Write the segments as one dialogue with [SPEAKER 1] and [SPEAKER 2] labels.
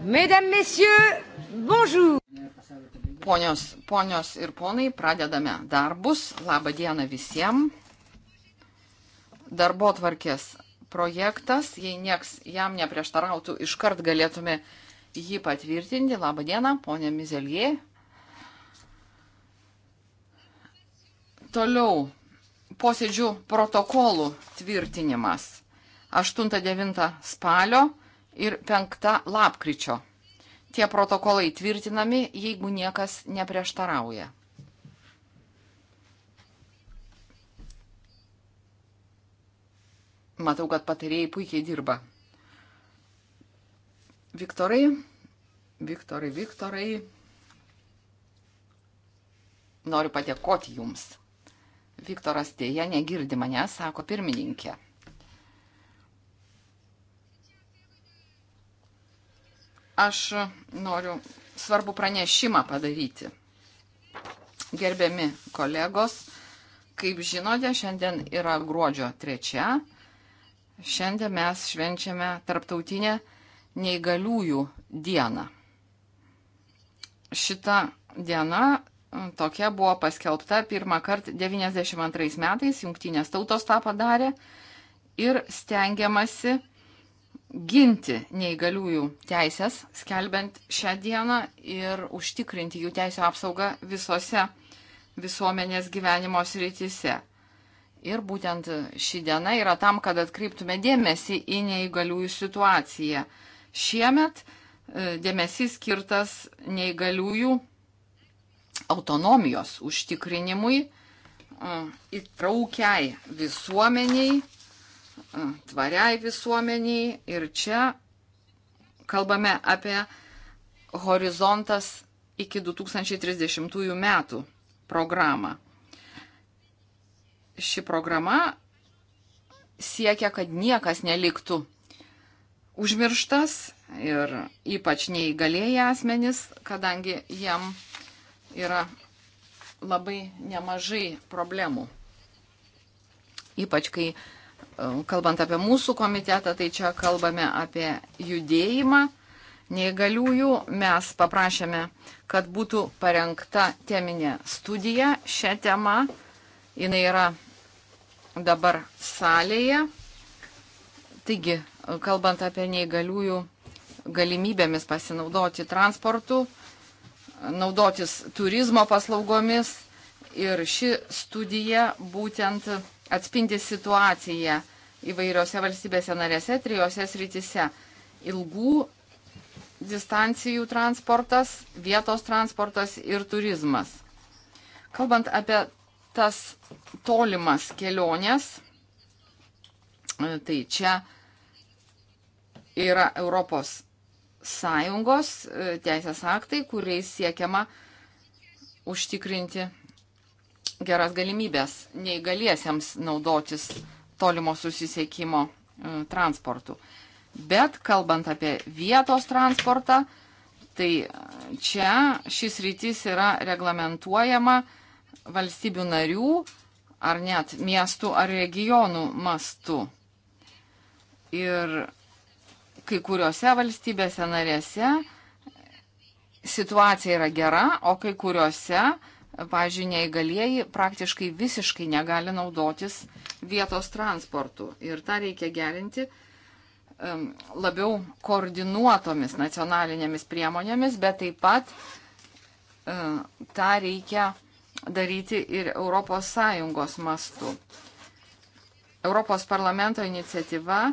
[SPEAKER 1] Mesdames, messieurs, bonjour. Ponios, ponios ir ponai, pradedame darbus. Labą dieną visiems. Darbo tvarkės projektas, jei nieks jam neprieštarautų, iškart galėtume jį patvirtinti. Labą dieną, ponė Mizelie. Toliau posėdžių protokolų tvirtinimas. 8-9 spalio ir 5 lapkričio. Tie protokolai tvirtinami, jeigu niekas neprieštarauja. Matau, kad patarėjai puikiai dirba. Viktorai, Viktorai, Viktorai, noriu padėkoti Jums. Viktoras dėja negirdi mane, sako pirmininkė. Aš noriu svarbu pranešimą padaryti. Gerbiami kolegos, kaip žinote, šiandien yra gruodžio trečia. Šiandien mes švenčiame tarptautinę neįgaliųjų dieną. Šita diena tokia buvo paskelbta pirmą kartą 92 metais, jungtinės tautos tą padarė ir stengiamasi ginti neįgaliųjų teisės, skelbiant šią dieną ir užtikrinti jų teisų apsaugą visose visuomenės gyvenimo srityse. Ir būtent ši diena yra tam, kad atkreiptume dėmesį į neįgaliųjų situaciją. Šiemet e, dėmesys skirtas neįgaliųjų autonomijos užtikrinimui, e, įtraukiai visuomeniai tvariai visuomeniai ir čia kalbame apie horizontas iki 2030 metų programą. Ši programa siekia, kad niekas neliktų užmirštas ir ypač neįgalėjai asmenys, kadangi jam yra labai nemažai problemų. Ypač kai uh, Kalbant apie mūsų komitetą, tai čia kalbame apie judėjimą neįgaliųjų. Mes paprašėme, kad būtų parengta teminė studija šią temą. Jis yra dabar salėje. Taigi, kalbant apie neįgaliųjų galimybėmis pasinaudoti transportu, naudotis turizmo paslaugomis. Ir ši studija būtent atspindi situaciją įvairiose valstybėse narėse, trijose srityse. Ilgų distancijų transportas, vietos transportas ir turizmas. Kalbant apie tas tolimas keliones, tai čia yra Europos Sąjungos e, teisės aktai, kuriais siekiama užtikrinti geras galimybės neįgaliesiems naudotis tolimo susisiekimo e, transportu. Bet kalbant apie vietos transportą, tai e, čia šis rytis yra reglamentuojama valstybių narių ar net miestų ar regionų mastu. Ir kai kuriuose valstybėse narėse situacija yra gera, o kai kuriuose pavyzdžiui, neįgalieji praktiškai visiškai negali naudotis vietos transportu. Ir tą reikia gerinti labiau koordinuotomis nacionalinėmis priemonėmis, bet taip pat e, tą reikia daryti ir ES mastu. Europos parlamento iniciatyva e,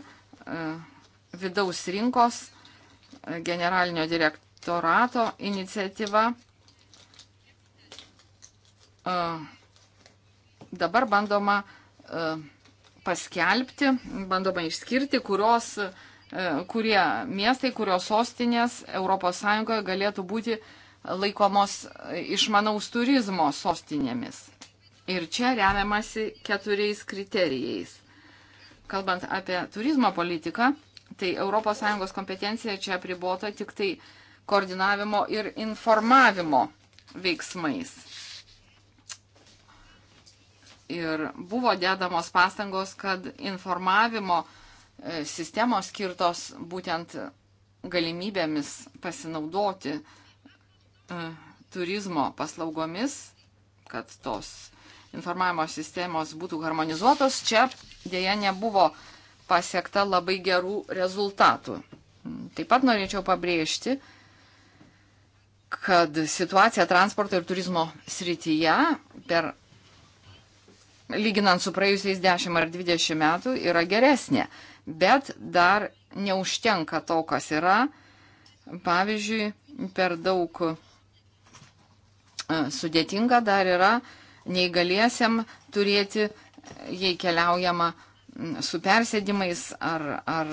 [SPEAKER 1] vidaus rinkos e, generalinio direktorato iniciatyva dabar bandoma paskelbti, bandoma išskirti, kurios, kurie miestai, kurios sostinės ES galėtų būti laikomos išmanaus turizmo sostinėmis. Ir čia remiamasi keturiais kriterijais. Kalbant apie turizmo politiką, tai ES kompetencija čia apribota tik tai koordinavimo ir informavimo veiksmais ir buvo dedamos pastangos, kad informavimo e, sistemos skirtos būtent galimybėmis pasinaudoti e, turizmo paslaugomis, kad tos informavimo sistemos būtų harmonizuotos, čia dėja nebuvo pasiekta labai gerų rezultatų. Taip pat norėčiau pabrėžti, kad situacija transporto ir turizmo srityje per lyginant su praėjusiais 10 ar 20 metų, yra geresnė, bet dar neužtenka to, kas yra. Pavyzdžiui, per daug e, sudėtinga dar yra neįgaliesiam turėti, jei keliaujama su persėdimais ar, ar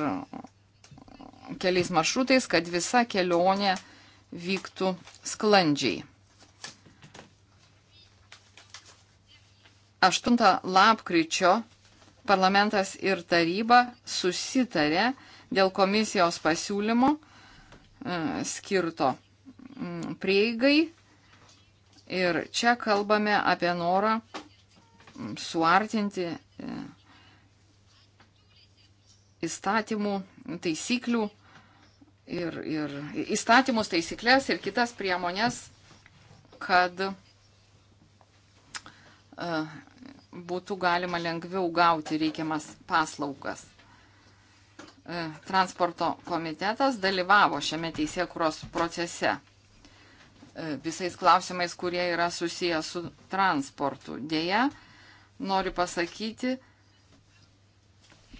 [SPEAKER 1] keliais maršrutais, kad visa kelionė vyktų sklandžiai. 8 lapkričio parlamentas ir taryba susitarė dėl komisijos pasiūlymo e, skirto prieigai. Ir čia kalbame apie norą suartinti e, įstatymų, taisyklių ir, ir įstatymus, taisyklės ir kitas priemonės, kad e, būtų galima lengviau gauti reikiamas paslaugas. E, transporto komitetas dalyvavo šiame teisėkuros procese e, visais klausimais, kurie yra susiję su transportu. Deja, noriu pasakyti,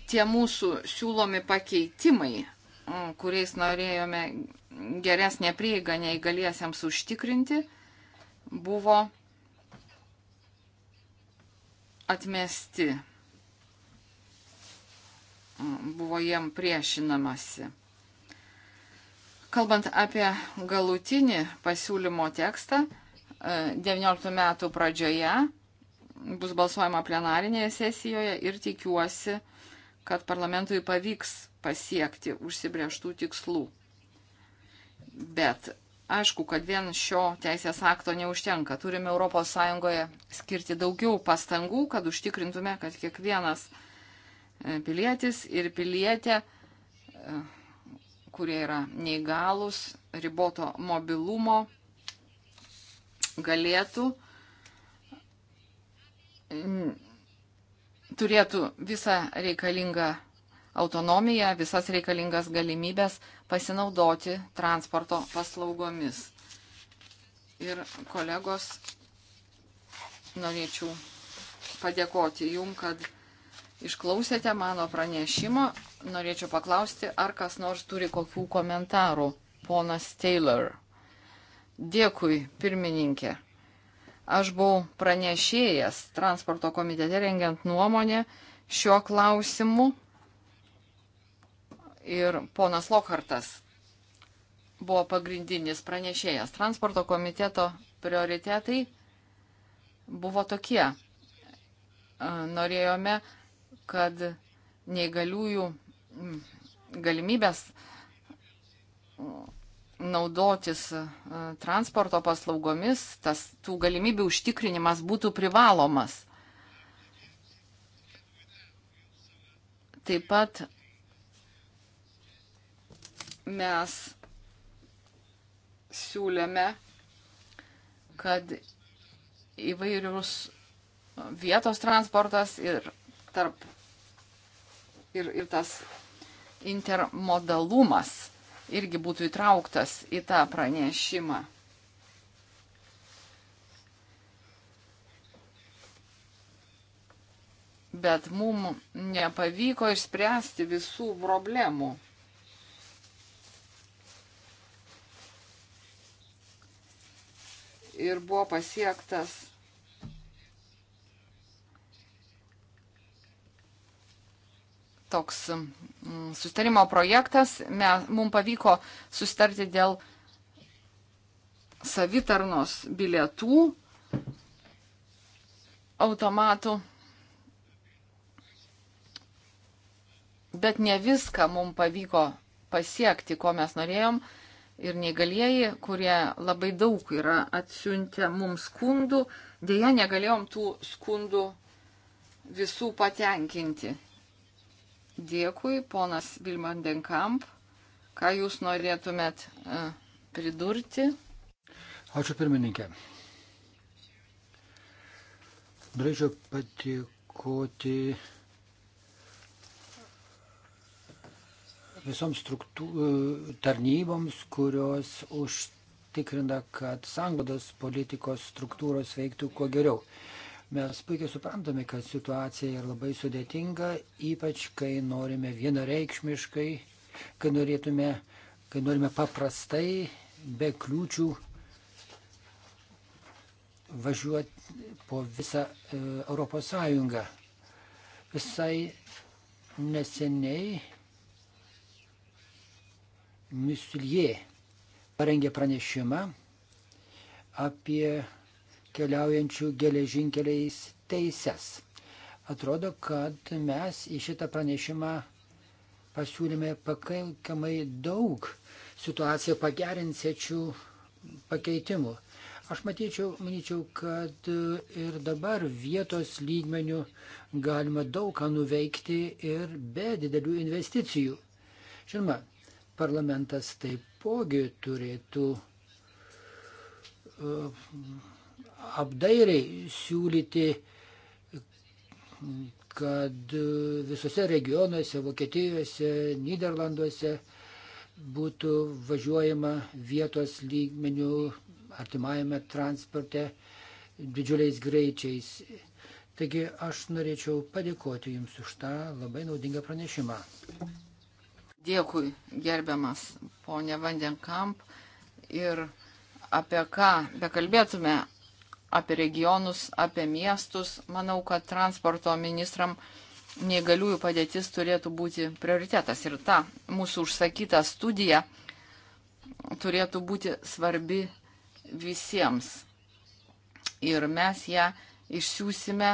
[SPEAKER 1] tie mūsų siūlomi pakeitimai, kuriais norėjome geresnė prieiga neįgaliesiems užtikrinti, buvo atmesti. Buvo jiem priešinamasi. Kalbant apie galutinį pasiūlymo tekstą, 19 e, metų pradžioje bus balsuojama plenarinėje sesijoje ir tikiuosi, kad parlamentui pavyks pasiekti užsibrieštų tikslų. Bet Aišku, kad vien šio teisės akto neužtenka. Turime ES skirti daugiau pastangų, kad užtikrintume, kad kiekvienas e, pilietis ir pilietė, e, kurie yra neįgalus, riboto mobilumo, galėtų, turėtų visą reikalingą autonomiją, visas reikalingas galimybės pasinaudoti transporto paslaugomis. Ir kolegos, norėčiau padėkoti Jum, kad išklausėte mano pranešimo. Norėčiau paklausti, ar kas nors turi kokių komentarų. Ponas Taylor. Dėkui, pirmininkė. Aš buvau pranešėjęs transporto komitete rengiant nuomonę šiuo klausimu ir ponas Lokhartas buvo pagrindinis pranešėjas. Transporto komiteto prioritetai buvo tokie. Norėjome, kad neįgaliųjų galimybės naudotis transporto paslaugomis, tas tų galimybių užtikrinimas būtų privalomas. Taip pat mes siūlėme, kad įvairius vietos transportas ir, tarp, ir, ir tas intermodalumas irgi būtų įtrauktas į tą pranešimą. Bet mums nepavyko išspręsti visų problemų. ir buvo pasiektas toks mm, sustarimo projektas. Mes, mums pavyko sustarti dėl savitarnos bilietų automatų. Bet ne viską mums pavyko pasiekti, ko mes norėjom ir neįgalieji, kurie labai daug yra atsiuntę mums skundų. Deja, negalėjom tų skundų visų patenkinti. Dėkui, ponas Vilman Denkamp. Ką jūs norėtumėt e, pridurti?
[SPEAKER 2] Ačiū pirmininkė. Norėčiau patikoti visoms e, tarnyboms, kurios užtikrina, kad sanglados politikos struktūros veiktų kuo geriau. Mes puikiai suprantame, kad situacija yra labai sudėtinga, ypač kai norime vienareikšmiškai, kai, norėtume, kai norime paprastai, be kliūčių važiuoti po visą e, Europos Sąjungą. Visai neseniai Musulie parengė pranešimą apie keliaujančių geležinkeliais teises. Atrodo, kad mes į šitą pranešimą pasiūlėme pakankamai daug situaciją pagerinsiečių pakeitimų. Aš matyčiau, manyčiau, kad ir dabar vietos lygmenių galima daug ką nuveikti ir be didelių investicijų. Žinoma, parlamentas taipogi turėtų uh, apdairiai siūlyti, kad uh, visose regionuose, Vokietijoje, Niderlanduose būtų važiuojama vietos lygmenių artimajame transporte didžiuliais greičiais. Taigi aš norėčiau padėkoti Jums už tą labai naudingą pranešimą.
[SPEAKER 1] Dėkui, gerbiamas ponė Vandenkamp. Ir apie ką bekalbėtume, apie regionus, apie miestus, manau, kad transporto ministram neįgaliųjų padėtis turėtų būti prioritetas. Ir ta mūsų užsakyta studija turėtų būti svarbi visiems. Ir mes ją išsiųsime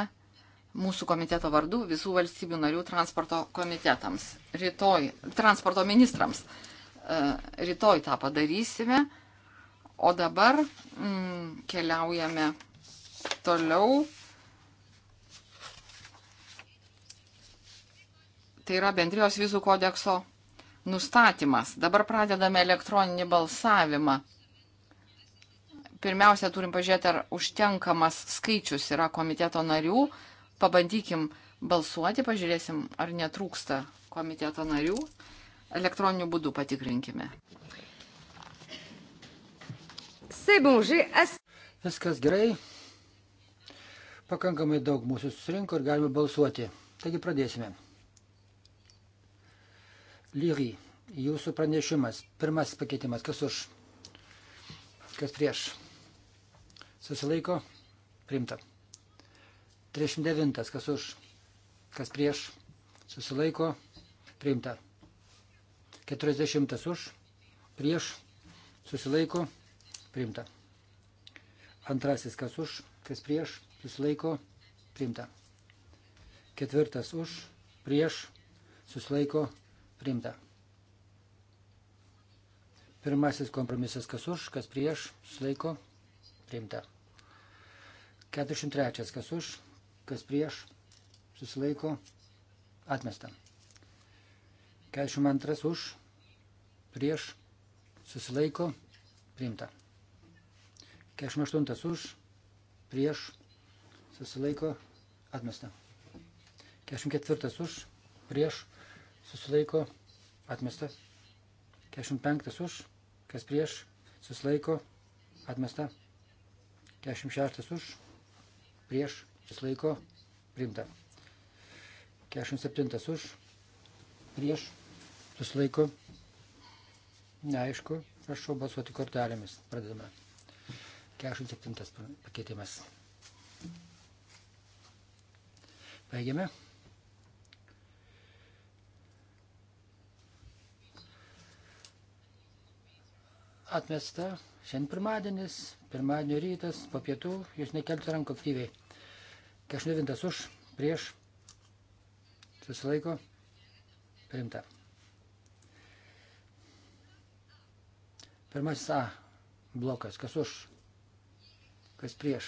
[SPEAKER 1] mūsų komiteto vardu visų valstybių narių transporto komitetams, rytoj, transporto ministrams. E, rytoj tą padarysime, o dabar mm, keliaujame toliau. Tai yra bendrijos vizų kodekso nustatymas. Dabar pradedame elektroninį balsavimą. Pirmiausia, turim pažiūrėti, ar užtenkamas skaičius yra komiteto narių, pabandykim balsuoti, pažiūrėsim, ar netrūksta komiteto narių. Elektroniniu būdu patikrinkime.
[SPEAKER 2] Viskas gerai. Pakankamai daug mūsų susirinko ir galime balsuoti. Taigi pradėsime. Lygiai, jūsų pranešimas. Pirmasis pakeitimas. Kas už? Kas prieš? Susilaiko? Primta. 39. Kas už, kas prieš, susilaiko, priimta. 40. Už, prieš, susilaiko, priimta. Antrasis. Kas už, kas prieš, susilaiko, priimta. Ketvirtas. Už, prieš, susilaiko, priimta. Pirmasis kompromisas. Kas už, kas prieš, susilaiko, priimta. 43. Kas už, kas prieš, susilaiko, atmesta. 42 už, prieš, susilaiko, priimta. 48 už, prieš, susilaiko, atmesta. 44 už, prieš, susilaiko, atmesta. 45 už, kas prieš, susilaiko, atmesta. 46 už, prieš, Jis laiko priimta. 47 už, prieš, susilaiko, neaišku, prašau balsuoti kortelėmis, pradedame. 47 pakeitimas. Baigiame. Atmesta, šiandien pirmadienis, pirmadienio rytas, po pietų, jūs nekelti rankų aktyviai. Kešnevintas už, prieš, susilaiko, priimta. Pirmasis A blokas, kas už, kas prieš,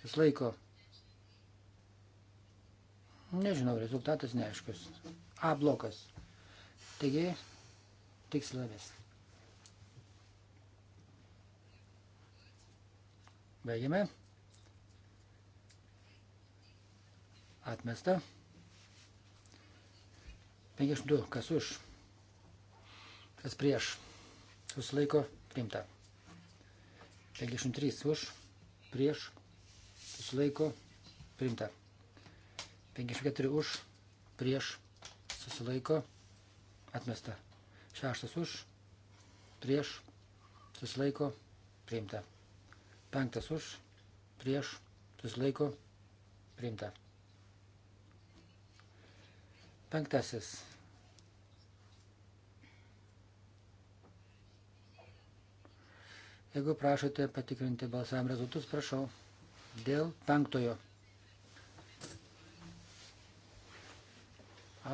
[SPEAKER 2] susilaiko. Nežinau, rezultatas neaiškus. A blokas. Taigi, tikslavės. Baigiame. atmesta. 52, kas už, kas prieš, susilaiko, priimta. 53 už, prieš, susilaiko, priimta. 54 už, prieš, susilaiko, atmesta. 6 už, prieš, susilaiko, priimta. 5 už, prieš, susilaiko, priimta. Penktasis. Jeigu prašote patikrinti balsavimo rezultatus, prašau. Dėl penktojo.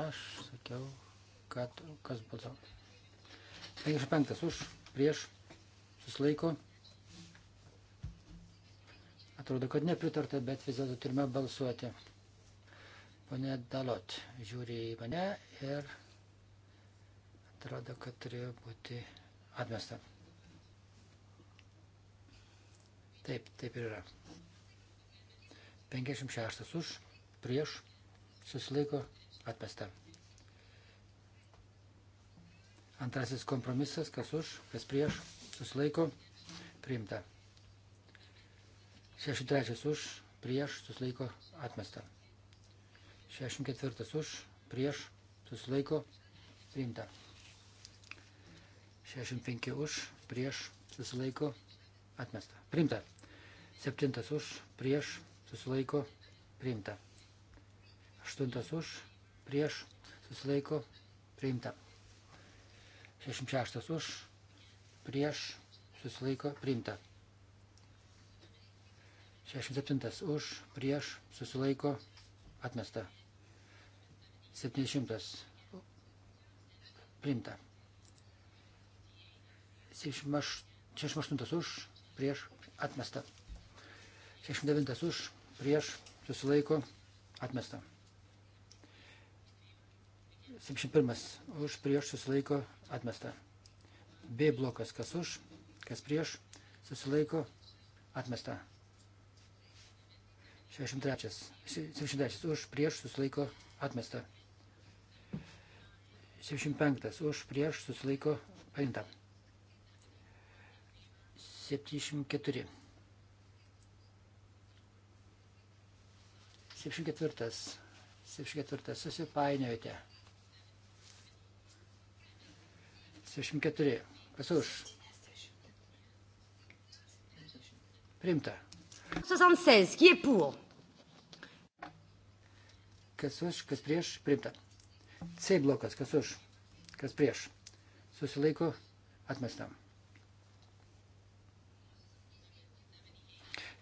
[SPEAKER 2] Aš sakiau, kad kas balsavo. 55 už, prieš, susilaiko. Atrodo, kad nepritarta, bet vis dėlto turime balsuoti. Pane Dalot žiūri į mane ir atrodo, kad turėjo būti atmesta. Taip, taip ir yra. 56 už, prieš, susilaiko, atmesta. Antrasis kompromisas, kas už, kas prieš, susilaiko, priimta. 63 už, prieš, susilaiko, atmesta. 64 už, prieš, susilaiko, priimta. 65 už, prieš, susilaiko, atmesta. Priimta. 7 už, prieš, susilaiko, priimta. 8 už, prieš, susilaiko, priimta. 66 už, prieš, susilaiko, priimta. 67 už, prieš, susilaiko, atmesta. 700 primta. 68 už, prieš, atmesta. 69 už, prieš, susilaiko, atmesta. 71 už, prieš, susilaiko, atmesta. B blokas, kas už, kas prieš, susilaiko, atmesta. 63, 73 už, prieš, susilaiko, atmesta. 75 už prieš susilaiko paimta. 74. 74. 74. Susipainiojote. 74. Kas už? Primta. 76. Qui est pour? Kas už, kas prieš? Primta. C blokas, kas už, kas prieš. Susilaiko atmestam.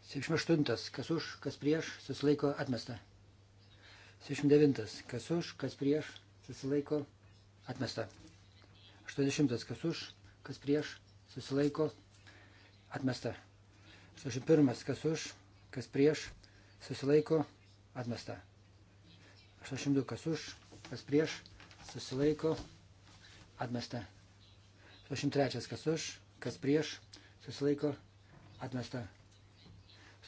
[SPEAKER 2] 78. Kas už, kas prieš, susilaiko atmesta. 79. Kas už, kas prieš, susilaiko atmesta. 80. Kas už, kas prieš, susilaiko atmesta. 81. Kas už, kas prieš, susilaiko atmesta. 82. Kas už, kas prieš, susilaiko, atmesta. 83 kas už, kas prieš, susilaiko, atmesta.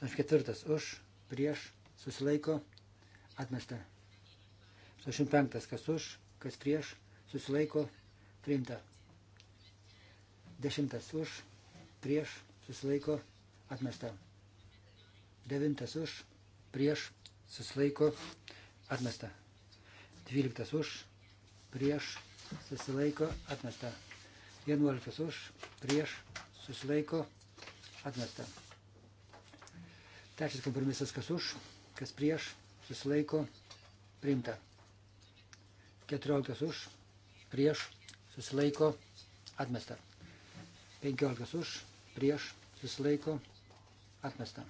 [SPEAKER 2] 84 už, prieš, susilaiko, atmesta. 85 kas už, kas prieš, susilaiko, priimta. 10 už, prieš, susilaiko, atmesta. 9 už, prieš, susilaiko, atmesta. 12 už, prieš, susilaiko, atmesta. 11 už, prieš, susilaiko, atmesta. Trečias kompromisas, kas už, kas prieš, susilaiko, priimta. 14 už, prieš, susilaiko, atmesta. 15 už, prieš, susilaiko, atmesta.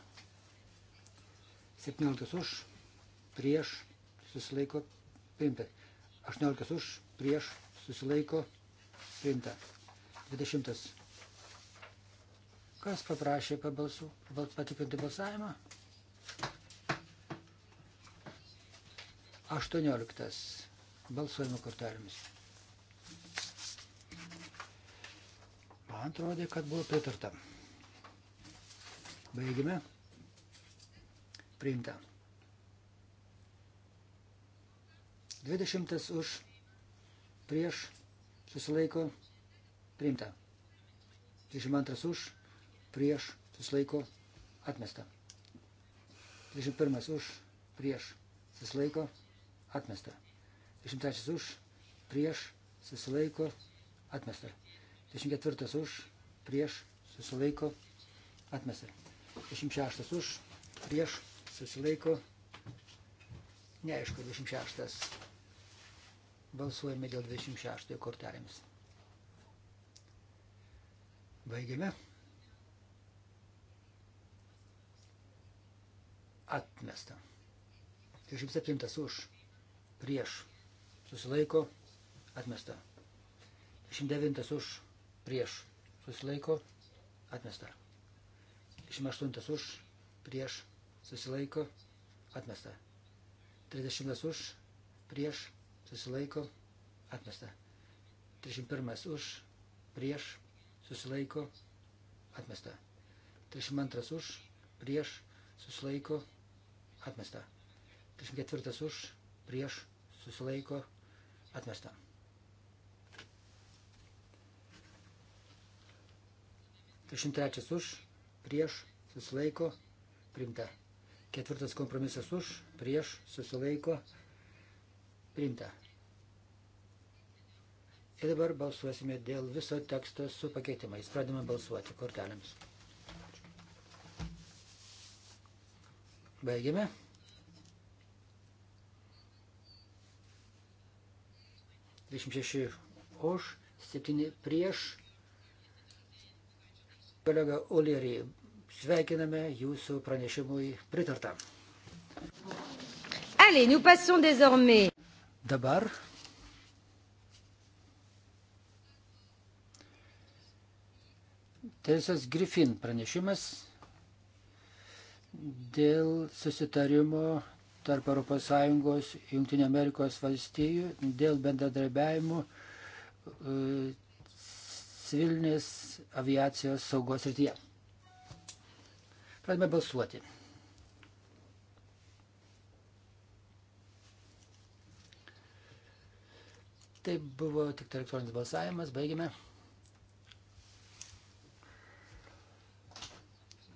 [SPEAKER 2] 17 už, prieš, susilaiko, atmesta priimta. 18 už, prieš, susilaiko, priimta. 20. Kas paprašė pabalsų, patikrinti balsavimą? 18. Balsuojimo kortelėmis. Man atrodė, kad buvo pritarta. Baigime. Priimta. 20 už prieš susilaiko priimta. 22 už prieš susilaiko atmesta. 21 už prieš susilaiko atmesta. 23 už prieš susilaiko atmesta. 24 už prieš susilaiko atmesta. 26 už prieš susilaiko atmesta neaišku, 26 Balsuojame dėl 26 kortelėmis. Baigiame. Atmesta. 27 už. Prieš. Susilaiko. Atmesta. 29 už. Prieš. Susilaiko. Atmesta. 28 už. Prieš. Susilaiko. Atmesta. 30 už. Prieš susilaiko, atmesta. 31 už, prieš, susilaiko, atmesta. 32 už, prieš, susilaiko, atmesta. 34 už, prieš, susilaiko, atmesta. Trišimt trečias už, prieš, susilaiko, primta. Ketvirtas kompromisas už, prieš, susilaiko, atmesta. Priimta. Ir dabar balsuosime dėl viso teksto su pakeitimais. Pradame balsuoti kortelėms. Baigiame. Dvidešimt šeši už, septyni prieš. Kolega Olerį, sveikiname jūsų pranešimui pritartą. Allez, nous passons désormais Dabar Teisės Griffin pranešimas dėl susitarimo tarp ES Junktinio Amerikos valstijų dėl bendradarbiavimo e, civilinės aviacijos saugos rytyje. Pradame balsuoti. Tai buvo tik tai elektroninis balsavimas, baigime.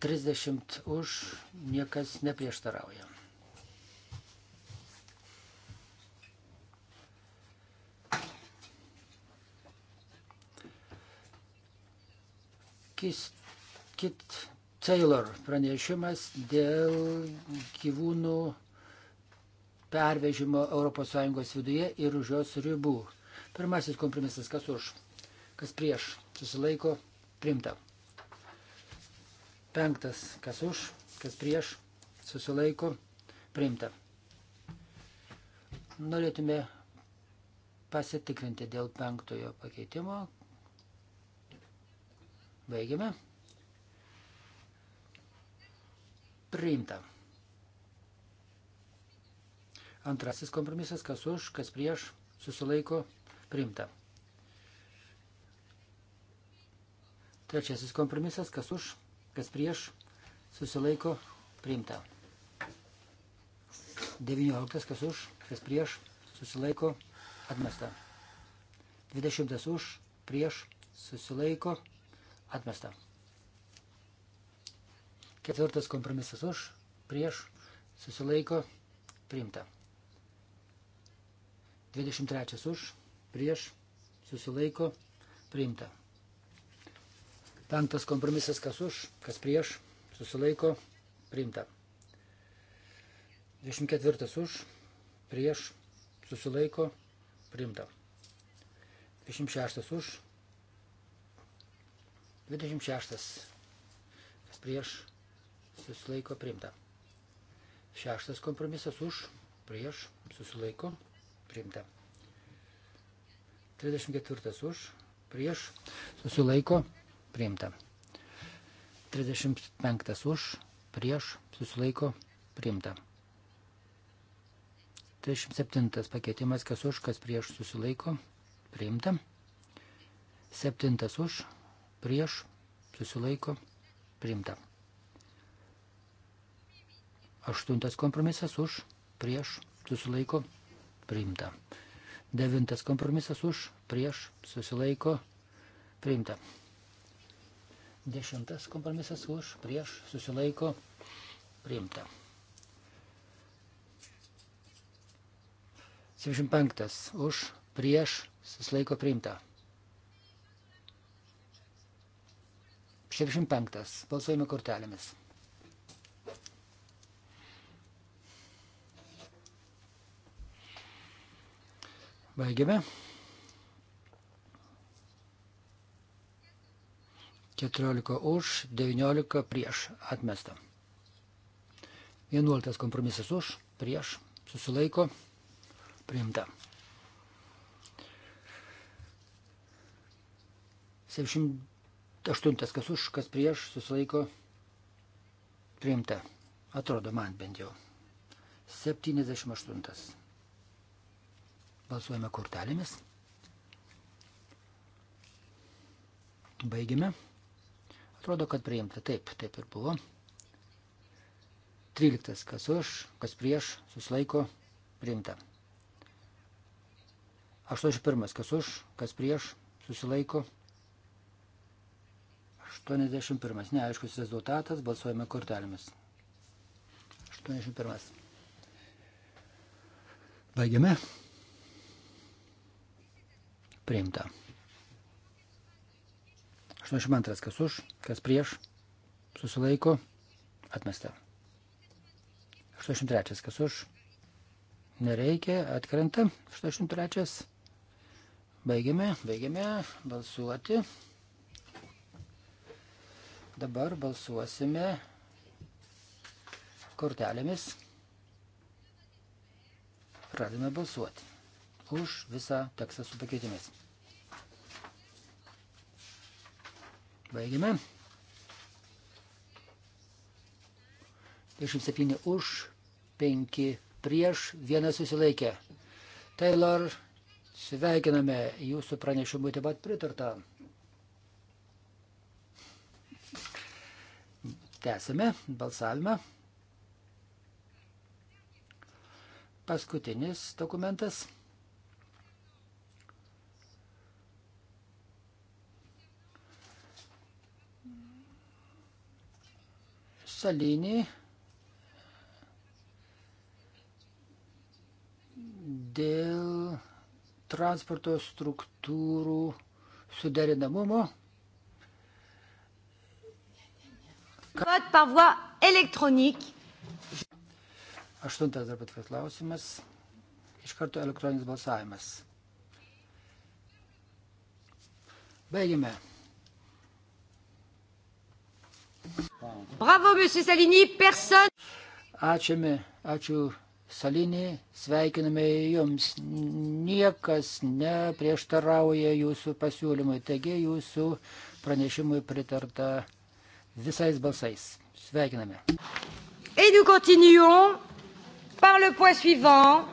[SPEAKER 2] 30 už, niekas neprieštarauja. Kis, kit Taylor pranešimas dėl gyvūnų pervežimo ES viduje ir už jos ribų. Pirmasis kompromisas, kas už, kas prieš, susilaiko, primta. Penktas, kas už, kas prieš, susilaiko, primta. Norėtume pasitikrinti dėl penktojo pakeitimo. Baigiame. Priimta. Antrasis kompromisas, kas už, kas prieš, susilaiko, priimta. Trečiasis kompromisas, kas už, kas prieš, susilaiko, priimta. Devynioliktas, kas už, kas prieš, susilaiko, atmesta. Dvidešimtas už, prieš, susilaiko, atmesta. Ketvirtas kompromisas už, prieš, susilaiko, priimta. 23 už, prieš, susilaiko, priimta. Penktas kompromisas, kas už, kas prieš, susilaiko, priimta. 24 už, prieš, susilaiko, priimta. 26 už, 26, kas prieš, susilaiko, priimta. Šeštas kompromisas už, prieš, susilaiko, priimta priimta. 34 už, prieš, susilaiko, priimta. 35 už, prieš, susilaiko, priimta. 37 pakeitimas, kas už, kas prieš, susilaiko, priimta. 7 už, prieš, susilaiko, priimta. Aštuntas kompromisas už, prieš, susilaiko, priimta. Devintas kompromisas už, prieš, susilaiko, priimta. Dešimtas kompromisas už, prieš, susilaiko, priimta. 75. Už, prieš, susilaiko, priimta. 75. Balsuojame kortelėmis. Baigiame. 14 už, 19 prieš atmestą. 11 kompromisas už, prieš, susilaiko, priimta. 78 kas už, kas prieš, susilaiko, priimta. Atrodo man bent jau. 78. Balsuojame kortelėmis. Baigime. Atrodo, kad priimta. Taip, taip ir buvo. 13. Kas už, kas prieš, susilaiko, priimta. 81. Kas už, kas prieš, susilaiko. 81. Neaiškus rezultatas, balsuojame kortelėmis. 81. Baigiame priimta. 82 kas už, kas prieš, susilaiko, atmesta. 83 kas už, nereikia, atkrenta. 83. Baigiame, baigiame balsuoti. Dabar balsuosime kortelėmis. Pradame balsuoti už visą tekstą su pakeitimais. Baigime. 27 už, 5 prieš, vienas susilaikė. Taylor, sveikiname, jūsų pranešimui taip pat pritarta. Tęsime balsavimą. Paskutinis dokumentas. Salinį dėl transporto struktūrų suderinamumo. Kad pavua elektronik. Aštuntas dar pat klausimas. Iš karto elektroninis balsavimas. Baigime.
[SPEAKER 1] Bravo, monsieur Salini, person.
[SPEAKER 2] Ačiū, ačiū Salinį, sveikiname jums. Niekas neprieštarauja jūsų pasiūlymui, taigi jūsų pranešimui pritarta visais balsais. Sveikiname. Et nous continuons
[SPEAKER 1] par le point suivant.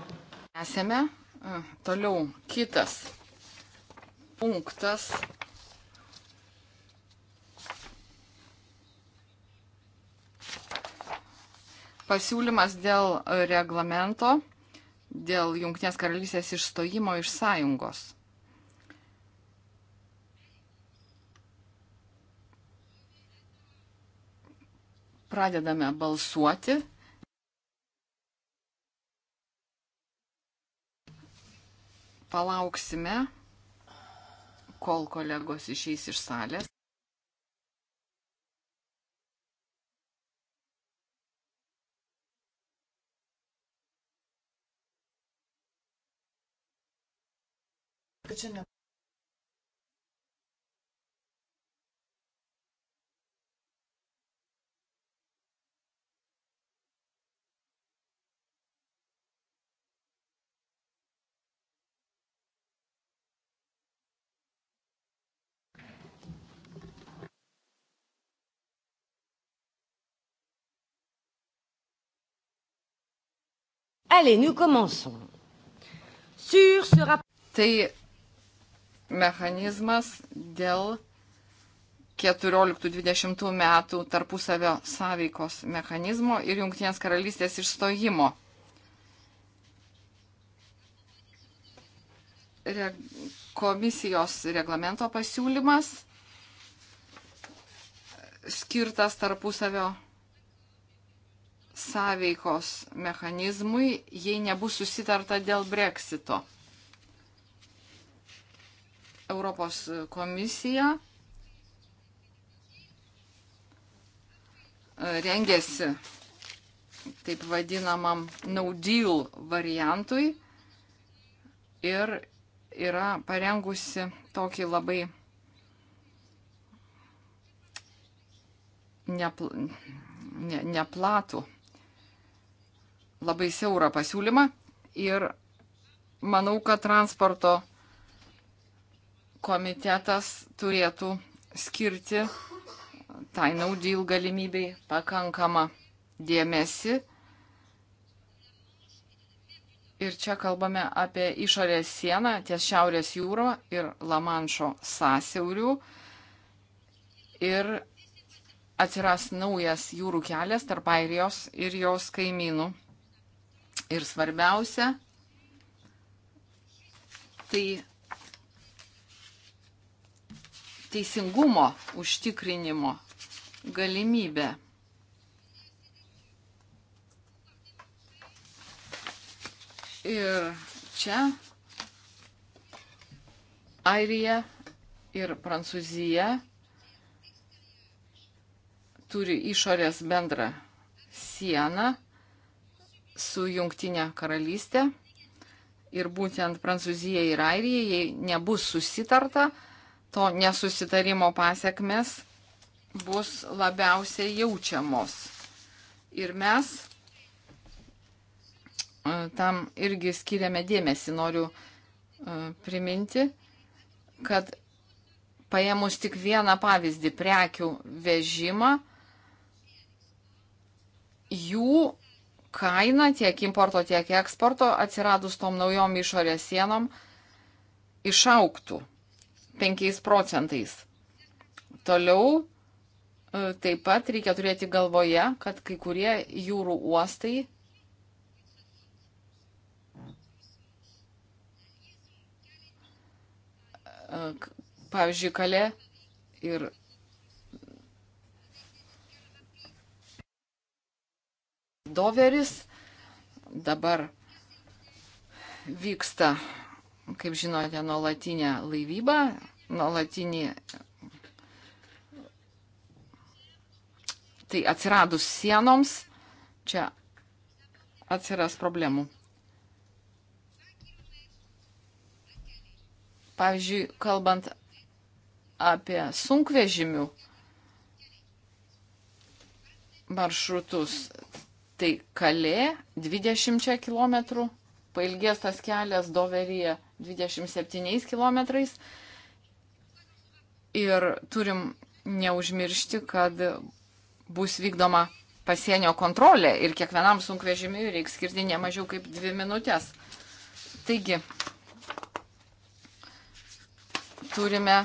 [SPEAKER 1] Esame e, toliau kitas punktas pasiūlymas dėl reglamento, dėl Junktinės karalystės išstojimo iš sąjungos. Pradedame balsuoti. Palauksime, kol kolegos išeis iš salės.
[SPEAKER 3] kad čia ne.
[SPEAKER 2] Allez, nous commençons. Sur ce rapport. Tai
[SPEAKER 1] mechanizmas dėl 14-20 metų tarpusavio sąveikos mechanizmo ir Junktinės karalystės išstojimo. Re komisijos reglamento pasiūlymas skirtas tarpusavio sąveikos mechanizmui, jei nebus susitarta dėl breksito. Europos komisija rengėsi taip vadinamam no deal variantui ir yra parengusi tokį labai nepl ne, neplatų, labai siaurą pasiūlymą ir manau, kad transporto komitetas turėtų skirti tai naudil galimybei pakankamą dėmesį. Ir čia kalbame apie išorės sieną ties Šiaurės jūro ir Lamanšo sąsiaurių. Ir atsiras naujas jūrų kelias tarp Airijos ir jos kaimynų. Ir svarbiausia, tai teisingumo užtikrinimo galimybę. Ir čia Airija ir Prancūzija turi išorės bendrą sieną su Junktinė karalystė. Ir būtent Prancūzija ir Airija, jei nebus susitarta, to nesusitarimo pasiekmes bus labiausiai jaučiamos. Ir mes e, tam irgi skiriame dėmesį. Noriu e, priminti, kad paėmus tik vieną pavyzdį prekių vežimą, jų kaina tiek importo, tiek eksporto atsiradus tom naujom išorės sienom išauktų. 5 procentais. Toliau e, taip pat reikia turėti galvoje, kad kai kurie jūrų uostai e, pavyzdžiui, Kalė ir Doveris dabar vyksta, kaip žinote, nuolatinė laivyba, nuolatinį. Tai atsiradus sienoms, čia atsiras problemų. Pavyzdžiui, kalbant apie sunkvežimių maršrutus, tai kalė 20 km, pailgės tas kelias doveryje 27 km, Ir turim neužmiršti, kad bus vykdoma pasienio kontrolė ir kiekvienam sunkvežimiui reikia skirti ne mažiau kaip dvi minutės. Taigi, turime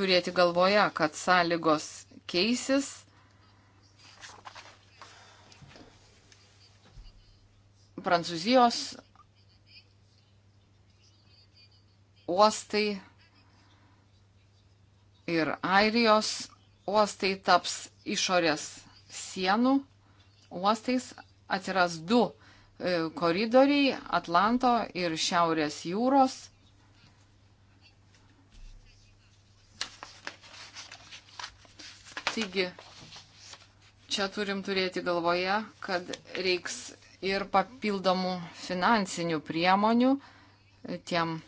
[SPEAKER 1] turėti galvoje, kad sąlygos keisis. Prancūzijos uostai ir Airijos uostai taps išorės sienų uostais, atsiras du e, koridoriai Atlanto ir Šiaurės jūros. Taigi, čia turim turėti galvoje, kad reiks ir papildomų finansinių priemonių tiem,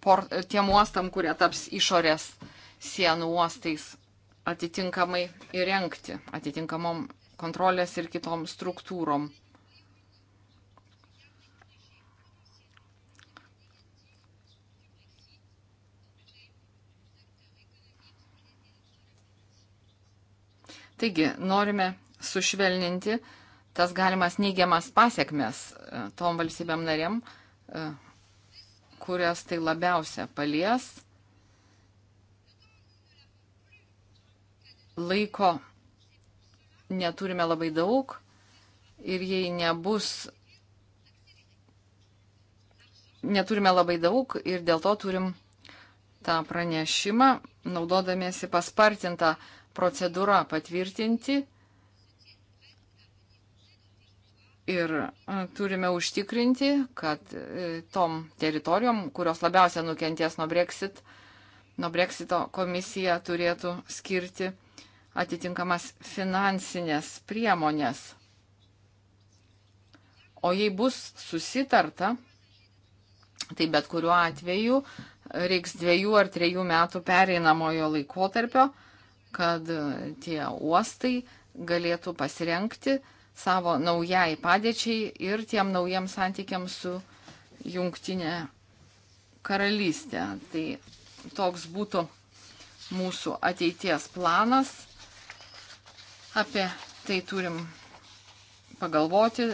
[SPEAKER 1] por, tiem uostam, kurie taps išorės uh, sienų uostais atitinkamai įrengti, atitinkamom kontrolės ir kitom struktūrom. Taigi, norime sušvelninti tas galimas neigiamas pasiekmes e, tom valstybėm narėm, e, kurias tai labiausia palies. laiko neturime labai daug ir jei nebus, neturime labai daug ir dėl to turim tą pranešimą, naudodamiesi paspartintą procedūrą patvirtinti. Ir e, turime užtikrinti, kad e, tom teritorijom, kurios labiausia nukenties nuo Brexit, nuo Brexito komisija turėtų skirti atitinkamas finansinės priemonės. O jei bus susitarta, tai bet kuriuo atveju reiks dviejų ar trejų metų pereinamojo laikotarpio, kad tie uostai galėtų pasirenkti savo naujai padėčiai ir tiem naujiem santykiam su jungtinė karalystė. Tai toks būtų mūsų ateities planas. Apie tai turim pagalvoti,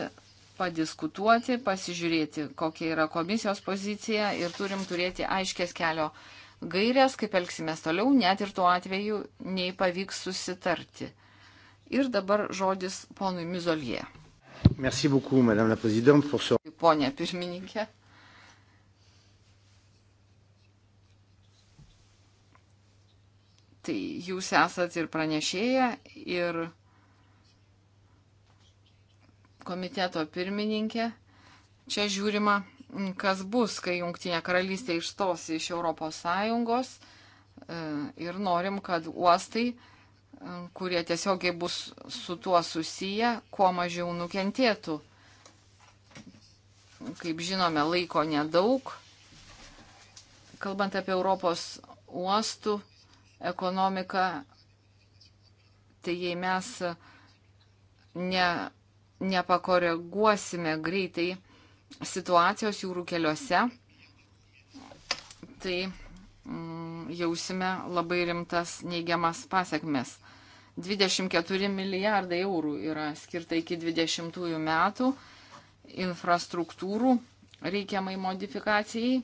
[SPEAKER 1] padiskutuoti, pasižiūrėti, kokia yra komisijos pozicija ir turim turėti aiškės kelio gairias, kaip elgsimės toliau, net ir tuo atveju nei pavyks susitarti. Ir dabar žodis ponui Mizolie.
[SPEAKER 2] Merci beaucoup, madame la présidente, pour ce...
[SPEAKER 1] Pone pirmininkė. Tai jūs esat ir pranešėja, ir komiteto pirmininkė. Čia žiūrima, kas bus, kai Junktinė karalystė išstos iš Europos Sąjungos e, ir norim, kad uostai, e, kurie tiesiogiai bus su tuo susiję, kuo mažiau nukentėtų. Kaip žinome, laiko nedaug. Kalbant apie Europos uostų ekonomiką, tai jei mes ne, nepakoreguosime greitai situacijos jūrų keliuose, tai mm, jausime labai rimtas neigiamas pasiekmes. 24 milijardai eurų yra skirta iki 20 metų infrastruktūrų reikiamai modifikacijai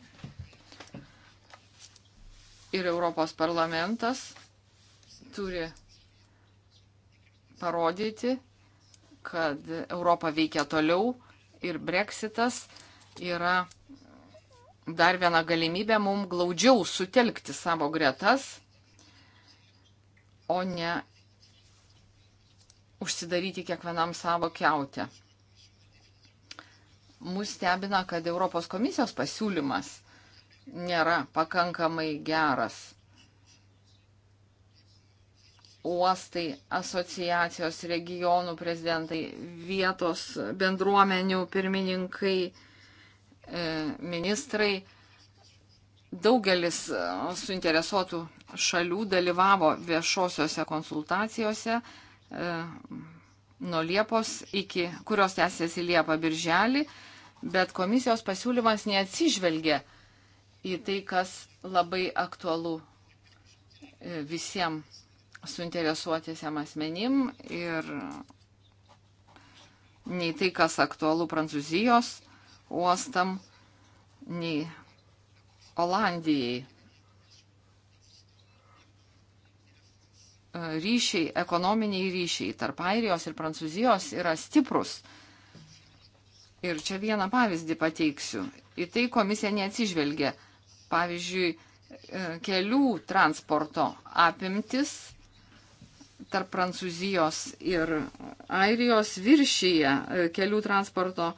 [SPEAKER 1] ir Europos parlamentas turi parodyti, kad Europa veikia toliau ir breksitas yra dar viena galimybė mums glaudžiau sutelkti savo gretas, o ne užsidaryti kiekvienam savo keutę. Mūsų stebina, kad Europos komisijos pasiūlymas nėra pakankamai geras. Uostai, asociacijos, regionų prezidentai, vietos bendruomenių pirmininkai, e, ministrai daugelis e, suinteresuotų šalių dalyvavo viešosiuose konsultacijose e, nuo Liepos iki, kurios tęsėsi Liepą birželį, bet komisijos pasiūlymas neatsižvelgė į tai, kas labai aktualu e, visiems suinteresuotėsiam asmenim ir nei tai, kas aktualu Prancūzijos uostam, nei Olandijai. E, ryšiai, ekonominiai ryšiai tarp Airijos ir Prancūzijos yra stiprus. Ir čia vieną pavyzdį pateiksiu. Į tai komisija neatsižvelgia Pavyzdžiui, e, kelių transporto apimtis tarp Prancūzijos ir Airijos viršyje e, kelių transporto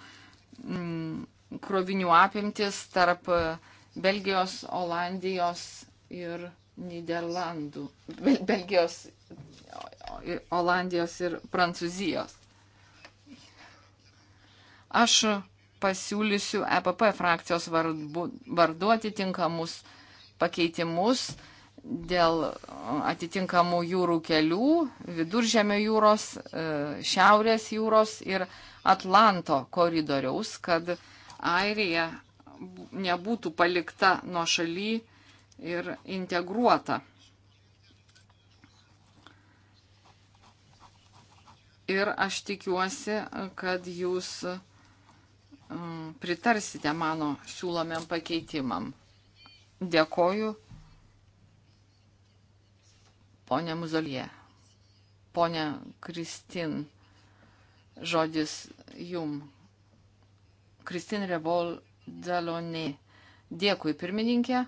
[SPEAKER 1] mm, krovinių apimtis tarp e, Belgijos, Olandijos ir Niderlandų. Bel Belgijos, Olandijos ir Prancūzijos. Aš pasiūlysiu EPP frakcijos vardu, vardu atitinkamus pakeitimus dėl atitinkamų jūrų kelių, viduržėmio jūros, e, šiaurės jūros ir Atlanto koridoriaus, kad Airija nebūtų palikta nuo šaly ir integruota. Ir aš tikiuosi, kad jūs uh, pritarsite mano siūlomiam pakeitimam. Dėkoju, ponė Muzolie. Pone Kristin, žodis jum. Kristin Rebol Daloni. Dėkui, pirmininkė.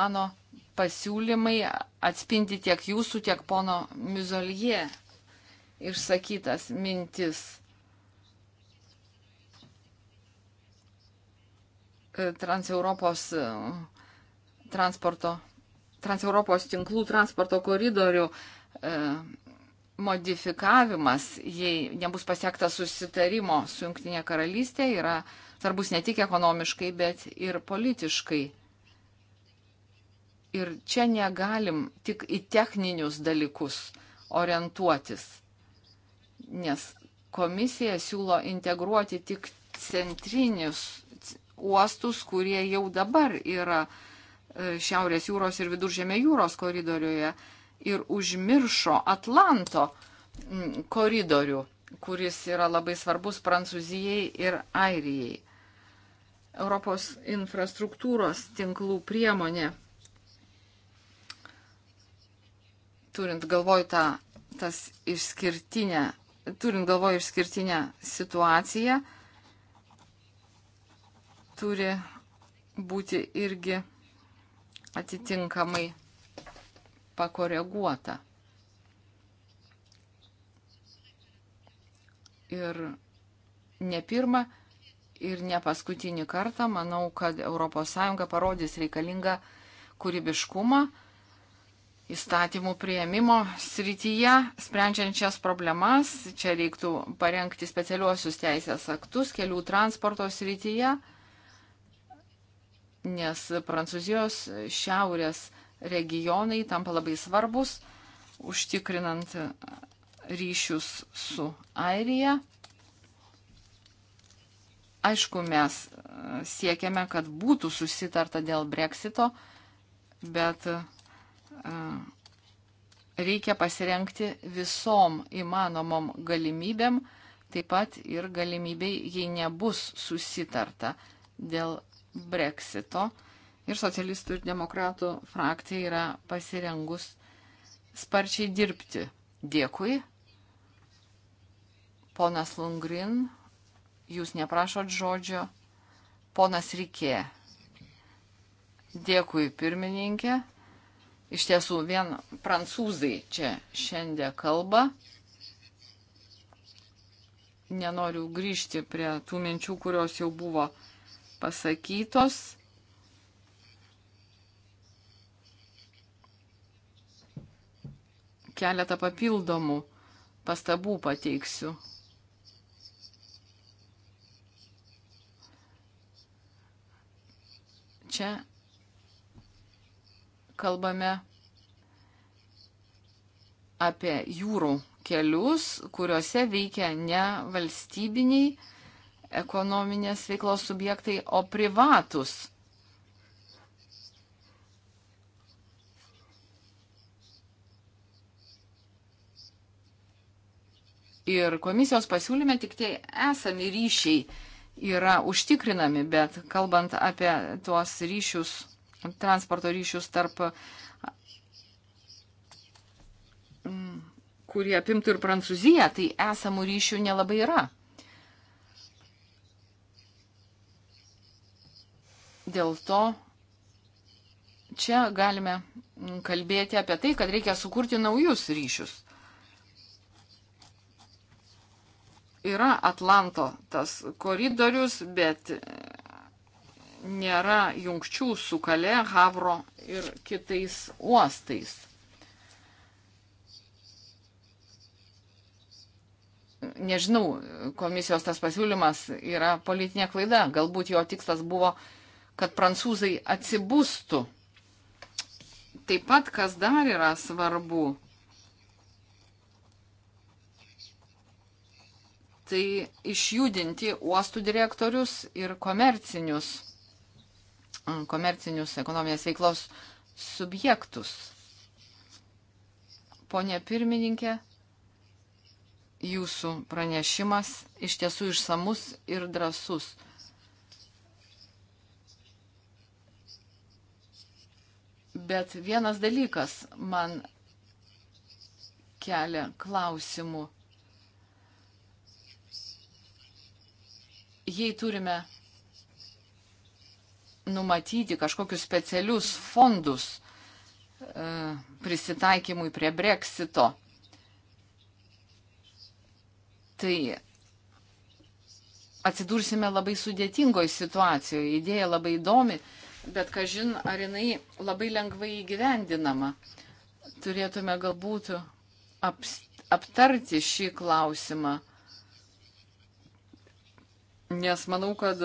[SPEAKER 1] Mano pasiūlymai atspindi tiek jūsų, tiek pono Muzolie išsakytas mintis E, Transeuropos e, transporto, Transeuropos tinklų transporto koridorių e, modifikavimas, jei nebus pasiektas susitarimo su Junktinė karalystė, yra svarbus ne tik ekonomiškai, bet ir politiškai. Ir čia negalim tik į techninius dalykus orientuotis, nes komisija siūlo integruoti tik centrinius uostus, kurie jau dabar yra e, Šiaurės jūros ir Viduržėmė jūros koridoriuje ir užmiršo Atlanto koridorių, kuris yra labai svarbus Prancūzijai ir Airijai. Europos infrastruktūros tinklų priemonė, turint galvoj tą, tas išskirtinę, turint galvoj išskirtinę situaciją, turi būti irgi atitinkamai pakoreguota. Ir ne pirmą, ir ne paskutinį kartą manau, kad ES parodys reikalingą kūrybiškumą įstatymų prieimimo srityje, sprendžiančias problemas. Čia reiktų parengti specialiuosius teisės aktus kelių transporto srityje nes Prancūzijos šiaurės regionai tampa labai svarbus, užtikrinant ryšius su Airija. Aišku, mes e, siekiame, kad būtų susitarta dėl breksito, bet e, reikia pasirenkti visom įmanomom galimybėm, taip pat ir galimybei, jei nebus susitarta dėl breksito ir socialistų ir demokratų frakcija yra pasirengus sparčiai dirbti. Dėkui. Ponas Lungrin, jūs neprašot žodžio. Ponas Rikė. Dėkui, pirmininkė. Iš tiesų, vien prancūzai čia šiandien kalba. Nenoriu grįžti prie tų minčių, kurios jau buvo pasakytos. Keletą papildomų pastabų pateiksiu. Čia kalbame apie jūrų kelius, kuriuose veikia ne valstybiniai ekonominės veiklos subjektai, o privatus. Ir komisijos pasiūlyme tik tai esami ryšiai yra užtikrinami, bet kalbant apie tuos ryšius, transporto ryšius tarp, mm, kurie apimtų ir Prancūziją, tai esamų ryšių nelabai yra. Dėl to čia galime kalbėti apie tai, kad reikia sukurti naujus ryšius. Yra Atlanto tas koridorius, bet nėra jungčių su Kale, Havro ir kitais uostais. Nežinau, komisijos tas pasiūlymas yra politinė klaida. Galbūt jo tikslas buvo uh, kad prancūzai atsibūstų. Taip pat, kas dar yra svarbu, tai išjudinti uostų direktorius ir komercinius, komercinius ekonominės veiklos subjektus. Pone pirmininkė, jūsų pranešimas iš tiesų išsamus ir drasus. Bet vienas dalykas man kelia klausimų. Jei turime numatyti kažkokius specialius fondus e, prisitaikymui prie breksito, tai atsidursime labai sudėtingoje situacijoje. Idėja labai įdomi, bet kažin, ar jinai labai lengvai įgyvendinama. Turėtume galbūt aps, aptarti šį klausimą, nes manau, kad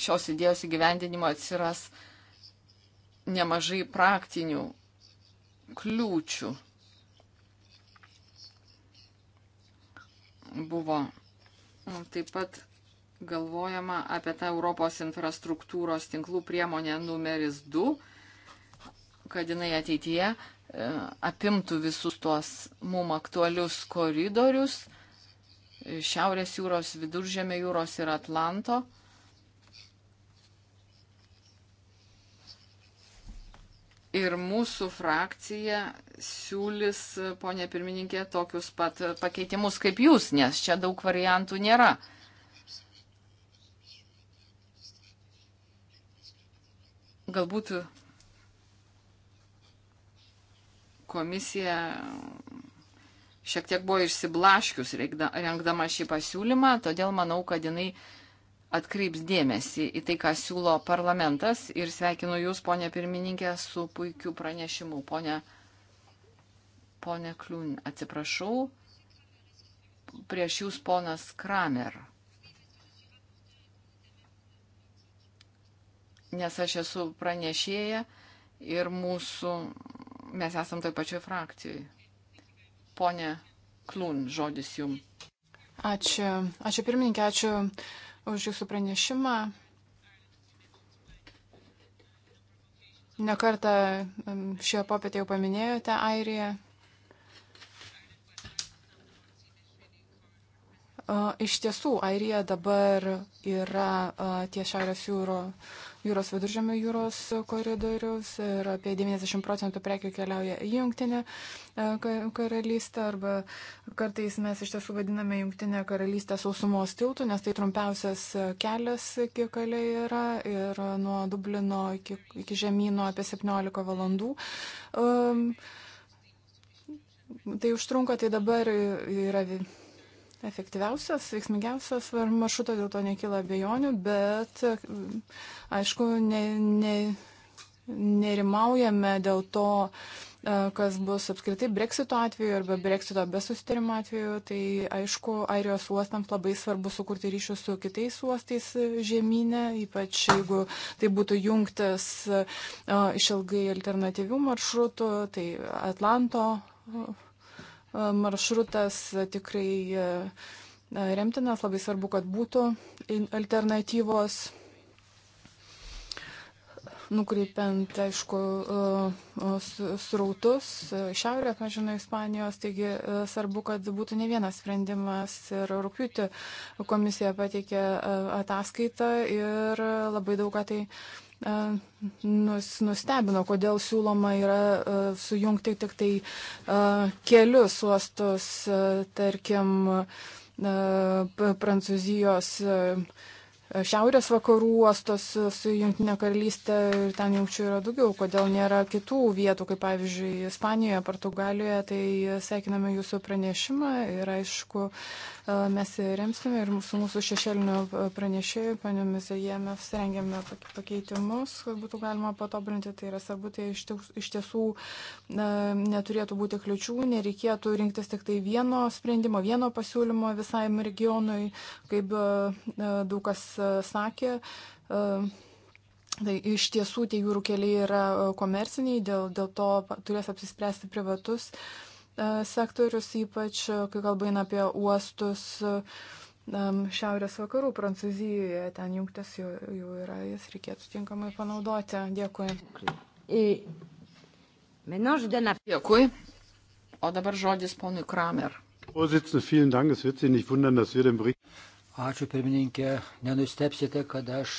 [SPEAKER 1] šios idėjos įgyvendinimo atsiras nemažai praktinių kliūčių. Buvo taip pat galvojama apie tą Europos infrastruktūros tinklų priemonę numeris 2, kad jinai ateityje e, apimtų visus tuos mum aktualius koridorius e, Šiaurės jūros, Viduržėmė jūros ir Atlanto. Ir mūsų frakcija siūlis, ponė pirmininkė, tokius pat pakeitimus kaip jūs, nes čia daug variantų nėra. Galbūt komisija šiek tiek buvo išsiblaškius rengdama šį pasiūlymą, todėl manau, kad jinai atkreips dėmesį į tai, ką siūlo parlamentas ir sveikinu Jūs, ponė pirmininkė, su puikiu pranešimu. Ponė, ponė Kliūn, atsiprašau, prieš Jūs ponas Kramer. nes aš esu pranešėja ir mūsų, mes esam toj pačioj frakcijai. Pone Klun, žodis jums.
[SPEAKER 3] Ačiū. Ačiū pirmininkė, ačiū už jūsų pranešimą. Nekartą šioje popietė jau paminėjote Airiją. Iš tiesų, Airija dabar yra ties Šiaurės jūro jūros viduržėmio jūros koridorius ir apie 90 procentų prekių keliauja į jungtinę e, karalystę arba kartais mes iš tiesų vadiname jungtinę karalystę sausumos tiltų, nes tai trumpiausias kelias iki kalė yra ir nuo Dublino iki, iki žemynų apie 17 valandų. Um, Tai užtrunka, tai dabar yra efektyviausias, veiksmingiausias maršrutas, dėl to nekyla abejonių, bet mm, aišku, ne, ne, nerimaujame dėl to, e, kas bus apskritai breksito atveju arba breksito be susitarimo atveju, tai aišku, airijos uostams labai svarbu sukurti ryšius su kitais uostais e, žemynė, ypač jeigu tai būtų jungtas uh, e, iš ilgai alternatyvių maršrutų, tai Atlanto. Uh, maršrutas tikrai remtinas, labai svarbu, kad būtų alternatyvos nukreipiant, aišku, srautus šiaurė, ką žinau, Ispanijos, taigi svarbu, kad būtų ne vienas sprendimas ir rūpiutį komisija pateikė ataskaitą ir labai daug ką tai E, nustebino, kodėl siūloma yra e, sujungti tik tai e, kelius uostus, tarkim, Prancūzijos šiaurės vakarų uostos su Junktinė karalystė ir ten jungčių yra daugiau, kodėl nėra kitų vietų, kaip pavyzdžiui Ispanijoje, Portugalijoje, tai sveikiname jūsų pranešimą ir aišku, mes remsime ir su mūsų šešėlinio pranešėjų, paniomis JMF, rengiame pakeitimus, kad būtų galima patobulinti. Tai yra svarbu, tai iš tiesų neturėtų būti kliučių, nereikėtų rinktis tik tai vieno sprendimo, vieno pasiūlymo visam regionui, kaip daug kas sakė. Tai iš tiesų tie jūrų keliai yra komerciniai, dėl, dėl to turės apsispręsti privatus uh, E, sektorius, ypač e, kai kalba eina apie uostus e, šiaurės vakarų Prancūzijoje, ten jungtis jau, jau yra, jas reikėtų tinkamai panaudoti. Dėkui. Dėkui.
[SPEAKER 1] O dabar žodis ponui Kramer.
[SPEAKER 2] Ačiū pirmininkė, nenustepsite, kad aš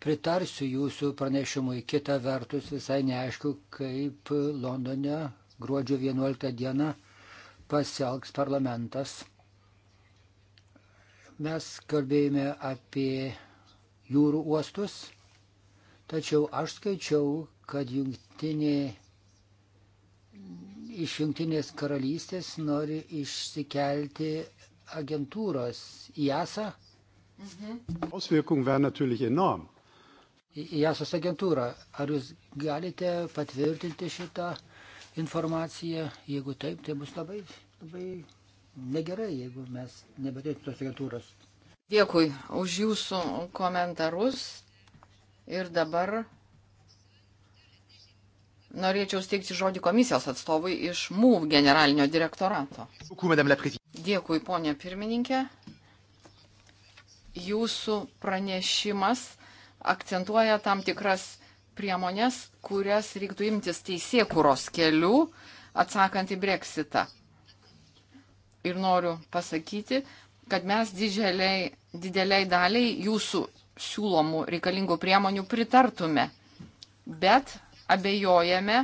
[SPEAKER 2] pritarsiu jūsų pranešimui. Kita vertus, visai neaišku, kaip Londone gruodžio 11 dieną pasielgs parlamentas. Mes kalbėjome apie jūrų uostus, tačiau aš skaičiau, kad jungtinė, iš jungtinės karalystės nori išsikelti agentūros IASA. E mhm. Auswirkungen wären natürlich enorm. IASOS e agentūra, ar jūs galite patvirtinti šitą informaciją. Jeigu taip, tai bus labai, labai negerai, jeigu mes nebeturėtume tos agentūros. Dėkui už jūsų komentarus. Ir
[SPEAKER 1] dabar norėčiau steigti žodį komisijos atstovui iš MUV generalinio direktorato.
[SPEAKER 3] Dėkui,
[SPEAKER 1] ponė pirmininkė. Jūsų pranešimas akcentuoja tam tikras priemonės, kurias reiktų imtis teisėkuros kelių, atsakant į breksitą. Ir noriu pasakyti, kad mes didžialiai, dideliai daliai jūsų siūlomų reikalingų priemonių pritartume, bet abejojame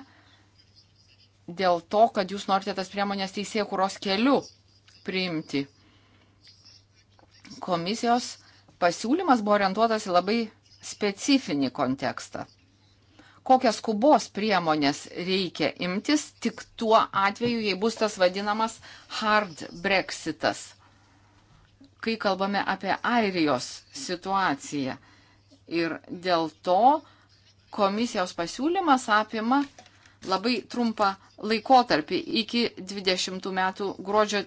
[SPEAKER 1] dėl to, kad jūs norite tas priemonės teisėkuros keliu priimti. Komisijos pasiūlymas buvo orientuotas į labai specifinį kontekstą kokias skubos priemonės reikia imtis tik tuo atveju, jei bus tas vadinamas hard breksitas. Kai kalbame apie Airijos situaciją. Ir dėl to komisijos pasiūlymas apima labai trumpą laikotarpį iki 20 metų gruodžio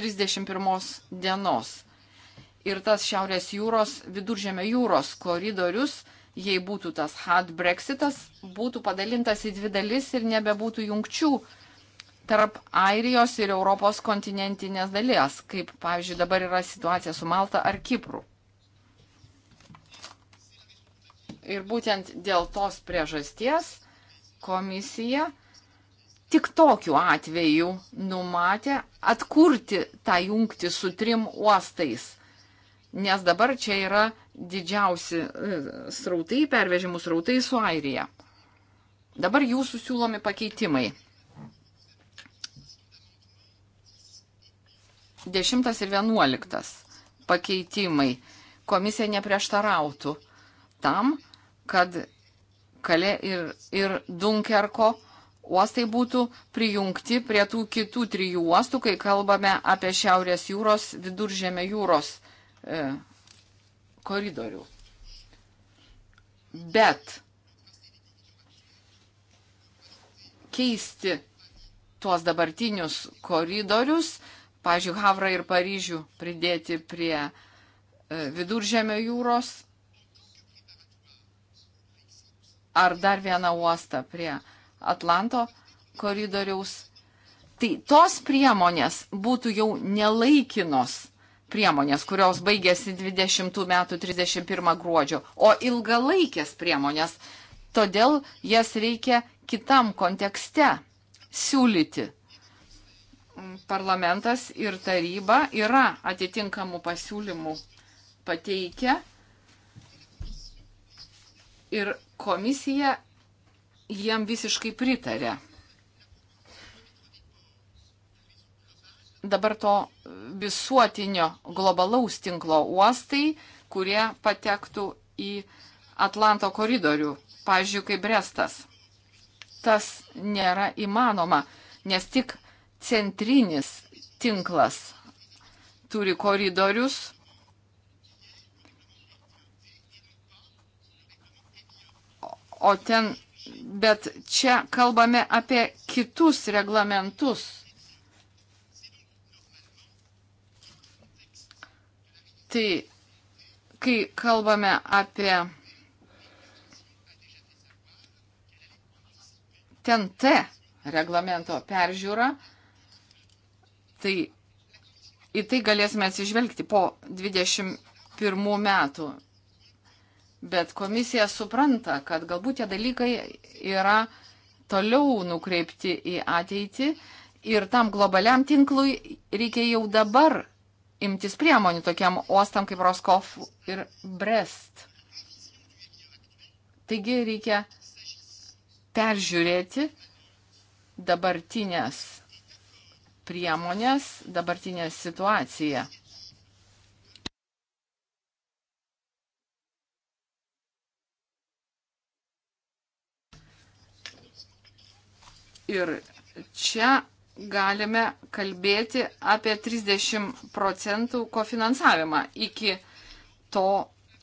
[SPEAKER 1] 31 dienos. Ir tas Šiaurės jūros, viduržėmio jūros koridorius jei būtų tas hard Brexitas, būtų padalintas į dvi dalis ir nebebūtų jungčių tarp Airijos ir Europos kontinentinės dalies, kaip, pavyzdžiui, dabar yra situacija su Malta ar Kipru. Ir būtent dėl tos priežasties komisija tik tokiu atveju numatė atkurti tą jungtį su trim uostais, nes dabar čia yra didžiausi e, srautai, pervežimų srautai su Airija. Dabar jūsų siūlomi pakeitimai. 10 ir 11 pakeitimai. Komisija neprieštarautų tam, kad Kalė ir, ir Dunkerko uostai būtų prijungti prie tų kitų trijų uostų, kai kalbame apie Šiaurės jūros, Viduržėmė jūros e, koridorių. Bet keisti tuos dabartinius koridorius, pažiūrėjau, Havrą ir Paryžių pridėti prie e, viduržėmio jūros ar dar vieną uostą prie Atlanto koridoriaus. Tai tos priemonės būtų jau nelaikinos priemonės, kurios baigėsi 20 metų 31 gruodžio, o ilgalaikės priemonės, todėl jas reikia kitam kontekste siūlyti. Parlamentas ir taryba yra atitinkamų pasiūlymų pateikę ir komisija jiem visiškai pritarė. dabar to visuotinio globalaus tinklo uostai, kurie patektų į Atlanto koridorių, pavyzdžiui, kaip Brestas. Tas nėra įmanoma, nes tik centrinis tinklas turi koridorius. O ten, bet čia kalbame apie kitus reglamentus Tai kai kalbame apie TNT reglamento peržiūrą, tai į tai galėsime atsižvelgti po 21 metų. Bet komisija supranta, kad galbūt tie dalykai yra toliau nukreipti į ateitį ir tam globaliam tinklui reikia jau dabar imtis priemonių tokiam uostam kaip Roskov ir Brest. Taigi reikia peržiūrėti dabartinės priemonės, dabartinę situaciją. Ir čia galime kalbėti apie 30 procentų kofinansavimą. Iki, to,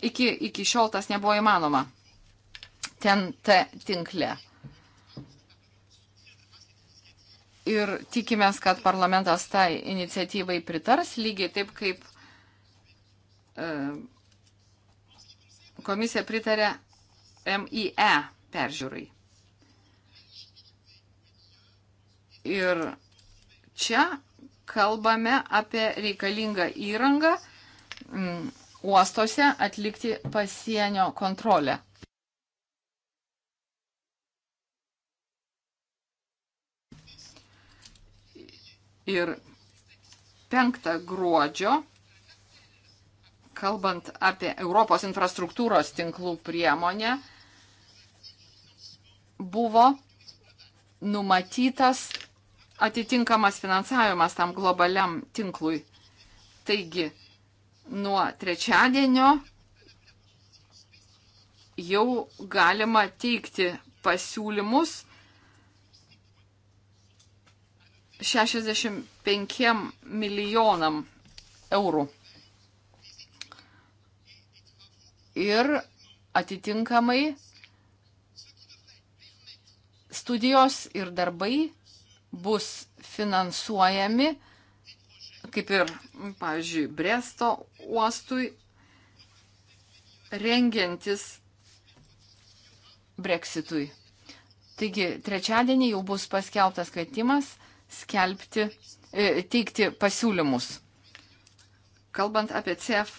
[SPEAKER 1] iki, iki šiol tas nebuvo įmanoma. Ten T tinkle. Ir tikimės, kad parlamentas tai iniciatyvai pritars, lygiai taip kaip e, komisija pritarė MIE peržiūrai. Ir Čia kalbame apie reikalingą įrangą mm, uostose atlikti pasienio kontrolę. Ir 5 gruodžio, kalbant apie Europos infrastruktūros tinklų priemonę, buvo numatytas atitinkamas finansavimas tam globaliam tinklui. Taigi, nuo trečiadienio jau galima teikti pasiūlymus 65 milijonam eurų. Ir atitinkamai studijos ir darbai bus finansuojami, kaip ir, pavyzdžiui, Bresto uostui, rengiantis Brexitui. Taigi, trečiadienį jau bus paskelbtas kvietimas skelbti, e, teikti pasiūlymus. Kalbant apie CEF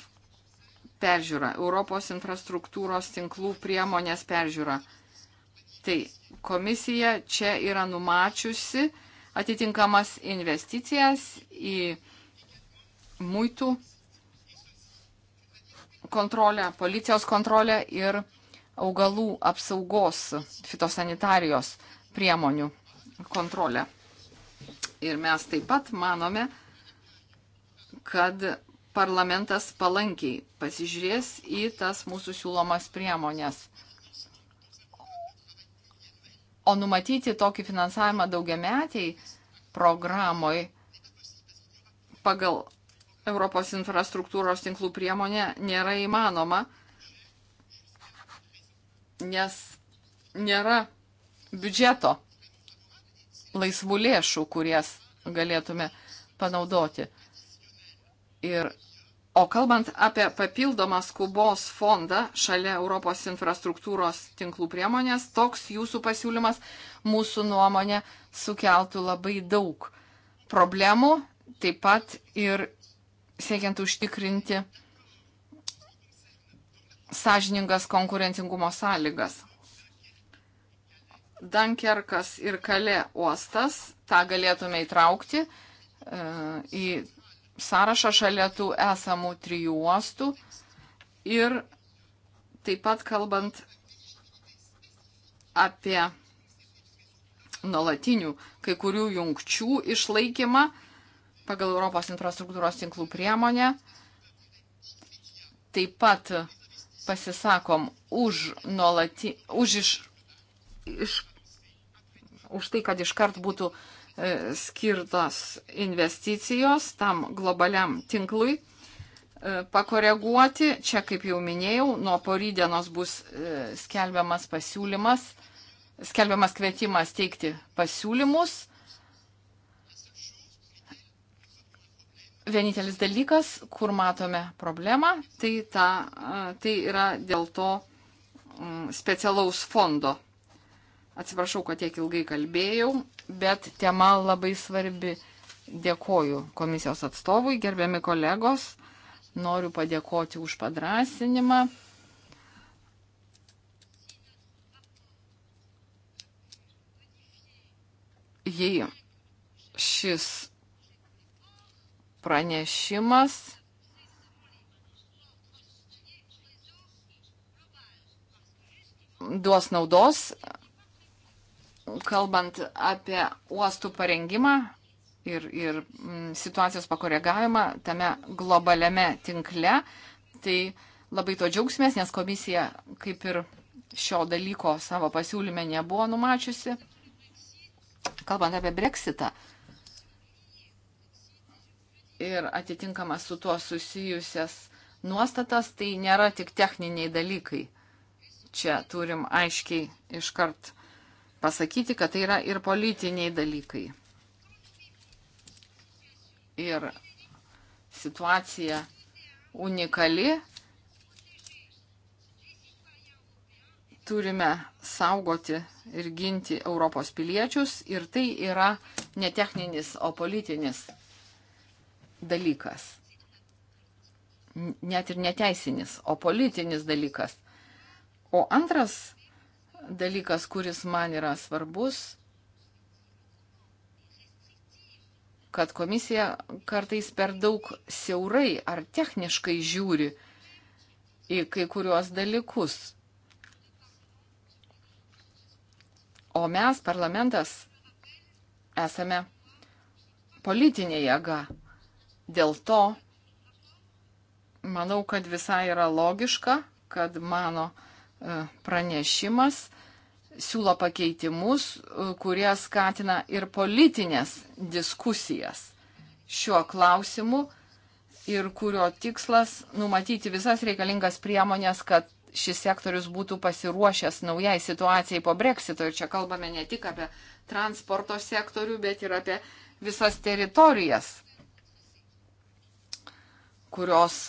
[SPEAKER 1] peržiūrą, Europos infrastruktūros tinklų priemonės peržiūrą, tai komisija čia yra numačiusi atitinkamas investicijas į muitų kontrolę, policijos kontrolę ir augalų apsaugos fitosanitarijos priemonių kontrolę. Ir mes taip pat manome, kad parlamentas palankiai pasižiūrės į tas mūsų siūlomas priemonės. O numatyti tokį finansavimą daugiametiai programoj pagal Europos infrastruktūros tinklų priemonė nėra įmanoma, nes nėra biudžeto laisvų lėšų, kurias galėtume panaudoti. Ir O kalbant apie papildomą skubos fondą šalia Europos infrastruktūros tinklų priemonės, toks jūsų pasiūlymas mūsų nuomonė sukeltų labai daug problemų, taip pat ir siekiant užtikrinti sąžiningas konkurencingumo sąlygas. Dankerkas ir Kalė uostas, tą galėtume įtraukti e, į sąrašą šalia tų esamų trijų uostų ir taip pat kalbant apie nuolatinių kai kurių jungčių išlaikymą pagal Europos infrastruktūros tinklų priemonę. Taip pat pasisakom už, nuolati, už, iš, iš, už tai, kad iškart būtų uh, E, skirtos investicijos tam globaliam tinklui e, pakoreguoti. Čia, kaip jau minėjau, nuo porydienos bus e, skelbiamas pasiūlymas, skelbiamas kvietimas teikti pasiūlymus. Vienintelis dalykas, kur matome problemą, tai, ta, tai yra dėl to specialaus fondo Atsiprašau, kad tiek ilgai kalbėjau, bet tema labai svarbi. Dėkoju komisijos atstovui, gerbiami kolegos. Noriu padėkoti už padrasinimą. Jei šis pranešimas duos naudos kalbant apie uostų parengimą ir, ir mm, situacijos pakoregavimą tame globaliame tinkle, tai labai to džiaugsmės, nes komisija kaip ir šio dalyko savo pasiūlyme nebuvo numačiusi. Kalbant apie breksitą ir atitinkamas su tuo susijusias nuostatas, tai nėra tik techniniai dalykai. Čia turim aiškiai iškart pasakyti, kad tai yra ir politiniai dalykai. Ir situacija unikali. Turime saugoti ir ginti Europos piliečius ir tai yra ne techninis, o politinis dalykas. Net ir neteisinis, o politinis dalykas. O antras dalykas, kuris man yra svarbus, kad komisija kartais per daug siaurai ar techniškai žiūri į kai kuriuos dalykus. O mes, parlamentas, esame politinė jėga. Dėl to manau, kad visai yra logiška, kad mano pranešimas siūlo pakeitimus, e, kurie skatina ir politinės diskusijas šiuo klausimu ir kurio tikslas numatyti visas reikalingas priemonės, kad šis sektorius būtų pasiruošęs naujai situacijai po breksito. Ir čia kalbame ne tik apie transporto sektorių, bet ir apie visas teritorijas, kurios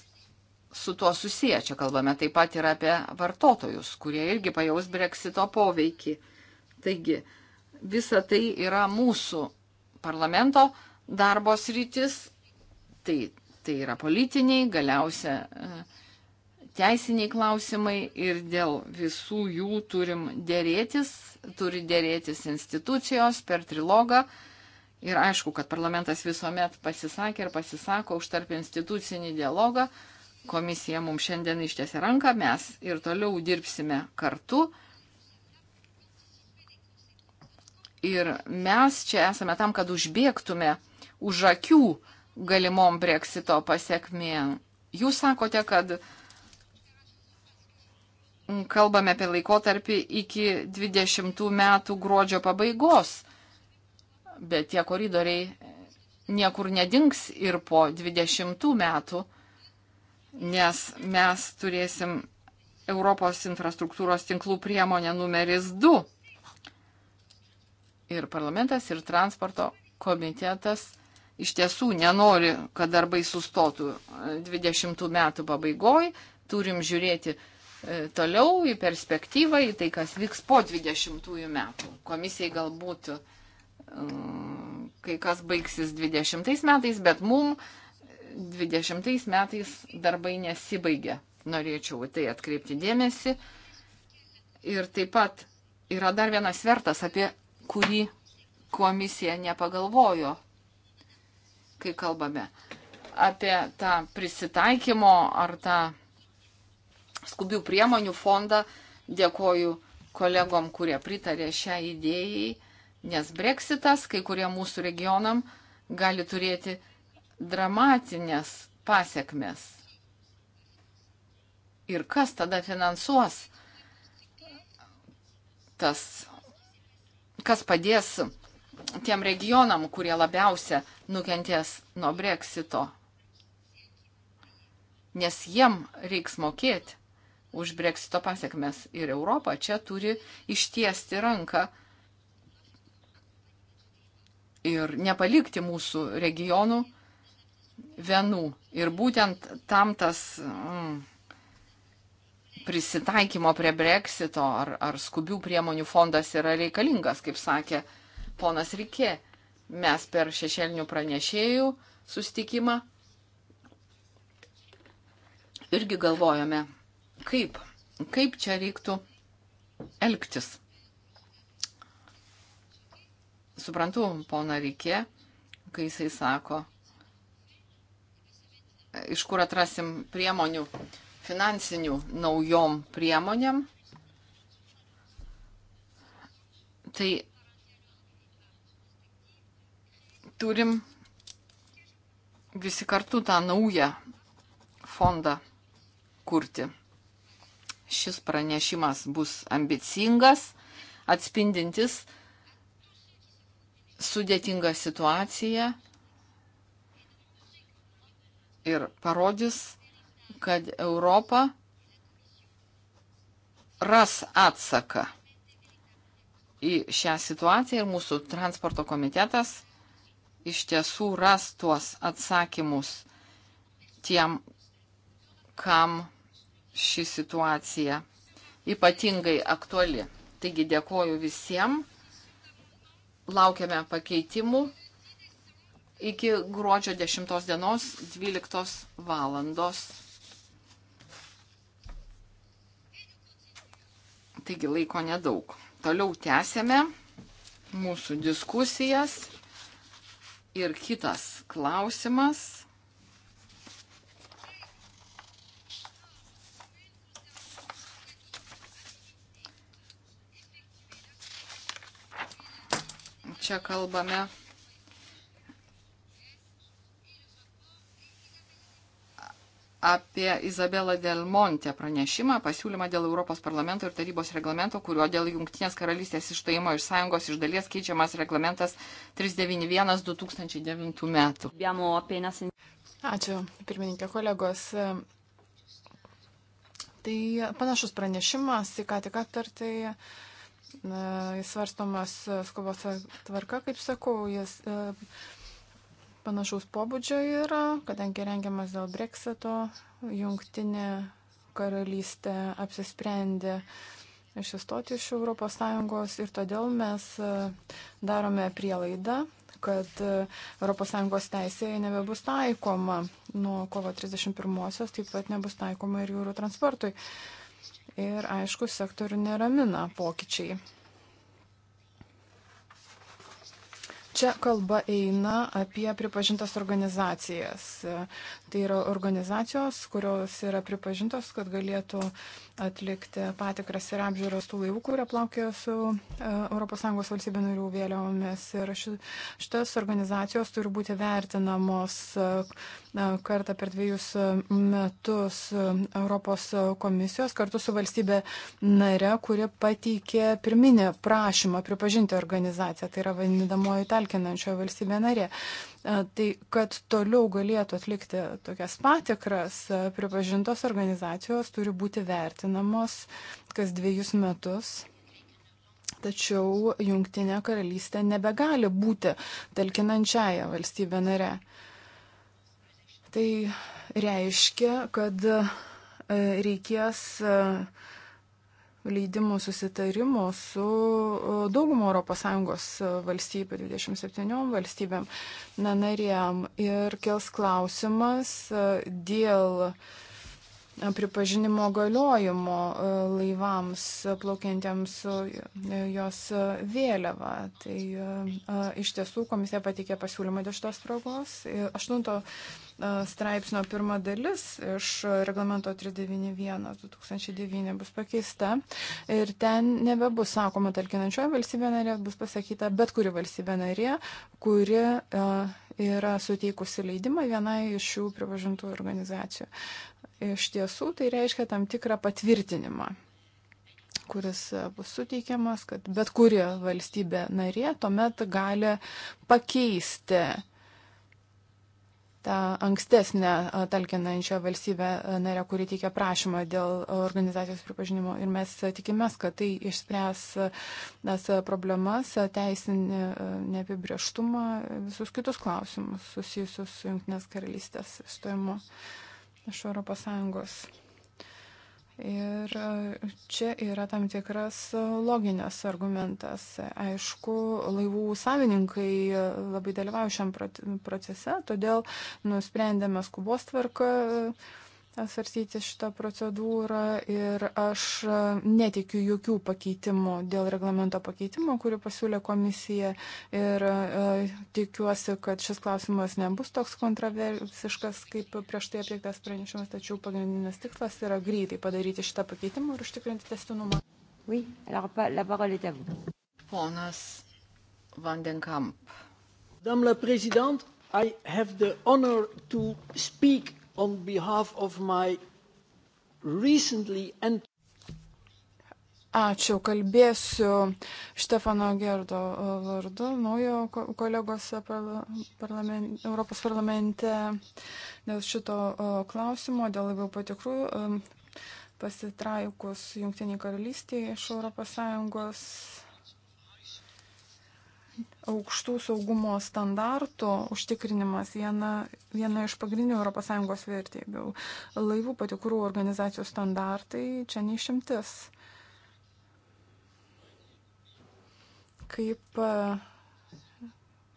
[SPEAKER 1] su tuo susiję. Čia kalbame taip pat ir apie vartotojus, kurie irgi pajaus breksito poveikį. Taigi, visa tai yra mūsų parlamento darbo sritis, tai, tai yra politiniai, galiausia e, teisiniai klausimai ir dėl visų jų turim dėrėtis, turi dėrėtis institucijos per trilogą. Ir aišku, kad parlamentas visuomet pasisakė ir pasisako už tarp institucinį dialogą, Komisija mums šiandien ištiesė ranką, mes ir toliau dirbsime kartu. Ir mes čia esame tam, kad užbėgtume už akių galimom breksito pasiekmėm. Jūs sakote, kad kalbame apie laikotarpį iki 20 metų gruodžio pabaigos, bet tie koridoriai niekur nedings ir po 20 metų nes mes turėsim Europos infrastruktūros tinklų priemonę numeris 2. Ir parlamentas, ir transporto komitetas iš tiesų nenori, kad darbai sustotų 20 e, metų pabaigoj. Turim žiūrėti e, toliau į perspektyvą, į tai, kas vyks po 20 metų. Komisijai galbūt e, kai kas baigsis 20 metais, bet mums 20 metais darbai nesibaigė. Norėčiau tai atkreipti dėmesį. Ir taip pat yra dar vienas svertas, apie kurį komisija nepagalvojo, kai kalbame apie tą prisitaikymo ar tą skubių priemonių fondą. Dėkoju kolegom, kurie pritarė šią idėjai, nes breksitas kai kurie mūsų regionam gali turėti dramatinės pasiekmes. Ir kas tada finansuos tas, kas padės tiem regionam, kurie labiausia nukentės nuo breksito. Nes jiem reiks mokėti už breksito pasiekmes. Ir Europa čia turi ištiesti ranką ir nepalikti mūsų regionų vienų. Ir būtent tam tas mm, prisitaikymo prie breksito ar, ar skubių priemonių fondas yra reikalingas, kaip sakė ponas Rikė. Mes per šešėlinių pranešėjų sustikimą irgi galvojame, kaip, kaip čia reiktų elgtis. Suprantu, pona Rikė, kai jisai sako, iš kur atrasim priemonių finansinių naujom priemonėm. Tai turim visi kartu tą naują fondą kurti. Šis pranešimas bus ambicingas, atspindintis sudėtingą situaciją ir parodys, kad Europa ras atsaką į šią situaciją ir mūsų transporto komitetas iš tiesų ras tuos atsakymus tiem, kam ši situacija ypatingai aktuali. Taigi dėkoju visiems, laukiame pakeitimų iki gruodžio 10 dienos 12 valandos. Taigi laiko nedaug. Toliau tęsėme mūsų diskusijas ir kitas klausimas. Čia kalbame apie Izabelą Del Monte pranešimą, pasiūlymą dėl Europos parlamento ir tarybos reglamento, kuriuo dėl Junktinės karalystės išstojimo iš sąjungos iš dalies keičiamas reglamentas
[SPEAKER 3] 391-2009 metų. Ačiū, pirmininkė kolegos. Tai panašus pranešimas, į ką tik aptartai, jis svarstomas skubos tvarka, kaip sakau, jis. Uh, panašaus pobūdžio yra, kadangi rengiamas dėl breksito, jungtinė karalystė apsisprendė išsistoti iš ES ir todėl mes e, darome prielaidą, kad ES teisėje nebebus taikoma nuo kovo 31-osios, taip pat nebus taikoma ir jūrų transportui. Ir aišku, sektorių neramina pokyčiai. Čia kalba eina apie pripažintas organizacijas. Tai yra organizacijos, kurios yra pripažintos, kad galėtų atlikti patikras ir apžiūros tų laivų, kurie plaukė su ES valstybių narių vėliavomis. Ir šitas organizacijos turi būti vertinamos e, e, kartą per dviejus e, metus Europos komisijos kartu su valstybė nare, kuri pateikė pirminį prašymą pripažinti organizaciją, tai yra vadinamoji talkinančioji valstybė narė tai kad toliau galėtų atlikti tokias patikras, pripažintos organizacijos turi būti vertinamos kas dviejus metus. Tačiau Junktinė karalystė nebegali būti talkinančiaja valstybė nare. Tai reiškia, kad reikės uh, leidimų susitarimų su e, daugumo ES e, valstybių, 27 valstybėm nanarėm. Ir kels klausimas e, dėl uh, pripažinimo galiojimo e, laivams plaukiantiems su e, jos e, vėliava. Tai iš tiesų komisija pateikė pasiūlymą dėl šitos spragos. Aštunto straipsnio pirma dalis iš reglamento 391-2009 bus pakeista ir ten nebebus sakoma talkinančioje valstybė narė, bus pasakyta bet kuri valstybė narė, kuri yra suteikusi leidimą vienai iš šių pripažintų organizacijų. Iš tiesų tai reiškia tam tikrą patvirtinimą, kuris e, bus suteikiamas, kad bet kuri valstybė narė tuomet gali pakeisti tą ankstesnę e, talkinančią valstybę e, narę, kuri teikia prašymą dėl organizacijos pripažinimo. Ir mes tikimės, kad tai išspręs tas problemas, teisinį neapibrieštumą, visus kitus klausimus susijusius su Junktinės karalystės stojimu iš ES. Ir e, čia yra tam tikras e, loginės argumentas. Aišku, laivų savininkai e, labai dalyvauja šiam procese, todėl nusprendėme skubos tvarką svarstyti šitą procedūrą ir aš e, netikiu jokių pakeitimų dėl reglamento pakeitimo, kurį pasiūlė komisija ir e, tikiuosi, kad šis klausimas nebus toks kontroversiškas, kaip prieš tai apiektas pranešimas, tačiau pagrindinis tikslas yra greitai padaryti šitą pakeitimą ir užtikrinti testinumą. Oui, alors la parole est à vous. Ponas Vandenkamp. Madame la Présidente, I have the honor to speak on behalf of my recently and Ačiū, kalbėsiu Štefano Gerdo uh, vardu, naujo kolegos uh, parlament, Europos parlamente dėl šito uh, klausimo, dėl labiau patikrų um, pasitraukus Junktiniai karalystiai iš ES aukštų saugumo standartų užtikrinimas viena, viena iš pagrindinių ES vertybių. Laivų patikrų organizacijų standartai čia neišimtis. Kaip e,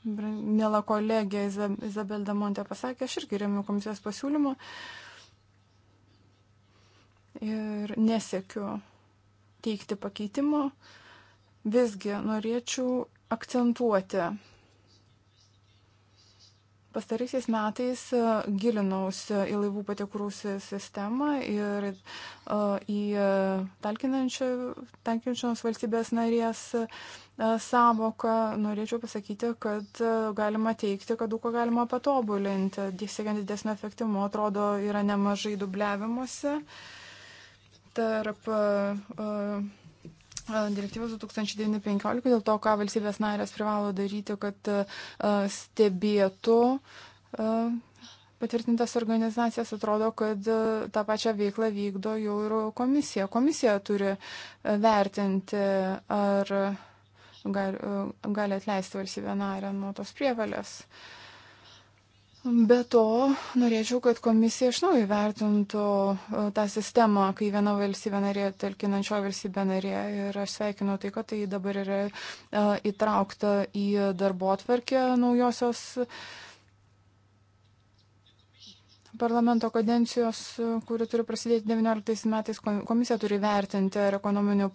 [SPEAKER 3] mėla kolegė Izabel Damonte pasakė, aš irgi remiu komisijos pasiūlymą ir nesiekiu teikti pakeitimo. Visgi norėčiau akcentuoti. Pastaraisiais metais e, gilinausi į laivų patikrų sistemą ir e, į talkinančios valstybės narės e, savoką. Norėčiau pasakyti, kad galima teikti, kad daug ko galima patobulinti. Siekiant didesnio efektyvumo, atrodo, yra nemažai dubliavimuose tarp uh, Direktyvos 2015 dėl to, ką valstybės narės privalo daryti, kad stebėtų patvirtintas organizacijas, atrodo, kad tą pačią veiklą vykdo jau ir komisija. Komisija turi vertinti, ar gali atleisti valstybę narę nuo tos prievalės. Uh, Be to, norėčiau, kad komisija iš naujo vertintų e, tą sistemą, kai viena valstybė narė, talkinančio valstybė narė. Ir aš sveikinu tai, kad tai dabar yra e, įtraukta į darbo atvarkę naujosios parlamento kadencijos, kuri turi prasidėti 19 metais, komisija turi vertinti, ar ekonominiu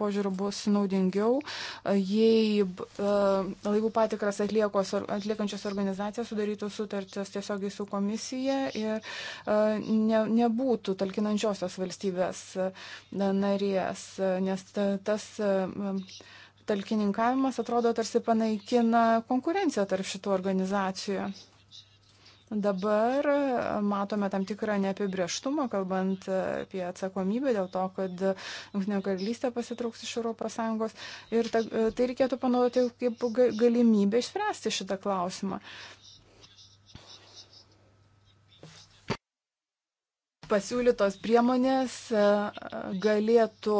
[SPEAKER 3] požiūriu bus naudingiau, jei e, laivų patikras atliekos, atliekančios organizacijos sudarytų sutartis tiesiogiai su komisija ir e, ne, nebūtų talkinančiosios valstybės e, narės, nes tas talkininkavimas atrodo tarsi panaikina konkurenciją tarp šitų organizacijų. Dabar e, matome tam tikrą neapibrieštumą, kalbant e, apie atsakomybę dėl to, kad Junktinė karalystė pasitrauks iš ES. Ir ta, e, tai reikėtų panaudoti kaip galimybę išspręsti šitą klausimą. Pasiūlytos priemonės galėtų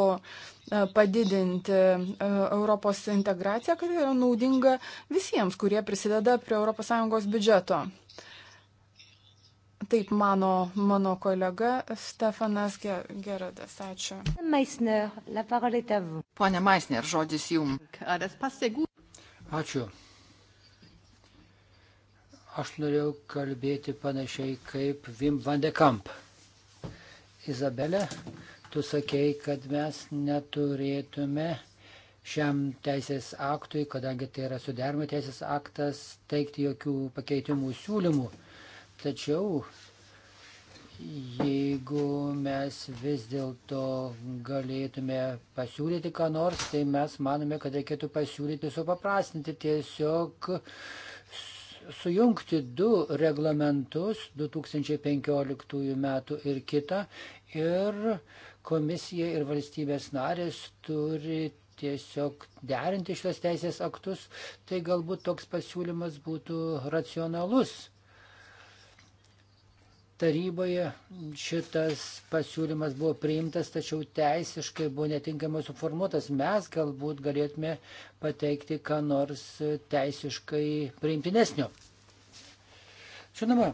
[SPEAKER 3] padidinti Europos integraciją, kad yra naudinga visiems, kurie prisideda prie ES biudžeto. Taip mano, mano kolega Stefanas Geradas. Ačiū. Meisner, la parole est à vous. Pone
[SPEAKER 1] Meisner,
[SPEAKER 2] žodis jum. Ačiū. Aš norėjau kalbėti panašiai kaip Vim van de Kamp. Izabelė, tu sakei, kad mes neturėtume šiam teisės aktui, kadangi tai yra suderimo teisės aktas, teikti jokių pakeitimų siūlymų Tačiau jeigu mes vis dėlto galėtume pasiūlyti ką nors, tai mes manome, kad reikėtų pasiūlyti supaprastinti tiesiog sujungti du reglamentus 2015 metų ir kitą ir komisija ir valstybės narės turi tiesiog derinti šios teisės aktus, tai galbūt toks pasiūlymas būtų racionalus taryboje šitas pasiūlymas buvo priimtas, tačiau teisiškai buvo netinkamai suformuotas. Mes galbūt galėtume pateikti ką nors teisiškai priimtinesnio. Žinoma,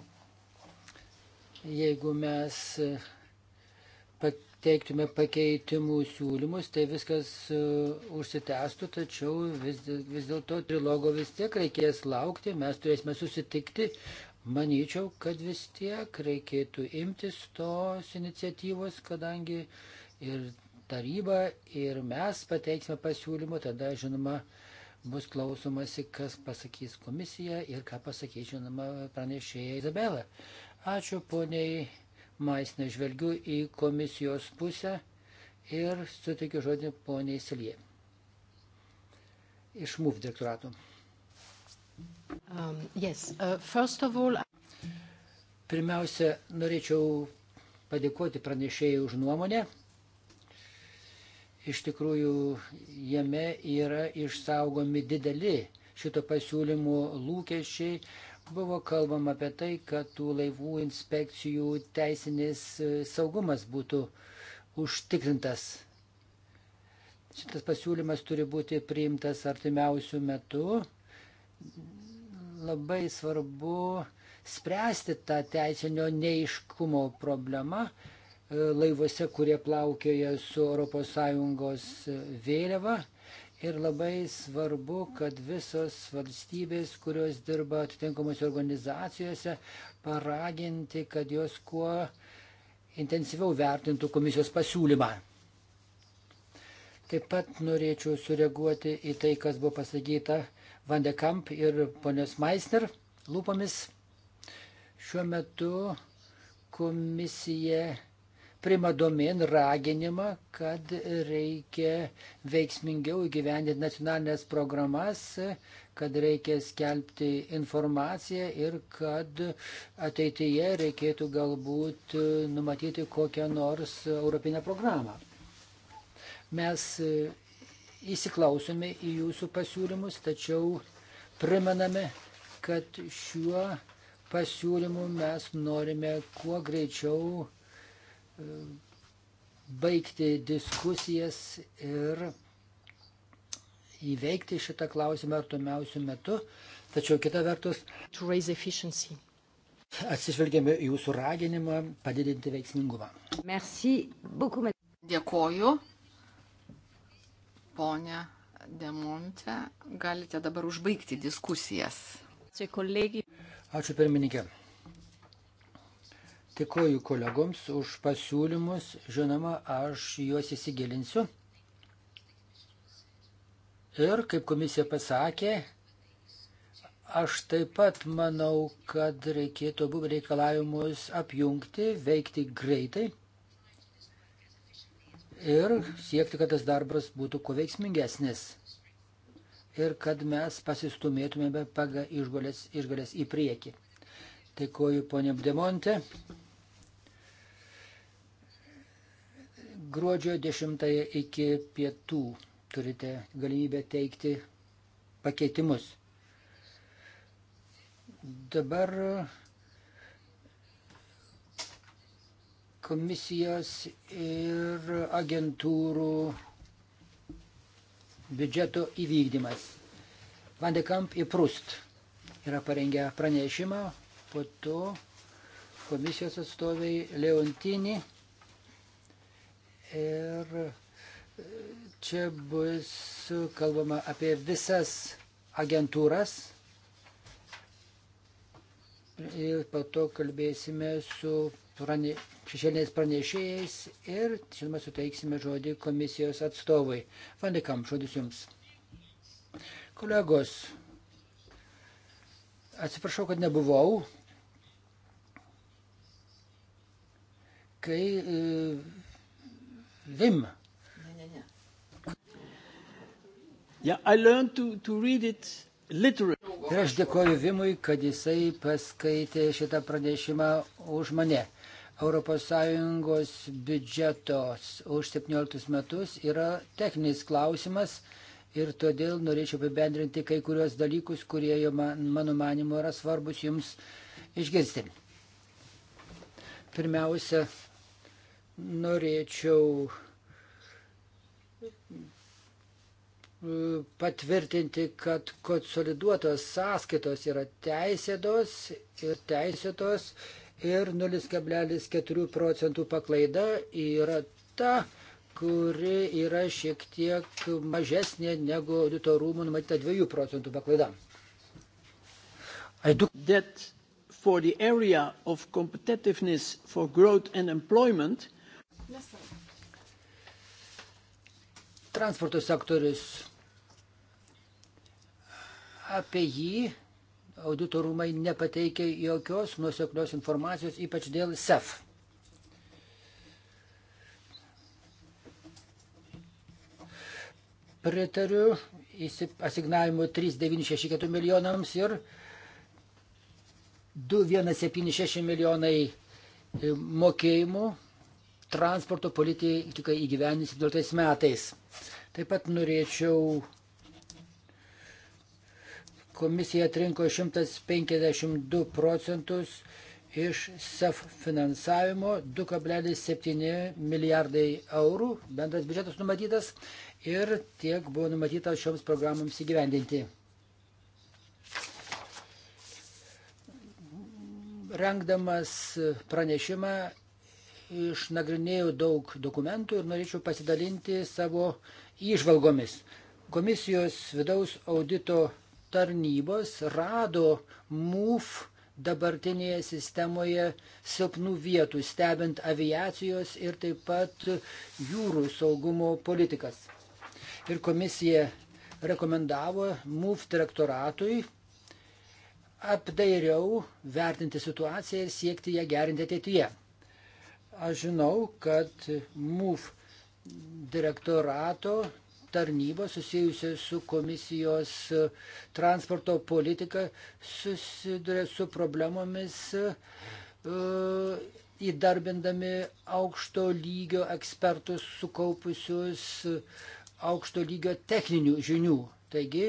[SPEAKER 2] jeigu mes pateiktume pakeitimų siūlymus, tai viskas e, užsitęstų, tačiau vis, vis dėlto trilogo vis tiek reikės laukti, mes turėsime susitikti manyčiau, kad vis tiek reikėtų imtis tos iniciatyvos, kadangi ir taryba, ir mes pateiksime pasiūlymų, tada, žinoma, bus klausomasi, kas pasakys komisija ir ką pasakys, žinoma, pranešėja Izabela. Ačiū poniai Maisne, žvelgiu į komisijos pusę ir suteikiu žodį poniai Silie. Iš MUF direktoratų. Um, yes. uh, all... Pirmiausia, norėčiau padėkoti pranešėjai už nuomonę. Iš tikrųjų, jame yra išsaugomi dideli šito pasiūlymo lūkesčiai. Buvo kalbama apie tai, kad tų laivų inspekcijų teisinis e, saugumas būtų užtikrintas. Šitas pasiūlymas turi būti priimtas artimiausių metų labai svarbu spręsti tą teisinio neiškumo problemą e, laivuose, kurie plaukioja su ES vėliava. Ir labai svarbu, kad visos valstybės, kurios dirba atitinkamose organizacijose, paraginti, kad jos kuo intensyviau vertintų komisijos pasiūlymą. Taip pat norėčiau sureaguoti į tai, kas buvo pasakyta Vandekamp ir ponios Meisner lūpomis. Šiuo metu komisija prima domin raginimą, kad reikia veiksmingiau įgyvendinti nacionalinės programas, kad reikia skelbti informaciją ir kad ateityje reikėtų galbūt numatyti kokią nors europinę programą. Mes įsiklausome į jūsų pasiūlymus, tačiau primename, kad šiuo pasiūlymu mes norime kuo greičiau e, baigti diskusijas ir įveikti šitą klausimą artumiausių metų. Tačiau kita vertus, atsižvelgėme į jūsų raginimą padidinti veiksmingumą.
[SPEAKER 1] Beaucoup, Dėkoju. Pone Demonte,
[SPEAKER 2] galite dabar užbaigti diskusijas.
[SPEAKER 1] Čia kolegijai.
[SPEAKER 2] Ačiū pirmininkė. Tikoju kolegoms už pasiūlymus. Žinoma, aš juos įsigilinsiu. Ir kaip komisija pasakė, aš taip pat manau, kad reikėtų abu reikalavimus apjungti, veikti greitai ir siekti, kad tas darbas būtų kuo veiksmingesnis ir kad mes pasistumėtumėme pagal išgalės, išgalės į priekį. Dėkuoju ponė Bdemonte. Gruodžio 10 iki pietų turite galimybę teikti pakeitimus. Dabar komisijos ir agentūrų biudžeto įvykdymas. Vandekamp į Prust yra parengę pranešimą, po to komisijos atstoviai Leontini ir čia bus kalbama apie visas agentūras ir po to kalbėsime su prane, šešėliniais pranešėjais ir, žinoma, suteiksime žodį komisijos atstovai. Vandikam, žodis jums. Kolegos, atsiprašau, kad nebuvau. Kai uh, Vim. Ne, ne, ne. Yeah, I learned to, to read it Ir aš dėkoju Vimui, kad jisai paskaitė šitą pranešimą už mane. ES biudžetos už 17 metus yra techninis klausimas ir todėl norėčiau apibendrinti kai kurios dalykus, kurie mano manimo yra svarbus jums išgirsti. Pirmiausia, norėčiau patvirtinti, kad konsoliduotos sąskaitos yra teisėtos ir teisėtos ir 0,4 procentų paklaida yra ta, kuri yra šiek tiek mažesnė negu audito rūmų numatyta 2 procentų paklaida. Do... That for the area of competitiveness for growth and employment. Transporto sektorius Apie jį auditorumai nepateikė jokios nuseklios informacijos, ypač dėl SEF. Pritariu asignavimu 3,964 milijonams ir 2,176 milijonai e, mokėjimų transporto politikai įgyvendins 17 metais. Taip pat norėčiau Komisija atrinko 152 procentus iš SEF finansavimo, 2,7 milijardai eurų bendras biudžetas numatytas ir tiek buvo numatyta šioms programoms įgyvendinti. Rengdamas pranešimą išnagrinėjau daug dokumentų ir norėčiau pasidalinti savo įžvalgomis. Komisijos vidaus audito tarnybos rado MUF dabartinėje sistemoje silpnų vietų, stebint aviacijos ir taip pat jūrų saugumo politikas. Ir komisija rekomendavo MUF direktoratui apdairiau vertinti situaciją ir siekti ją gerinti ateityje. Aš žinau, kad MUF direktorato tarnybos susijusios su komisijos e, transporto politika susiduria su problemomis e, įdarbindami aukšto lygio ekspertus sukaupusius e, aukšto lygio techninių žinių. Taigi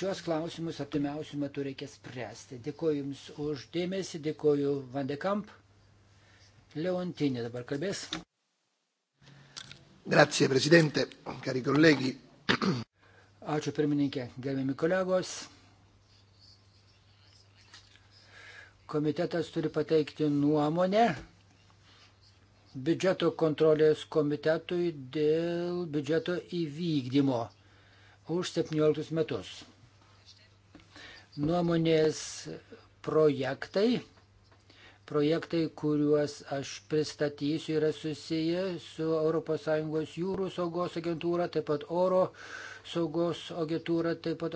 [SPEAKER 2] šios klausimus artimiausių metų reikia spręsti. Dėkoju Jums už dėmesį, dėkoju Vandekamp. Leontinė dabar kalbės. Grazie, prezidente, cari colleghi. Ačiū pirmininkė, gerbiami kolegos. Komitetas turi pateikti nuomonę biudžeto kontrolės komitetui dėl biudžeto įvykdymo už 17 metus. Nuomonės projektai Projektai, kuriuos aš pristatysiu, yra susiję su ES jūrų saugos agentūra, taip pat oro saugos agentūra, taip pat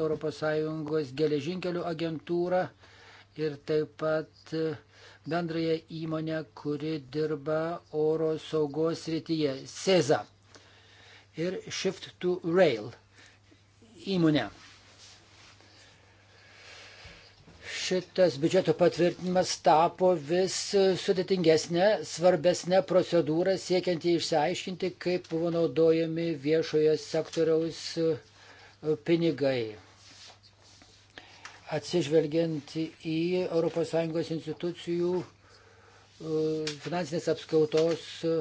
[SPEAKER 2] ES geležinkelių agentūra ir taip pat e, bendrąją įmonę, kuri dirba oro saugos srityje - SEZA ir Shift to Rail įmonę. šitas biudžeto patvirtinimas tapo vis sudėtingesnė, svarbesnė procedūra siekiant išsiaiškinti, kaip buvo naudojami viešojo sektoriaus e, pinigai. Atsižvelgiant į ES institucijų e, finansinės apskautos e,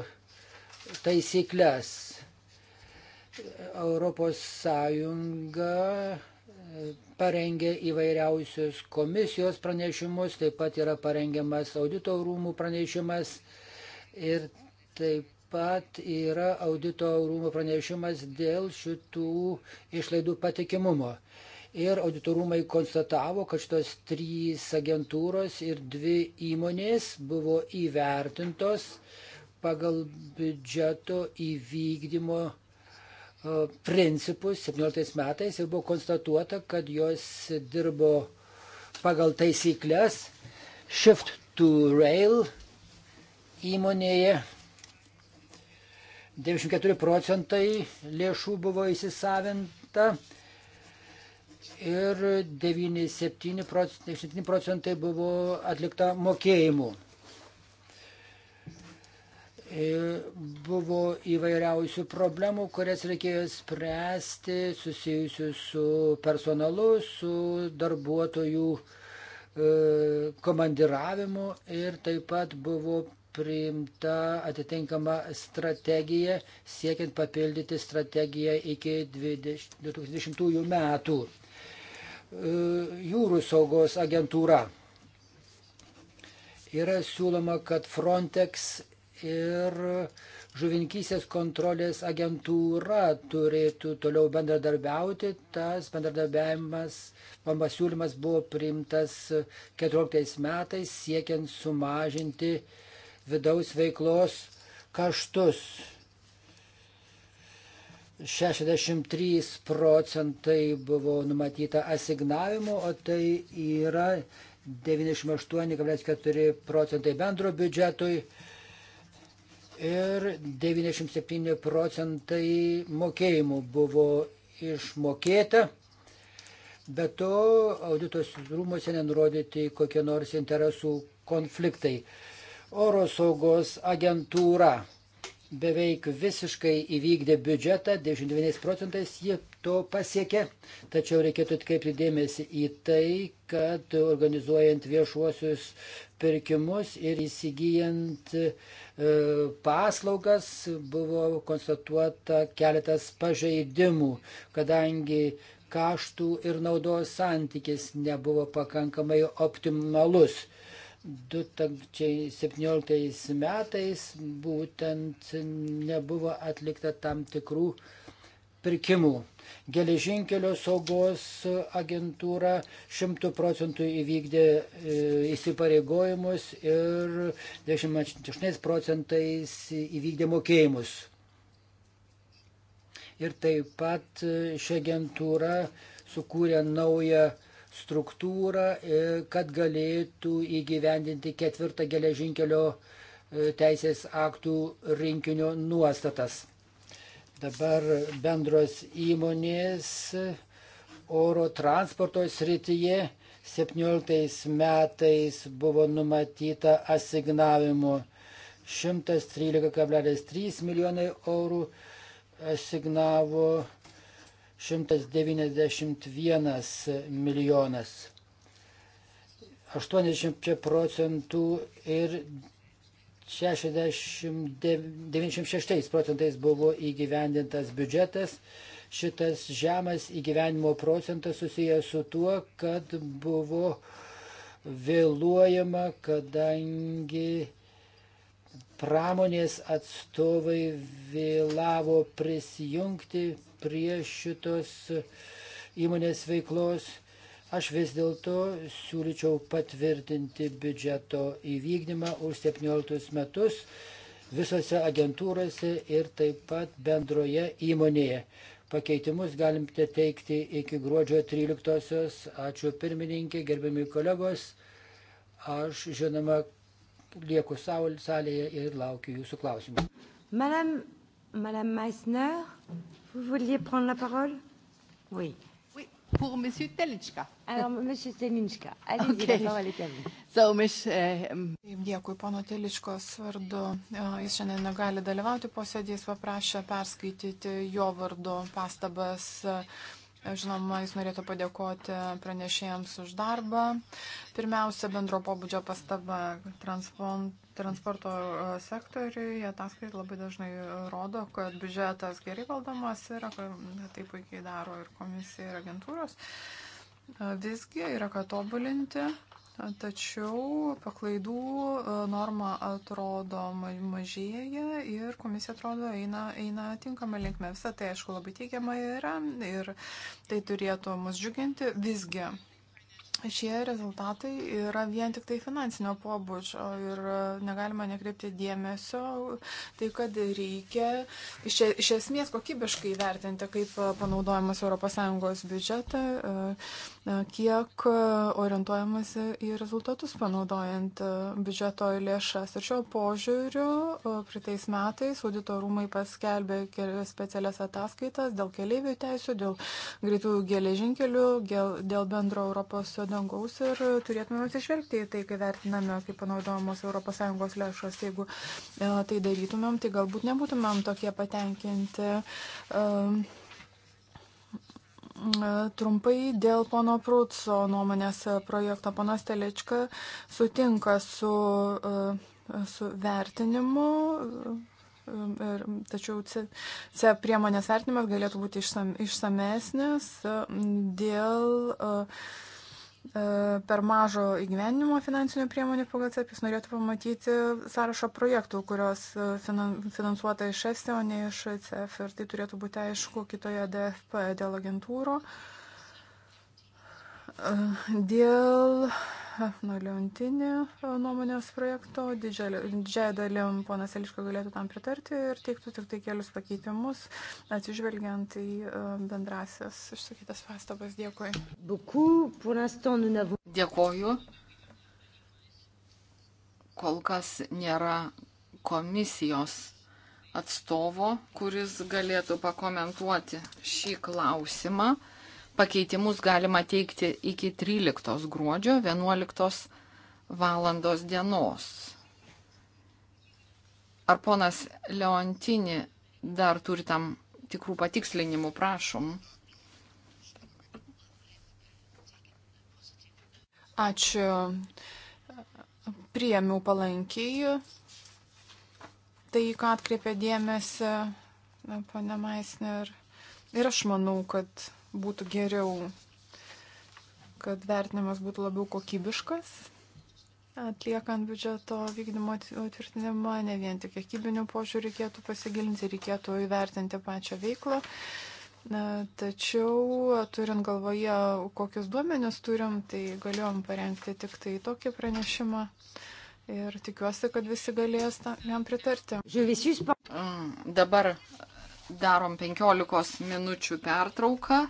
[SPEAKER 2] taisyklės. ES parengė įvairiausius komisijos pranešimus, taip pat yra parengiamas audito rūmų pranešimas ir taip pat yra audito rūmų pranešimas dėl šitų išlaidų patikimumo. Ir auditorumai konstatavo, kad šitos trys agentūros ir dvi įmonės buvo įvertintos pagal biudžeto įvykdymo E, principus 17 metais ir buvo konstatuota, kad jos dirbo pagal taisyklės Shift to Rail įmonėje. 94 procentai lėšų buvo įsisavinta ir 97 procentai, 97 procentai buvo atlikta mokėjimų. E, buvo įvairiausių problemų, kurias reikėjo spręsti susijusių su personalu, su darbuotojų e, komandiravimu ir taip pat buvo priimta atitinkama strategija siekiant papildyti strategiją iki 2020 metų. E, jūrų saugos agentūra yra siūloma, kad Frontex ir žuvinkysės kontrolės agentūra turėtų toliau bendradarbiauti. Tas bendradarbiavimas, mano siūlymas buvo priimtas 14 metais siekiant sumažinti vidaus veiklos kaštus. 63 procentai buvo numatyta asignavimo, o tai yra 98,4 procentai bendro biudžetui, ir 97 procentai mokėjimų buvo išmokėta. Be to, auditos rūmose nenurodyti kokie nors interesų konfliktai. Oro saugos agentūra beveik visiškai įvykdė biudžetą, 99 procentais jie to pasiekė, tačiau reikėtų atkreipti dėmesį į tai, kad organizuojant viešuosius pirkimus ir įsigijant uh, E, paslaugas buvo konstatuota keletas pažeidimų, kadangi kaštų ir naudos santykis nebuvo pakankamai optimalus. 2017 metais būtent nebuvo atlikta tam tikrų uh, pirkimų. Geležinkelio saugos agentūra šimtų procentų įvykdė e, įsipareigojimus ir 28 procentais įvykdė mokėjimus. Ir taip pat ši agentūra sukūrė naują struktūrą, e, kad galėtų įgyvendinti ketvirtą geležinkelio e, teisės aktų rinkinio nuostatas. Dabar bendros įmonės oro transporto srityje 17 metais buvo numatyta asignavimų 113,3 milijonai eurų, asignavo 191 milijonas. 80 procentų ir 96 procentais buvo įgyvendintas biudžetas. Šitas žemas įgyvenimo procentas susijęs su tuo, kad buvo vėluojama, kadangi pramonės atstovai vėlavo prisijungti prie šitos įmonės veiklos Aš vis dėlto siūlyčiau patvirtinti biudžeto įvykdymą už 17 metus visose agentūrose ir taip pat bendroje įmonėje. Pakeitimus galimte teikti iki gruodžio 13-osios. Ačiū pirmininkė, gerbiami kolegos. Aš, žinoma, lieku salėje ir laukiu jūsų klausimų. Madame, Madame Meissner, vous vouliez prendre la parole? Oui
[SPEAKER 1] pour Monsieur Telinčka.
[SPEAKER 3] Alors, Monsieur Telinčka,
[SPEAKER 2] allez-y, okay. la parole est à vous.
[SPEAKER 3] So, miš, eh, Dėkui, pono Teliškos vardu. Eh, jis šiandien negali dalyvauti posėdės, paprašė perskaityti jo vardu pastabas. Eh, Žinoma, jis norėtų padėkoti pranešėjams už darbą. Pirmiausia, bendro pobūdžio pastaba transporto e, sektoriui. Ataskaitai labai dažnai rodo, kad biudžetas gerai valdomas yra, kad tai puikiai daro ir komisija, ir agentūros. E, visgi yra ką tobulinti. Tačiau paklaidų e, norma atrodo mažėja ir komisija atrodo eina, eina tinkama linkme. Visą tai, aišku, labai teigiama yra ir tai turėtų mus džiuginti. Visgi šie rezultatai yra vien tik tai finansinio pobūdžio ir e, negalima nekreipti dėmesio. Tai, kad reikia iš, iš esmės kokybiškai vertinti, kaip e, panaudojamas ES biudžetą. Uh, kiek e, orientuojamasi į rezultatus panaudojant e, biudžeto lėšas. Ir šio požiūriu e, pritais metais auditorumai paskelbė specialias ataskaitas dėl keliaivių teisų, dėl greitų geležinkelių, dėl bendro Europos dangaus ir turėtume atsižvelgti į tai, kai vertiname, kaip panaudojamos ES lėšos. Jeigu tai darytumėm, tai galbūt nebūtumėm tokie patenkinti. Um, Mm, e, trumpai dėl pono Prūtso nuomonės e, projekto. Ponas Telečka sutinka su, e, su vertinimu, ir, tačiau C priemonės vertinimas galėtų būti išsam, išsamesnis dėl. Uh, E, per mažo įgyvenimo finansinių priemonių pagal CEP, jis norėtų pamatyti sąrašą projektų, kurios e, finansuota iš ESTE, o ne iš CEF. Ir tai turėtų būti aišku kitoje DFP dėl agentūrų. Uh, Dėl Noliontinį nuomonės projekto didžiąją dalim ponas Eliška galėtų tam pritarti ir teiktų tik tai kelius pakeitimus, atsižvelgiant į e, bendrasias išsakytas pastabas. Dėkui.
[SPEAKER 1] Dėkoju. Kol kas nėra komisijos atstovo, kuris galėtų pakomentuoti šį klausimą. Pakeitimus galima teikti iki 13 gruodžio 11 valandos dienos. Ar ponas Leontini dar turi tam tikrų patikslinimų, prašom.
[SPEAKER 3] Ačiū. Priėmiau palankiai tai, ką atkreipė dėmesį ponia Maisner. Ir aš manau, kad būtų geriau, kad vertinimas būtų labiau kokybiškas, atliekant biudžeto vykdymo tvirtinimą, ne vien tik kiekybinių požiūrį reikėtų pasigilinti, reikėtų įvertinti pačią veiklą. Na, tačiau, turint galvoje, kokius duomenis turim, tai galėjom parengti tik tai tokį pranešimą. Ir tikiuosi, kad visi galės jam pritarti. Mm,
[SPEAKER 1] dabar darom 15 minučių pertrauką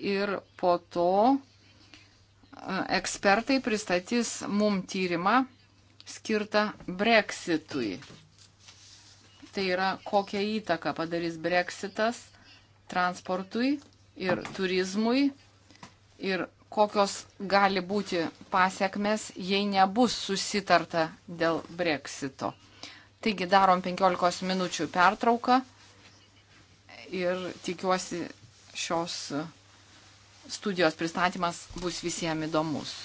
[SPEAKER 1] ir po to e, ekspertai pristatys mum tyrimą skirtą breksitui. Tai yra, kokią įtaką padarys breksitas transportui ir turizmui ir kokios gali būti pasiekmes, jei nebus susitarta dėl breksito. Taigi darom 15 minučių pertrauką ir tikiuosi šios studijos pristatymas bus visiems įdomus.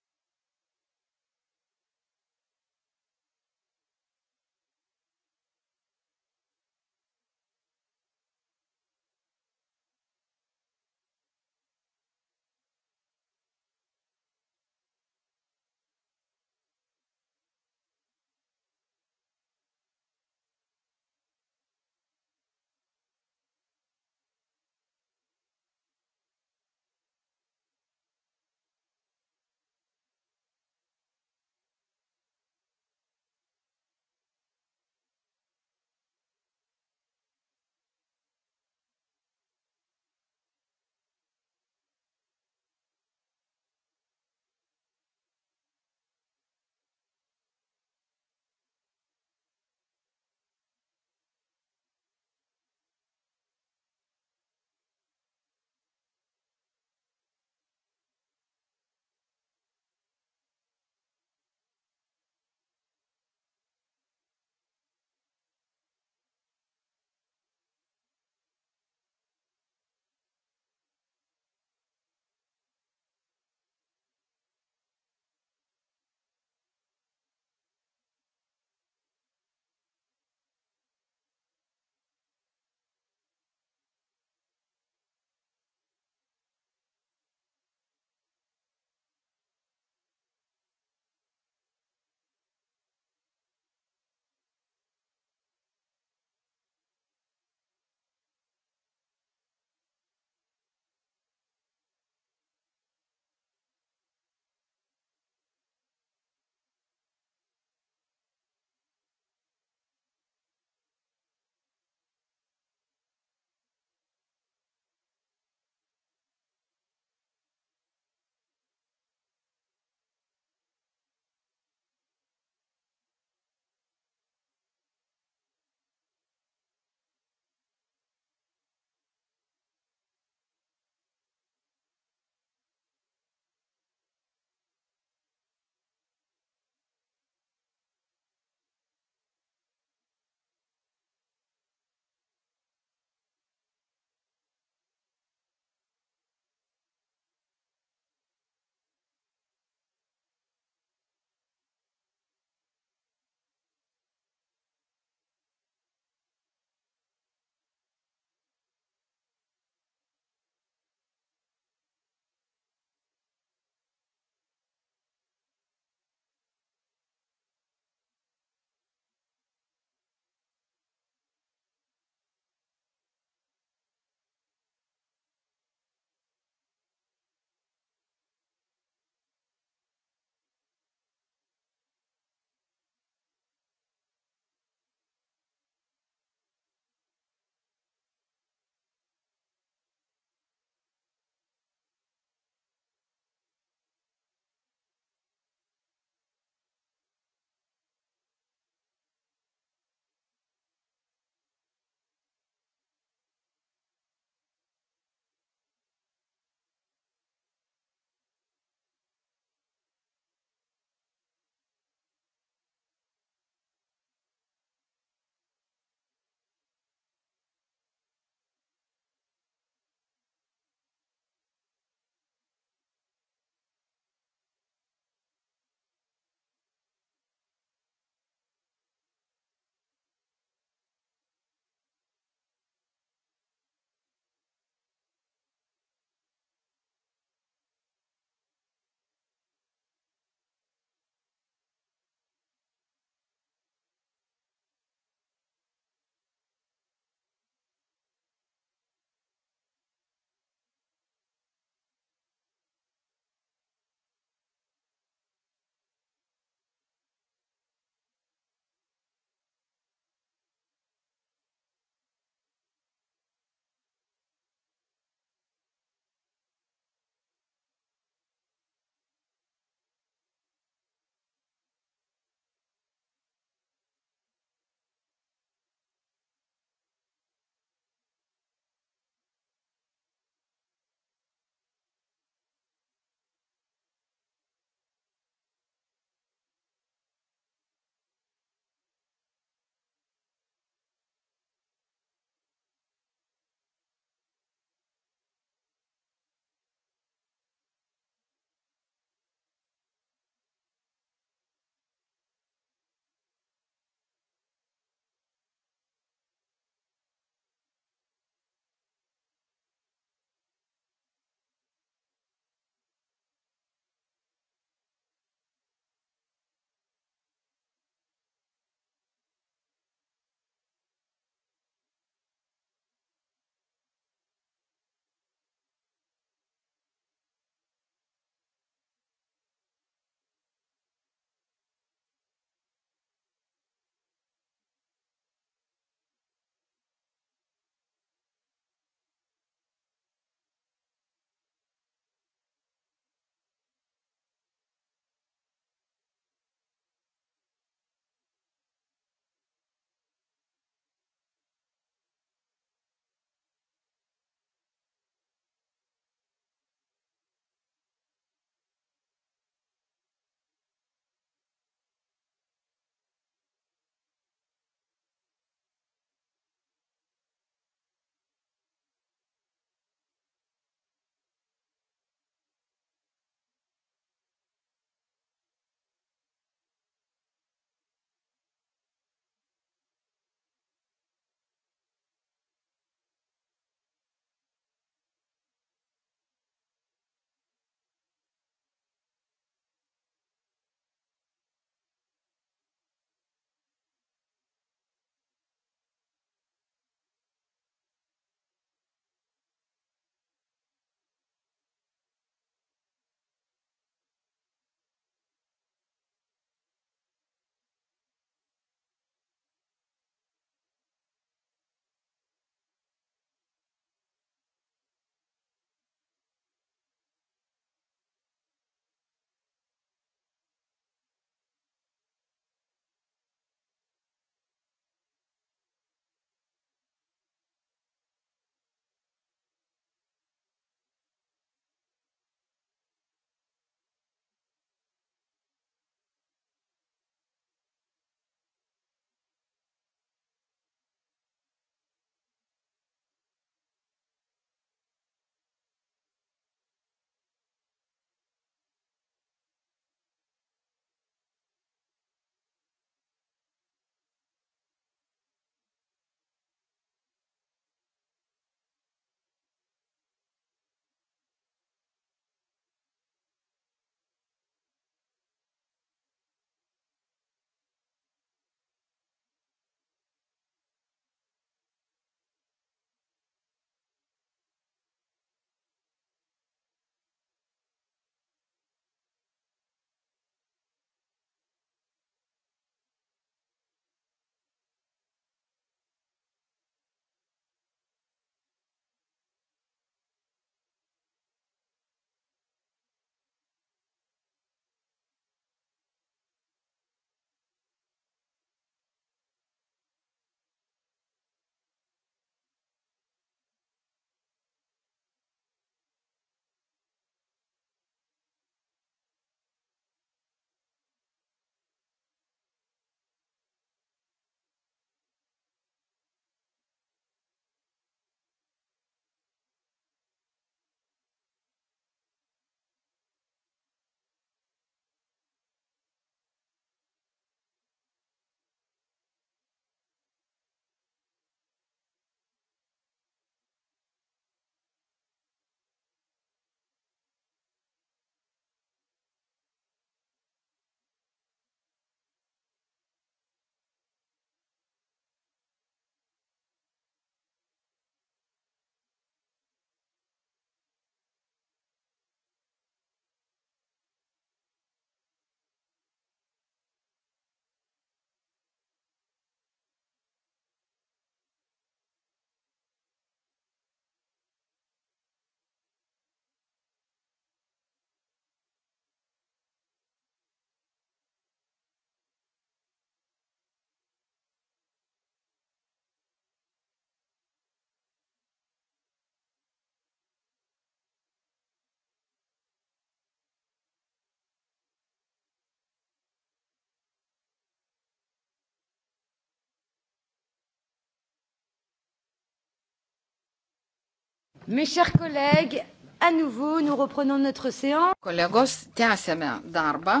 [SPEAKER 2] Mes chers collègues, à nouveau, nous reprenons notre
[SPEAKER 1] séance. Kolegos, tęsėme darbą.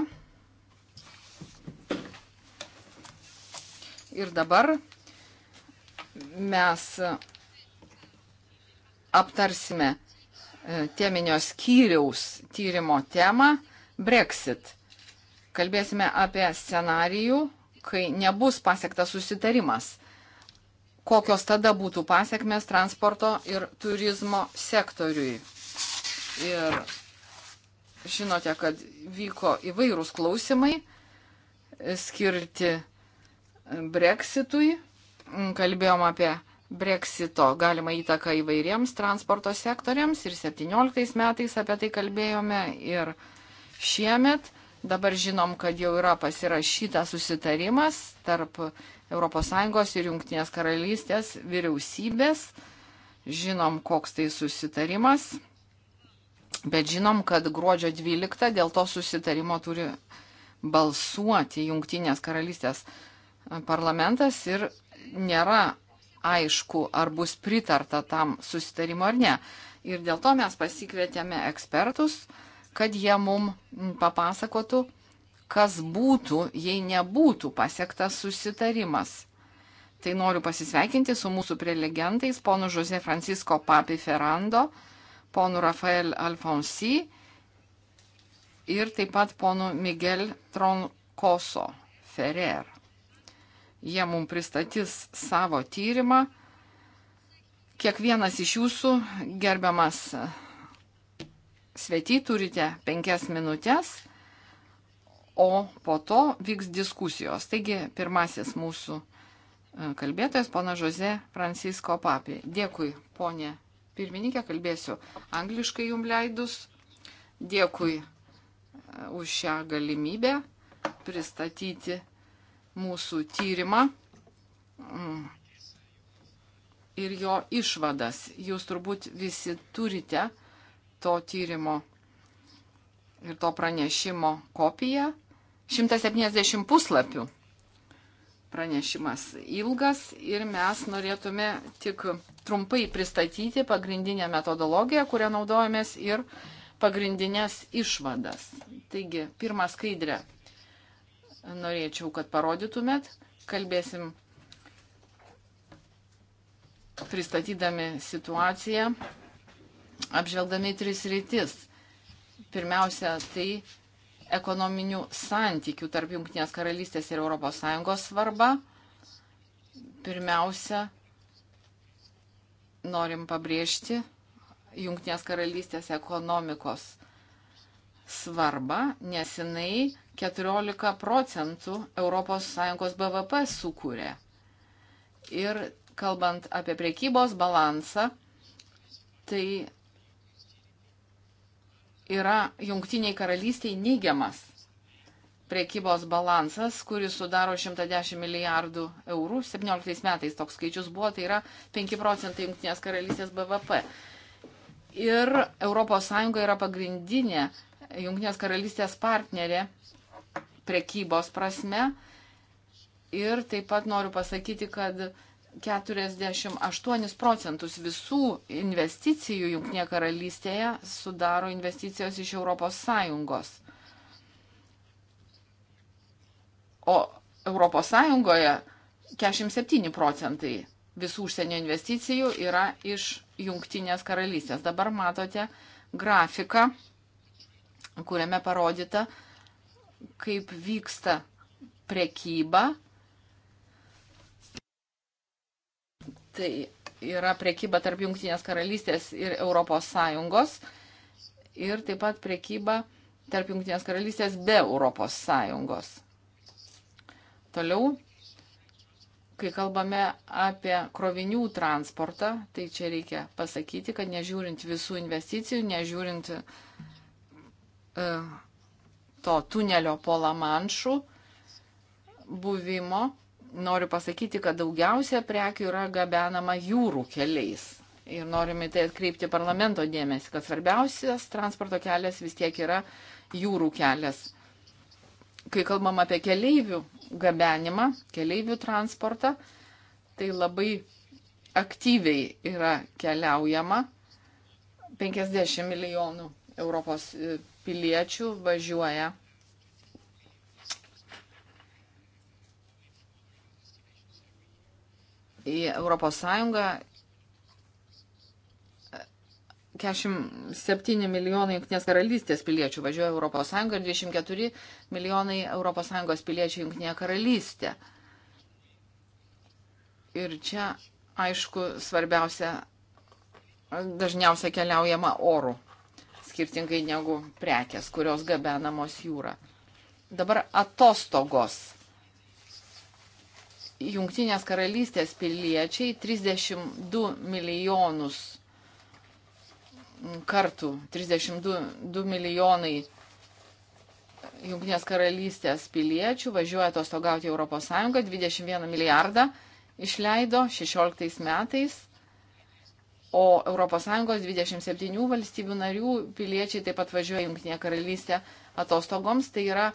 [SPEAKER 1] Ir dabar mes aptarsime e, teminio skyriaus tyrimo temą Brexit. Kalbėsime apie scenarijų, kai nebus pasiektas susitarimas kokios tada būtų pasiekmes transporto ir turizmo sektoriui. Ir žinote, kad vyko įvairūs klausimai skirti breksitui. Kalbėjom apie breksito galimą įtaką įvairiems transporto sektoriams ir 17 metais apie tai kalbėjome ir šiemet. Dabar žinom, kad jau yra pasirašyta susitarimas tarp ES ir Junktinės karalystės vyriausybės. Žinom, koks tai susitarimas. Bet žinom, kad gruodžio 12 dėl to susitarimo turi balsuoti Junktinės karalystės parlamentas ir nėra aišku, ar bus pritarta tam susitarimu ar ne. Ir dėl to mes pasikvietėme ekspertus, uh, kad jie mum papasakotų, kas būtų, jei nebūtų pasiektas susitarimas. Tai noriu pasisveikinti su mūsų prelegentais, ponu Jose Francisco Papi Ferrando, ponu Rafael Alfonsi ir taip pat ponu Miguel Troncoso Ferrer. Jie mums pristatys savo tyrimą. Kiekvienas iš jūsų, gerbiamas svety turite penkias minutės, o po to vyks diskusijos. Taigi, pirmasis mūsų e, kalbėtojas, pana Žoze Francisko Papė. Dėkui, ponė pirmininkė, kalbėsiu angliškai jum leidus. Dėkui e, už šią galimybę pristatyti mūsų tyrimą mm, ir jo išvadas. Jūs turbūt visi turite to tyrimo ir to pranešimo kopiją. 170 puslapių pranešimas ilgas ir mes norėtume tik trumpai pristatyti pagrindinę metodologiją, kurią naudojamės ir pagrindinės išvadas. Taigi, pirmą skaidrę norėčiau, kad parodytumėt. Kalbėsim pristatydami situaciją apžvelgdami tris rytis. Pirmiausia, tai ekonominių santykių tarp Junktinės karalystės ir ES svarba. Pirmiausia, norim pabrėžti Junktinės karalystės ekonomikos svarbą, nes jinai 14 procentų ES BVP sukūrė. Ir kalbant apie priekybos balansą, tai yra jungtiniai karalystiai neigiamas priekybos balansas, kuris sudaro 110 milijardų eurų. 17 metais toks skaičius buvo, tai yra 5 procentai jungtinės karalystės BVP. Ir ES yra pagrindinė jungtinės karalystės partnerė priekybos prasme. Ir taip pat noriu pasakyti, kad 48 procentus visų investicijų Junktinėje karalystėje sudaro investicijos iš ES. O ES 47 procentai visų užsienio investicijų yra iš Junktinės karalystės. Dabar matote grafiką, kuriame parodyta, kaip vyksta prekyba Tai yra priekyba tarp Junktinės karalystės ir Europos Sąjungos ir taip pat priekyba tarp Junktinės karalystės be Europos Sąjungos. Toliau, kai kalbame apie krovinių transportą, tai čia reikia pasakyti, kad nežiūrint visų investicijų, nežiūrint uh, to tunelio po Lamanšų buvimo, noriu pasakyti, kad daugiausia prekių yra gabenama jūrų keliais. Ir norime tai atkreipti parlamento dėmesį, kad svarbiausias transporto kelias vis tiek yra jūrų kelias. Kai kalbam apie keleivių gabenimą, keleivių transportą, tai labai aktyviai yra keliaujama. 50 milijonų Europos piliečių važiuoja į ES 47 milijonai Junktinės karalystės piliečių važiuoja Europos Sąjungą ir 24 milijonai Europos Sąjungos piliečių Junktinėje karalystė. Ir čia, aišku, svarbiausia, dažniausiai keliaujama oru, skirtingai negu prekės, kurios gabenamos jūra. Dabar atostogos. Jungtinės karalystės piliečiai 32 milijonus kartų, 32 milijonai Jungtinės karalystės piliečių važiuoja atostogauti Europos Sąjungą, 21 milijardą išleido 16 metais, o Europos Sąjungos 27 valstybių narių piliečiai taip pat važiuoja Jungtinė karalystė atostogoms, tai yra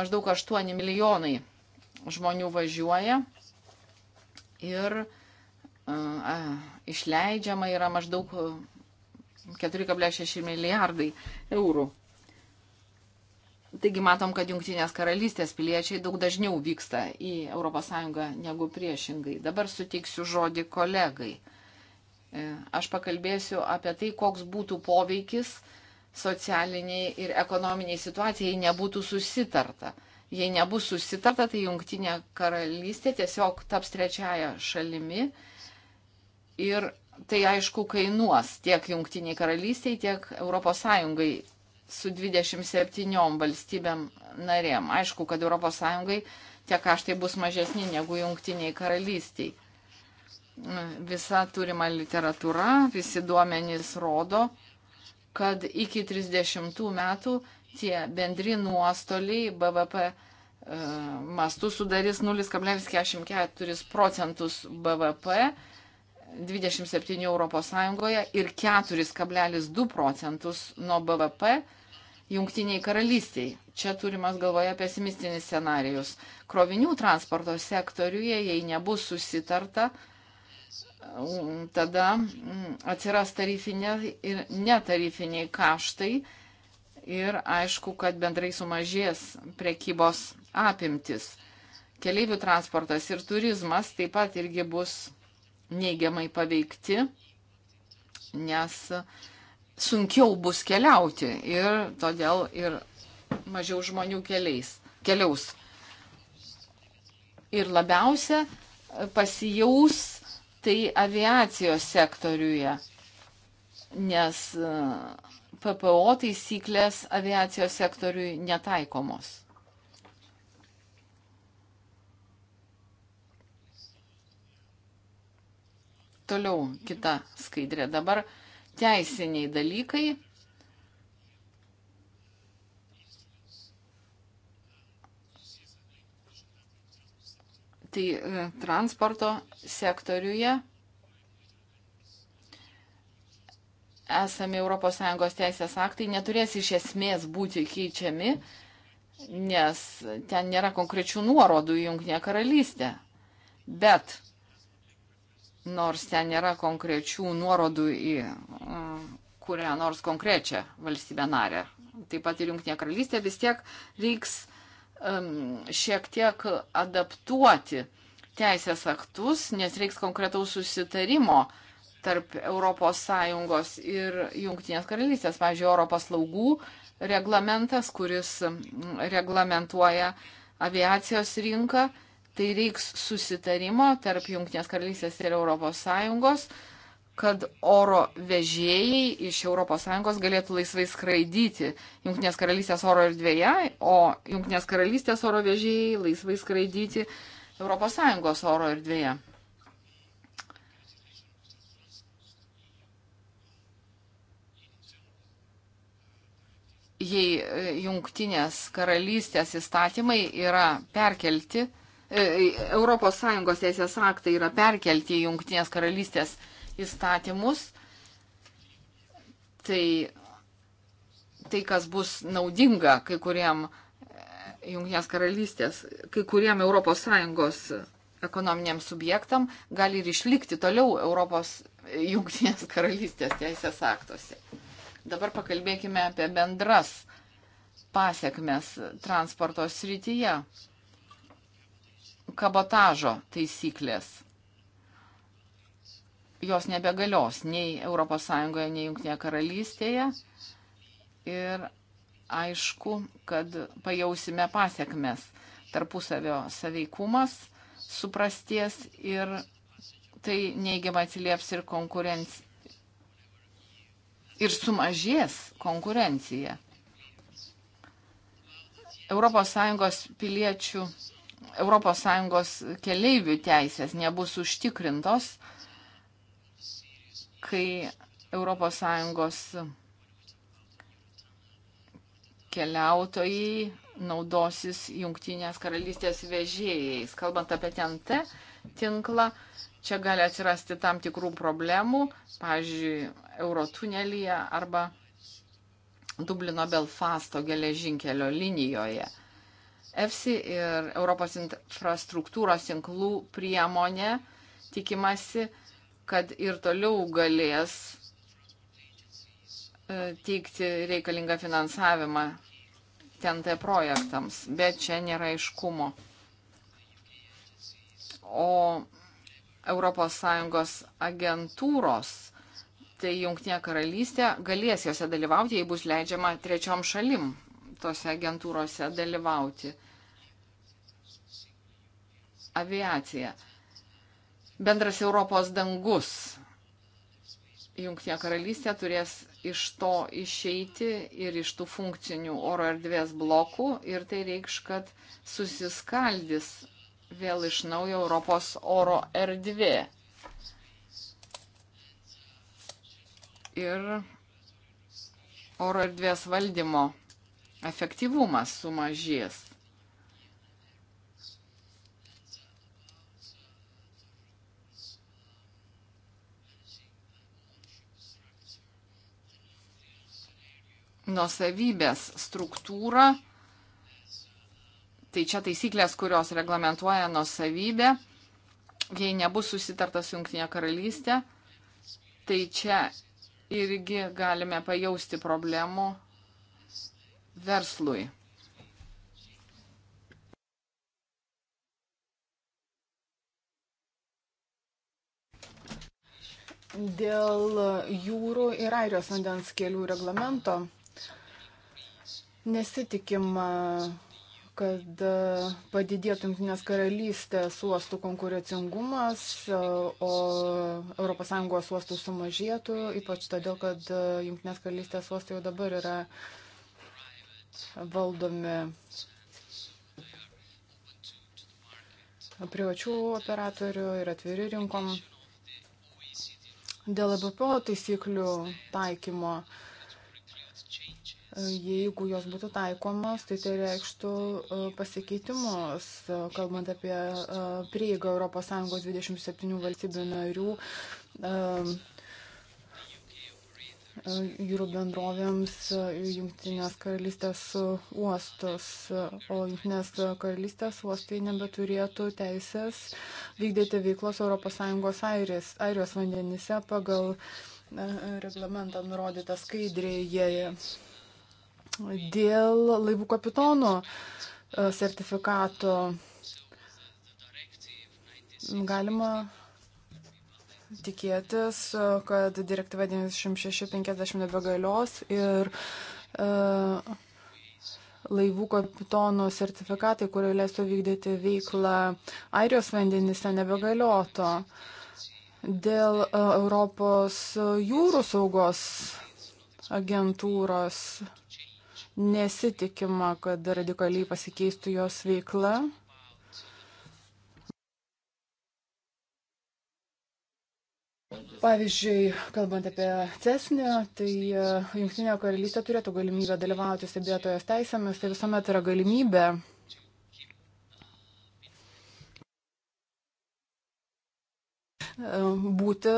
[SPEAKER 1] maždaug 8 milijonai žmonių važiuoja ir išleidžiama yra maždaug 4,6 milijardai eurų. Taigi matom, kad Junktinės karalystės piliečiai daug dažniau vyksta į ES negu priešingai. Dabar suteiksiu žodį kolegai. E, aš pakalbėsiu apie tai, koks būtų poveikis socialiniai ir ekonominiai situacijai nebūtų susitarta jei nebus susitarta, tai jungtinė karalystė tiesiog taps trečiaja šalimi. Ir tai aišku kainuos tiek jungtiniai karalystiai, tiek ES su 27 valstybėm narėm. Aišku, kad ES tie kaštai bus mažesni negu jungtiniai karalystiai. Visa turima literatūra, visi duomenys rodo, kad iki 30 metų tie bendri nuostoliai BVP e, mastų sudarys 0,44 procentus BVP 27 Europos Sąjungoje ir 4,2 procentus nuo BVP Jungtiniai karalystiai. Čia turimas galvoje pesimistinis scenarius. Krovinių transporto sektoriuje, jei nebus susitarta, tada atsiras tarifiniai ir netarifiniai kaštai ir aišku, kad bendrai sumažės prekybos apimtis. Keleivių transportas ir turizmas taip pat irgi bus neigiamai paveikti, nes sunkiau bus keliauti ir todėl ir mažiau žmonių keliais, keliaus. Ir labiausia pasijaus tai aviacijos sektoriuje, nes uh, PPO taisyklės aviacijos sektoriui netaikomos. Toliau kita skaidrė. Dabar teisiniai dalykai. Tai e, transporto sektoriuje esami ES teisės aktai neturės iš esmės būti keičiami, nes ten nėra konkrečių nuorodų į Junktinę karalystę. Bet nors ten nėra konkrečių nuorodų į mm, kurią nors konkrečią valstybę narę, taip pat ir Junktinė karalystė, vis tiek reiks um, šiek tiek adaptuoti teisės aktus, nes reiks konkretaus susitarimo uh, tarp ES ir Junktinės karalystės, pavyzdžiui, oro paslaugų reglamentas, kuris reglamentuoja aviacijos rinką, tai reiks susitarimo tarp Junktinės karalystės ir ES, kad oro vežėjai iš ES galėtų laisvai skraidyti Junktinės karalystės oro erdvėje, o Junktinės karalystės oro vežėjai laisvai skraidyti ES oro erdvėje. jei e, jungtinės karalystės įstatymai yra perkelti, ES e, teisės aktai yra perkelti į jungtinės karalystės įstatymus, tai tai, kas bus naudinga kai kuriem e, jungtinės karalystės, kai kuriem ES ekonominiam subjektam, gali ir išlikti toliau Europos jungtinės karalystės teisės aktuose. Dabar pakalbėkime apie bendras pasiekmes transporto srityje. Kabotažo taisyklės. Jos nebegalios nei ES, nei Junktinėje karalystėje. Ir aišku, kad pajausime pasiekmes. Tarpusavio saveikumas suprasties ir tai neigiamai atsilieps ir konkurencijai ir sumažės konkurencija. ES piliečių, ES keleivių teisės nebus užtikrintos, kai ES keliautojai naudosis jungtinės karalystės vežėjais. Kalbant apie TNT tinklą, čia gali atsirasti tam tikrų problemų. Pavyzdžiui, Eurotunelyje arba Dublino Belfasto geležinkelio linijoje. EFSI ir Europos infrastruktūros tinklų priemonė tikimasi, kad ir toliau galės e, teikti reikalingą finansavimą TNT projektams, bet čia nėra aiškumo. O ES agentūros tai Junktinė karalystė galės juose dalyvauti, jei bus leidžiama trečiom šalim tose agentūrose dalyvauti. Aviacija. Bendras Europos dangus. Junktinė karalystė turės iš to išeiti ir iš tų funkcinių oro erdvės blokų ir tai reikš, kad susiskaldys vėl iš naujo Europos oro erdvė. ir oro erdvės valdymo efektyvumas sumažės. Nusavybės struktūra, tai čia taisyklės, kurios reglamentuoja nusavybę, jei nebus susitarta su Junktinė karalystė, tai čia irgi galime pajausti problemų verslui.
[SPEAKER 3] Dėl jūrų ir airijos vandens kelių reglamento nesitikim kad e, padidėtų Junktinės karalystės uostų konkurencingumas, e, o ES uostų sumažėtų, ypač todėl, kad e, Junktinės karalystės uostai jau dabar yra valdomi privačių operatorių ir atviri rinkom. Dėl ABPO taisyklių taikymo uh, Jeigu jos būtų taikomos, tai tai reikštų e, pasikeitimus, e, kalbant apie e, prieigą ES 27 valstybių narių jūrų bendrovėms Junktinės karalystės uostus, o Junktinės karalystės uostai nebeturėtų teisės vykdyti veiklos ES airės, airijos vandenyse pagal reglamentą nurodytą skaidrėje dėl laivų kapitonų e, sertifikato. Galima tikėtis, e, kad direktyva 9650 nebegalios ir uh, laivų kapitonų sertifikatai, kurie leistų vykdyti veiklą Airijos vandenyse, nebegalioto. Dėl uh, Europos jūrų saugos agentūros nesitikima, kad radikaliai pasikeistų jos veikla. Pavyzdžiui, kalbant apie cesnį, tai e, Junktinė karalystė turėtų galimybę dalyvauti stebėtojos teisėmis, tai visuomet yra galimybė. E, būti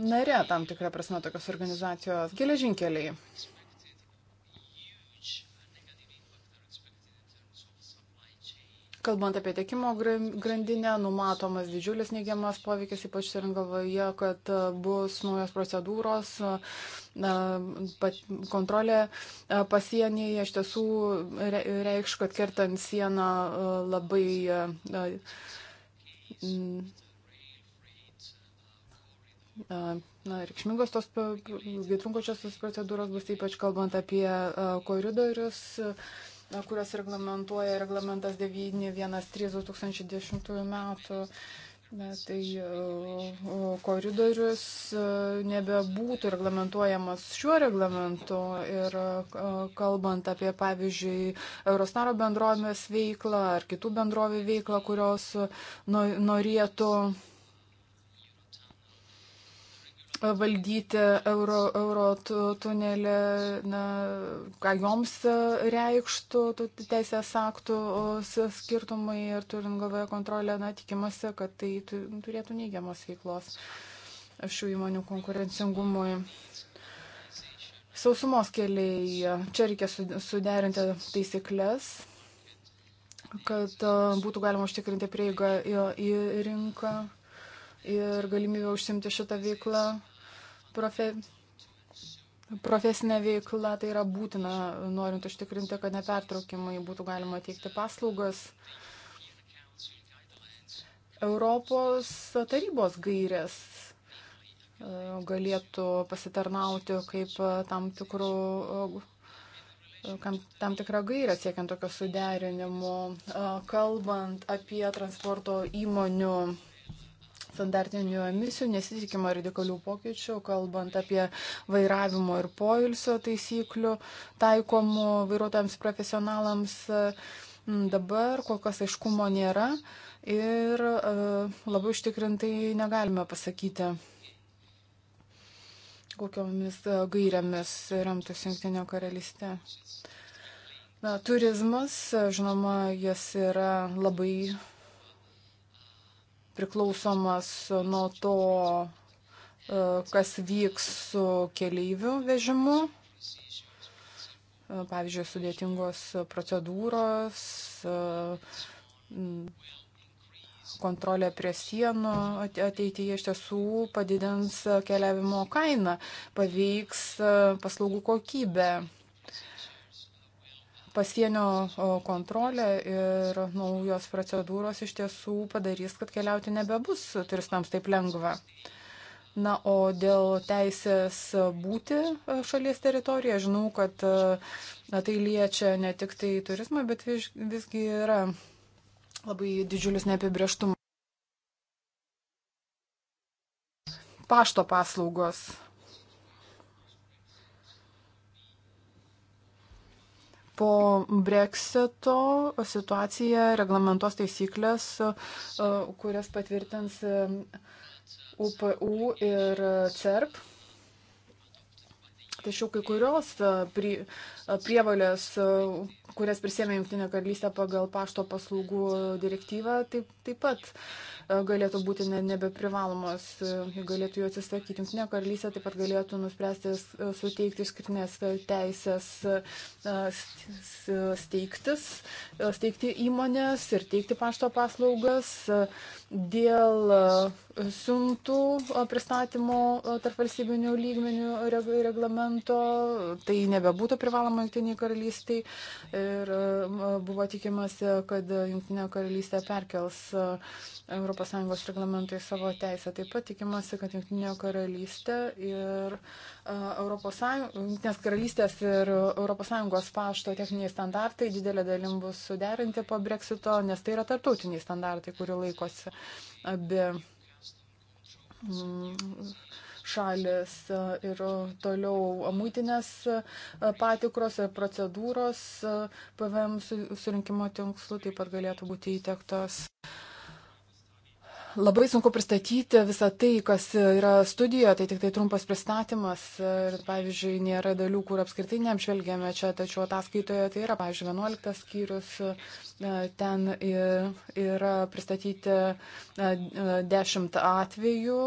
[SPEAKER 3] nare tam tikrą prasme tokios organizacijos geležinkeliai. Kalbant apie tiekimo grandinę, numatomas didžiulis neigiamas poveikis, ypač turint galvoje, kad e, bus naujos procedūros, e, kontrolė e, pasienyje iš tiesų reikš, kad kertant sieną labai na, reikšmingos tos ilgai trunkočios procedūros bus, ypač kalbant apie koridorius. Uh, kurios reglamentuoja reglamentas 913-2010 metų. Bet tai e, koridorius e, nebebūtų reglamentuojamas šiuo reglamentu ir e, kalbant apie, pavyzdžiui, Eurostaro bendrovės veiklą ar kitų bendrovių veiklą, kurios norėtų. No, valdyti euro, euro tunelį, na, ką joms reikštų teisės aktų skirtumai ir turint galvoje kontrolę, na, tikimasi, kad tai turėtų neigiamas veiklos šių įmonių konkurencingumui. Sausumos keliai, čia reikia suderinti taisyklės kad būtų galima užtikrinti prieigą į, į rinką ir galimybę užsimti šitą veiklą profe, profesinė veikla, tai yra būtina, norint užtikrinti, kad nepertraukimai būtų galima teikti paslaugas. Europos tarybos gairės e, galėtų pasitarnauti kaip tam tikrų e, kam, tam tikrą gairę siekiant tokio suderinimo, e, kalbant apie transporto įmonių standartinių emisijų, nesitikima radikalių pokyčių, kalbant apie vairavimo ir poilsio taisyklių taikomų vairuotojams profesionalams. Dabar kol kas aiškumo nėra ir e, labai užtikrintai negalime pasakyti, kokiomis e, gairiamis remtųsi Junktinė karalystė. Na, turizmas, žinoma, jis yra labai priklausomas nuo to, e, kas vyks su keleivių vežimu. E, pavyzdžiui, sudėtingos procedūros, e, kontrolė prie sienų ateityje iš tiesų padidins keliavimo kainą, paveiks paslaugų kokybę pasienio kontrolė ir naujos procedūros iš tiesų padarys, kad keliauti nebebus turistams taip lengva. Na, o dėl teisės būti e, šalies teritorijoje, žinau, kad e, na, tai liečia ne tik tai turizmą, bet vis, visgi yra labai didžiulis neapibrieštumas. Pašto paslaugos Po breksito situacija reglamentos taisyklės, e, kurias patvirtins UPU e, ir CERP. Tačiau kai kurios e, prievalės kurias prisėmė Junktinė karalystė pagal pašto paslaugų direktyvą, taip, taip pat e, galėtų būti ne, nebeprivalomos, e, galėtų jų atsisakyti. Junktinė karalystė taip pat galėtų nuspręsti e, suteikti išskirtinės teisės steigtis, steigti įmonės ir teikti pašto paslaugas dėl siuntų pristatymo tarp valstybinių lygmenių reglamento. Tai nebebūtų privaloma Junktiniai karalystiai ir buvo tikimasi, kad Junktinė karalystė perkels ES reglamentai savo teisę. Taip pat tikimasi, kad Junktinė karalystė ir ES, Junktinės karalystės ir ES pašto techniniai standartai didelė dalim bus suderinti po breksito, nes tai yra tarptautiniai standartai, kurių laikosi abi. Mm, šalis e, ir toliau muitinės e, patikros ir procedūros e, PVM surinkimo tinklų taip pat galėtų būti įtektos. Labai sunku pristatyti visą tai, kas yra studijoje, tai tik tai trumpas pristatymas. Ir, pavyzdžiui, nėra dalių, kur apskritai neapžvelgėme čia, tačiau ataskaitoje tai yra, pavyzdžiui, 11 skyrius, ten yra pristatyti 10 atvejų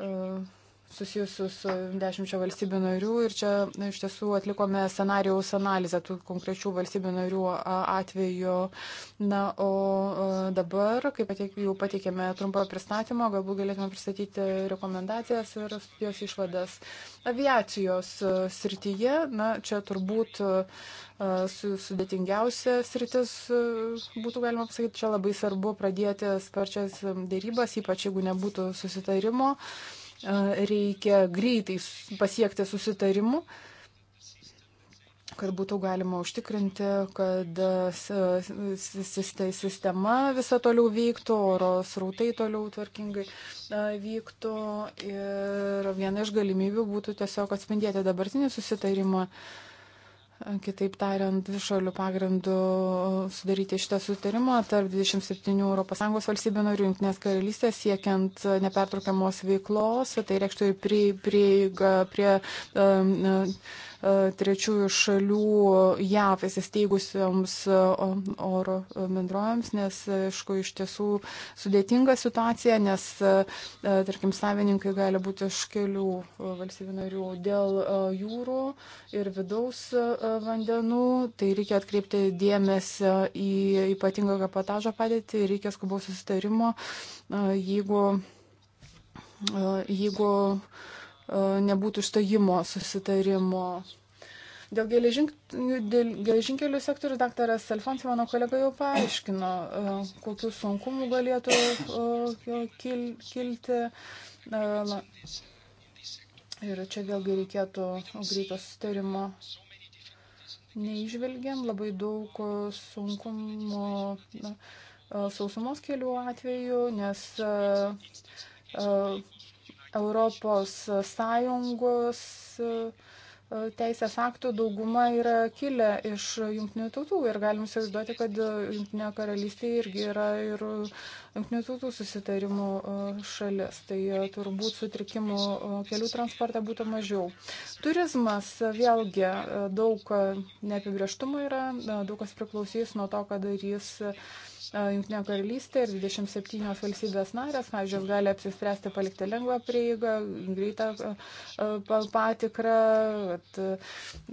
[SPEAKER 3] uh, susijusių su dešimčia valstybių narių ir čia na, iš tiesų atlikome scenarijaus analizę tų konkrečių valstybių narių atveju. Na, o dabar, kaip jau pateikėme trumpą pristatymą, galbūt galėtume pristatyti rekomendacijas ir jos išvadas. Aviacijos srityje, na, čia turbūt sudėtingiausia sritis, būtų galima pasakyti, čia labai svarbu pradėti sparčias dėrybas, ypač jeigu nebūtų susitarimo. Uh, reikia greitai pasiekti susitarimu, kad būtų galima užtikrinti, kad tai sistema visą toliau vyktų, oro srautai toliau tvarkingai vyktų. Ir viena iš galimybių būtų tiesiog atspindėti dabartinį susitarimą Kitaip tariant, dvišalių pagrindų sudaryti šitą sutarimą tarp 27 ES valstybių narių Junktinės karalystės siekiant nepertraukiamos veiklos, tai reikštų ir prieigą prie, prie um, E, trečiųjų šalių JAV įsisteigusioms e, oro bendrovėms, nes, e, aišku, iš tiesų sudėtinga situacija, nes, tarkim, savininkai gali būti iš kelių valstybių narių dėl jūrų ir vidaus vandenų. Tai reikia atkreipti dėmesį į ypatingą kapotažo padėtį, reikia skubaus susitarimo, jeigu, jeigu E, nebūtų išstojimo susitarimo. Dėl, geležink, dėl geležinkelių sektorių daktaras Alfonsas, mano kolega, jau paaiškino, e, kokių sunkumų galėtų e, kil, kilti. Ir čia vėlgi reikėtų greito sustarimo. Neižvelgiam labai daug sunkumų na, sausumos kelių atveju, nes Europos Sąjungos e, teisės aktų dauguma yra kilę iš jungtinių tautų ir galim įsivaizduoti, kad jungtinė karalystė irgi yra ir jungtinių tautų susitarimų e, šalis. Tai e, turbūt sutrikimų kelių transporte būtų mažiau. Turizmas vėlgi daug neapibrieštumų yra, daug kas priklausys nuo to, ką darys Junktinė karalystė ir 27 valstybės narės, pavyzdžiui, gali apsispręsti palikti lengvą prieigą, greitą patikrą, at,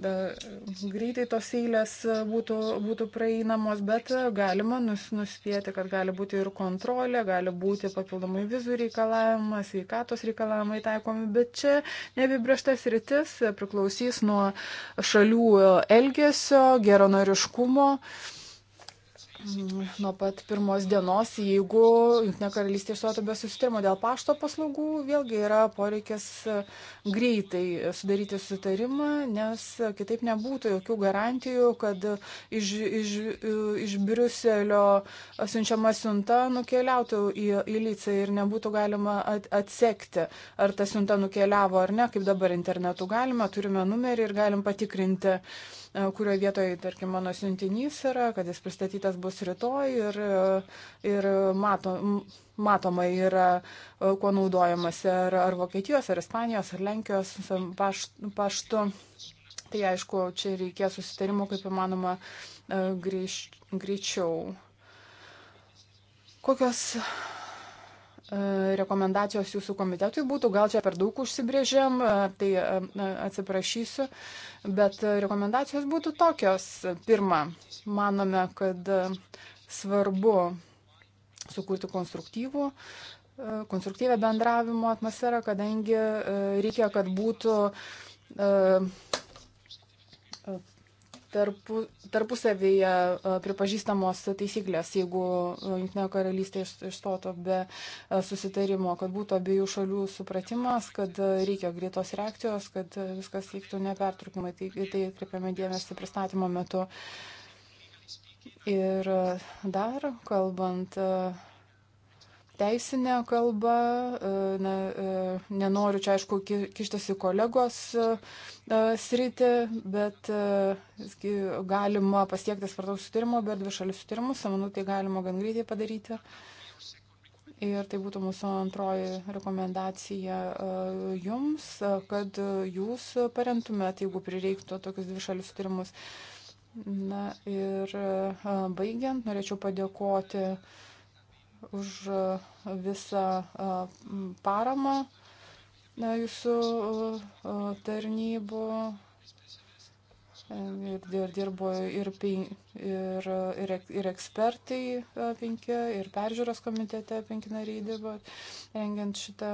[SPEAKER 3] da, greitai tos eilės būtų, būtų praeinamos, bet galima nus, nuspėti, kad gali būti ir kontrolė, gali būti papildomai vizų reikalavimas, sveikatos reikalavimai taikomi, bet čia neapibrieštas rytis priklausys nuo šalių elgesio, geronoriškumo. Thank you nuo pat pirmos dienos, jeigu Junktinė karalystė išstotų be susitarimo dėl pašto paslaugų, vėlgi yra poreikis e, greitai sudaryti susitarimą, nes kitaip nebūtų jokių garantijų, kad iš, iš, e, iš Briuselio siunčiama siunta nukeliautų į, į Lycą ir nebūtų galima at, atsekti, ar ta siunta nukeliavo ar ne, kaip dabar internetu galima, turime numerį ir galim patikrinti. Uh, E, kurioje vietoje, tarkim, mano siuntinys yra, kad jis pristatytas bus rytoj ir, e, ir mato, matoma yra, e, kuo naudojamas ar, ar Vokietijos, ar Ispanijos, ar Lenkijos paš, paštu. Tai aišku, čia reikės susitarimo kaip įmanoma greič, greičiau. Kokios E, rekomendacijos jūsų komitetui būtų, gal čia per daug užsibrėžiam, e, tai e, atsiprašysiu, bet rekomendacijos būtų tokios. Pirma, manome, kad svarbu sukurti konstruktyvų konstruktyvę bendravimo atmosferą, kadangi reikia, kad būtų tarpu, tarpusavėje e, pripažįstamos taisyklės, jeigu e, Junktinė karalystė iš, išstoto be e, susitarimo, kad būtų abiejų šalių supratimas, kad reikia greitos reakcijos, kad viskas vyktų nepertrukimai. Tai, tai kreipiame dėmesį pristatymo metu. Ir dar kalbant teisinę kalbą, e, na, e, nenoriu čia aišku kištis į kolegos e, sritį, bet galima pasiekti spartaus sutarimo, bet dvišalių sutarimų, manau, tai galima gan greitai padaryti. Ir tai būtų mūsų antroji rekomendacija jums, kad jūs paremtumėt, jeigu prireiktų tokius dvišalius sutarimus. Na ir baigiant, norėčiau padėkoti uh, už e, visą e, paramą e, jūsų tarnybų. Ir, ir dirbo ir, ir, ir, ir ekspertai penki, ir peržiūros komitete penki nariai dirbo, rengiant šitą,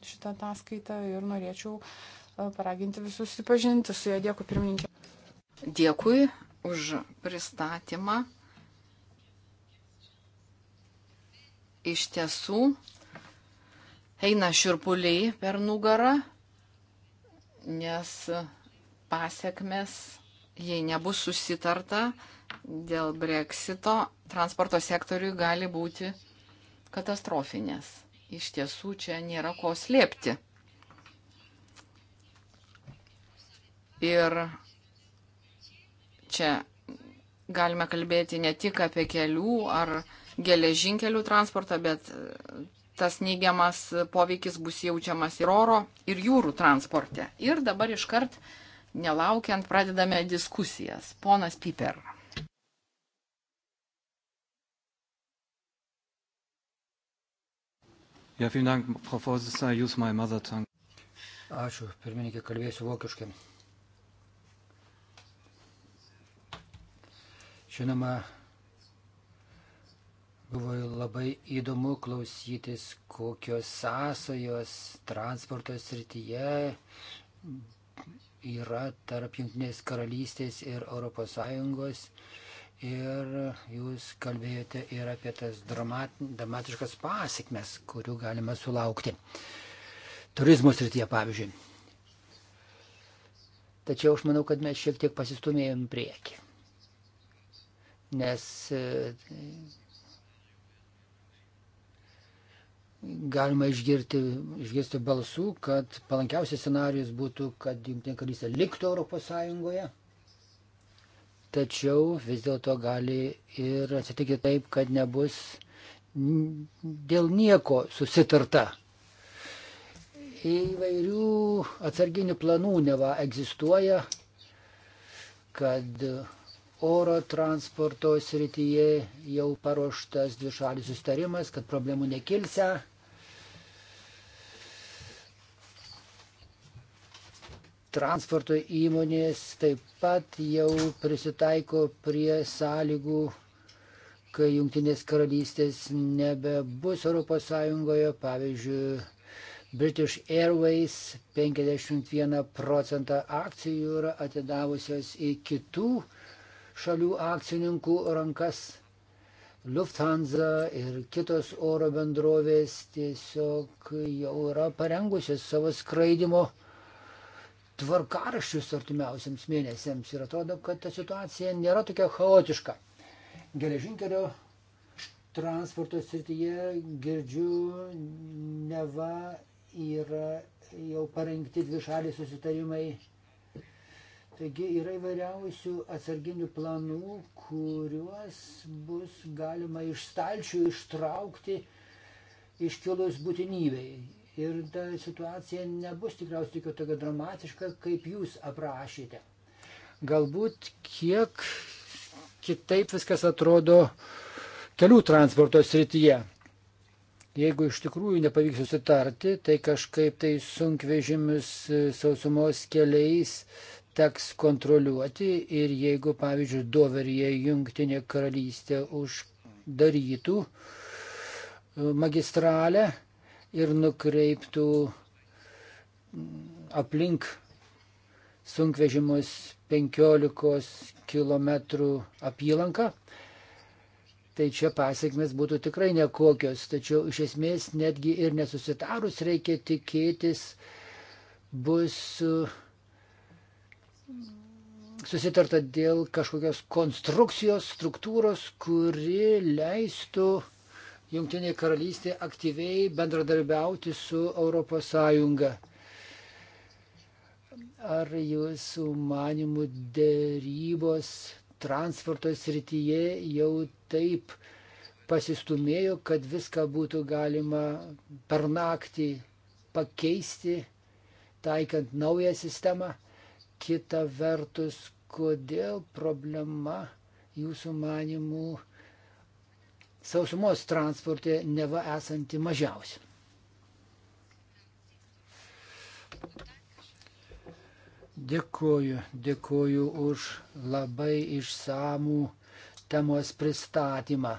[SPEAKER 3] šitą ataskaitą. Ir norėčiau paraginti visus susipažinti su ją. Dėkui, pirmininkė. Dėkui už pristatymą.
[SPEAKER 1] iš tiesų eina širpuliai per nugarą, nes pasiekmes, jei nebus susitarta dėl breksito, transporto sektoriui gali būti katastrofinės. Iš tiesų čia nėra ko slėpti. Ir čia galime kalbėti ne tik apie kelių ar geležinkelių transportą, bet e, tas neigiamas poveikis bus jaučiamas ir oro, ir jūrų transporte. Ir dabar iškart nelaukiant pradedame diskusijas. Ponas Piper.
[SPEAKER 2] Ja, vielen Dank, Frau Vorsitzende, use my mother tongue. Ačiū, pirmininkė, kalbėsiu vokiškai. Žinoma, Buvo labai įdomu klausytis, kokios sąsajos transporto srityje yra tarp Junktinės karalystės ir ES. Ir jūs kalbėjote ir apie tas dramat, dramatiškas pasiekmes, kurių galima sulaukti. Turizmo srityje, pavyzdžiui. Tačiau aš manau, kad mes šiek tiek pasistumėjom prieki. Nes galima išgirti, išgirsti balsų, kad palankiausias scenarius būtų, kad Junktinė karalystė liktų Europos Sąjungoje. Tačiau vis dėlto gali ir atsitikti taip, kad nebus dėl nieko susitarta. Įvairių atsarginių planų neva egzistuoja, kad oro transporto srityje jau paruoštas dvišalis sustarimas, kad problemų nekilsia transporto įmonės taip pat jau prisitaiko prie sąlygų, kai Junktinės karalystės nebebus ES, pavyzdžiui, British Airways 51 procentą akcijų yra atidavusios į kitų šalių akcininkų rankas. Lufthansa ir kitos oro bendrovės tiesiog jau yra parengusios savo skraidimo tvarkaraščius artimiausiams mėnesiams ir atrodo, kad ta situacija nėra tokia chaotiška. Geležinkelio transporto srityje girdžiu, neva yra jau parengti dvišaliai susitarimai. Taigi yra įvairiausių atsarginių planų, kuriuos bus galima iš stalčių ištraukti iškilus būtinybei ir ta situacija nebus tikriausiai tokia dramatiška, kaip jūs aprašėte. Galbūt kiek kitaip viskas atrodo kelių transporto srityje. Jeigu iš tikrųjų nepavyks susitarti, tai kažkaip tai sunkvežimius e, sausumos keliais teks kontroliuoti ir jeigu, pavyzdžiui, Doveryje jungtinė karalystė uždarytų e, magistralę, ir nukreiptų aplink sunkvežimus 15 km apylanką, tai čia pasiekmes būtų tikrai nekokios. Tačiau iš esmės netgi ir nesusitarus reikia tikėtis bus e, susitarta dėl kažkokios konstrukcijos, struktūros, kuri leistų Junktinė karalystė aktyviai bendradarbiauti su ES. Ar jūsų manimų dėrybos transporto srityje jau taip pasistumėjo, kad viską būtų galima per naktį pakeisti, taikant naują sistemą? Kita vertus, kodėl problema jūsų manimų sausumos transporte neva esanti mažiausia. Dėkuoju, dėkuoju už labai išsamų temos pristatymą.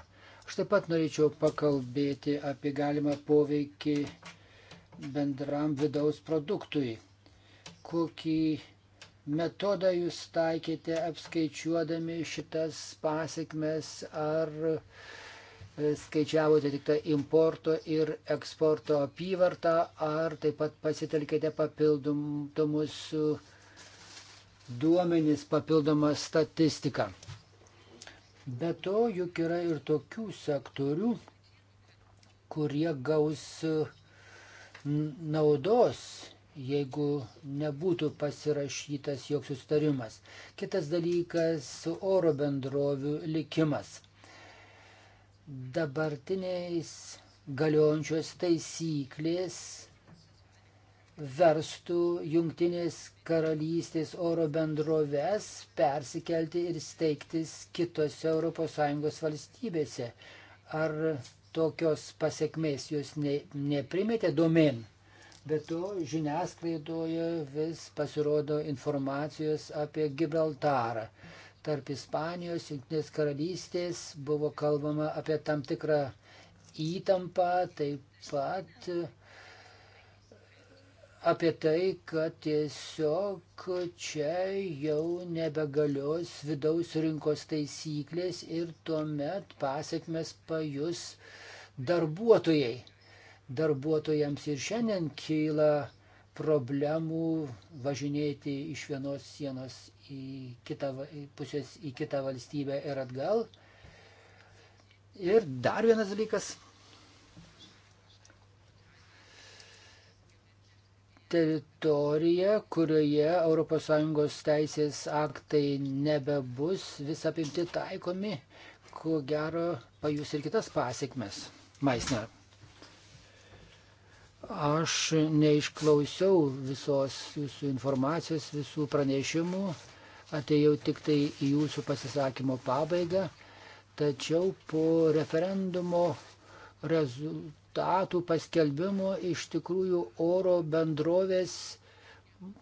[SPEAKER 2] Aš taip pat norėčiau pakalbėti apie galimą poveikį bendram vidaus produktui. Kokį metodą jūs taikėte apskaičiuodami šitas pasiekmes ar uh, skaičiavote tik tai importo ir eksporto apyvartą, ar taip pat pasitelkėte papildomus uh, duomenys, papildomą statistiką. Be to, juk yra ir tokių sektorių, kurie gaus uh, naudos, jeigu nebūtų pasirašytas joks sustarimas. Kitas dalykas - oro bendrovių likimas dabartiniais galiojančios taisyklės verstų jungtinės karalystės oro bendroves persikelti ir steigtis kitose ES valstybėse. Ar tokios pasiekmės jūs ne, neprimėte domen? Bet to žiniasklaidoje vis pasirodo informacijos apie Gibraltarą tarp Ispanijos, Junktinės karalystės buvo kalbama apie tam tikrą įtampą, taip pat apie tai, kad tiesiog čia jau nebegalios vidaus rinkos taisyklės ir tuomet pasiekmes pajus darbuotojai. Darbuotojams ir šiandien kyla problemų važinėti iš vienos sienos į kitą pusės į kitą valstybę ir atgal. Ir dar vienas dalykas. Teritorija, kurioje ES teisės aktai nebebus visapimti taikomi, ko gero pajus ir kitas pasiekmes. Maisner. Aš neišklausiau visos jūsų informacijos, visų pranešimų, atėjau tik tai į jūsų pasisakymo pabaigą, tačiau po referendumo rezultatų paskelbimo iš tikrųjų oro bendrovės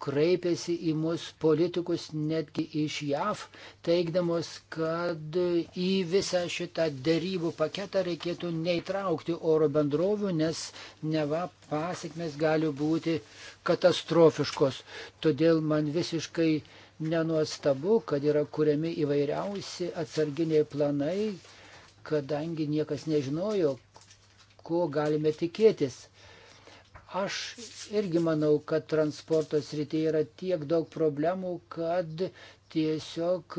[SPEAKER 2] kreipėsi į mus politikus netgi iš JAV, teikdamos, kad į visą šitą dėrybų paketą reikėtų neįtraukti oro bendrovių, nes neva pasiekmes gali būti katastrofiškos. Todėl man visiškai nenuostabu, kad yra kuriami įvairiausi atsarginiai planai, kadangi niekas nežinojo, ko galime tikėtis. Aš irgi manau, kad transporto srityje yra tiek daug problemų, kad tiesiog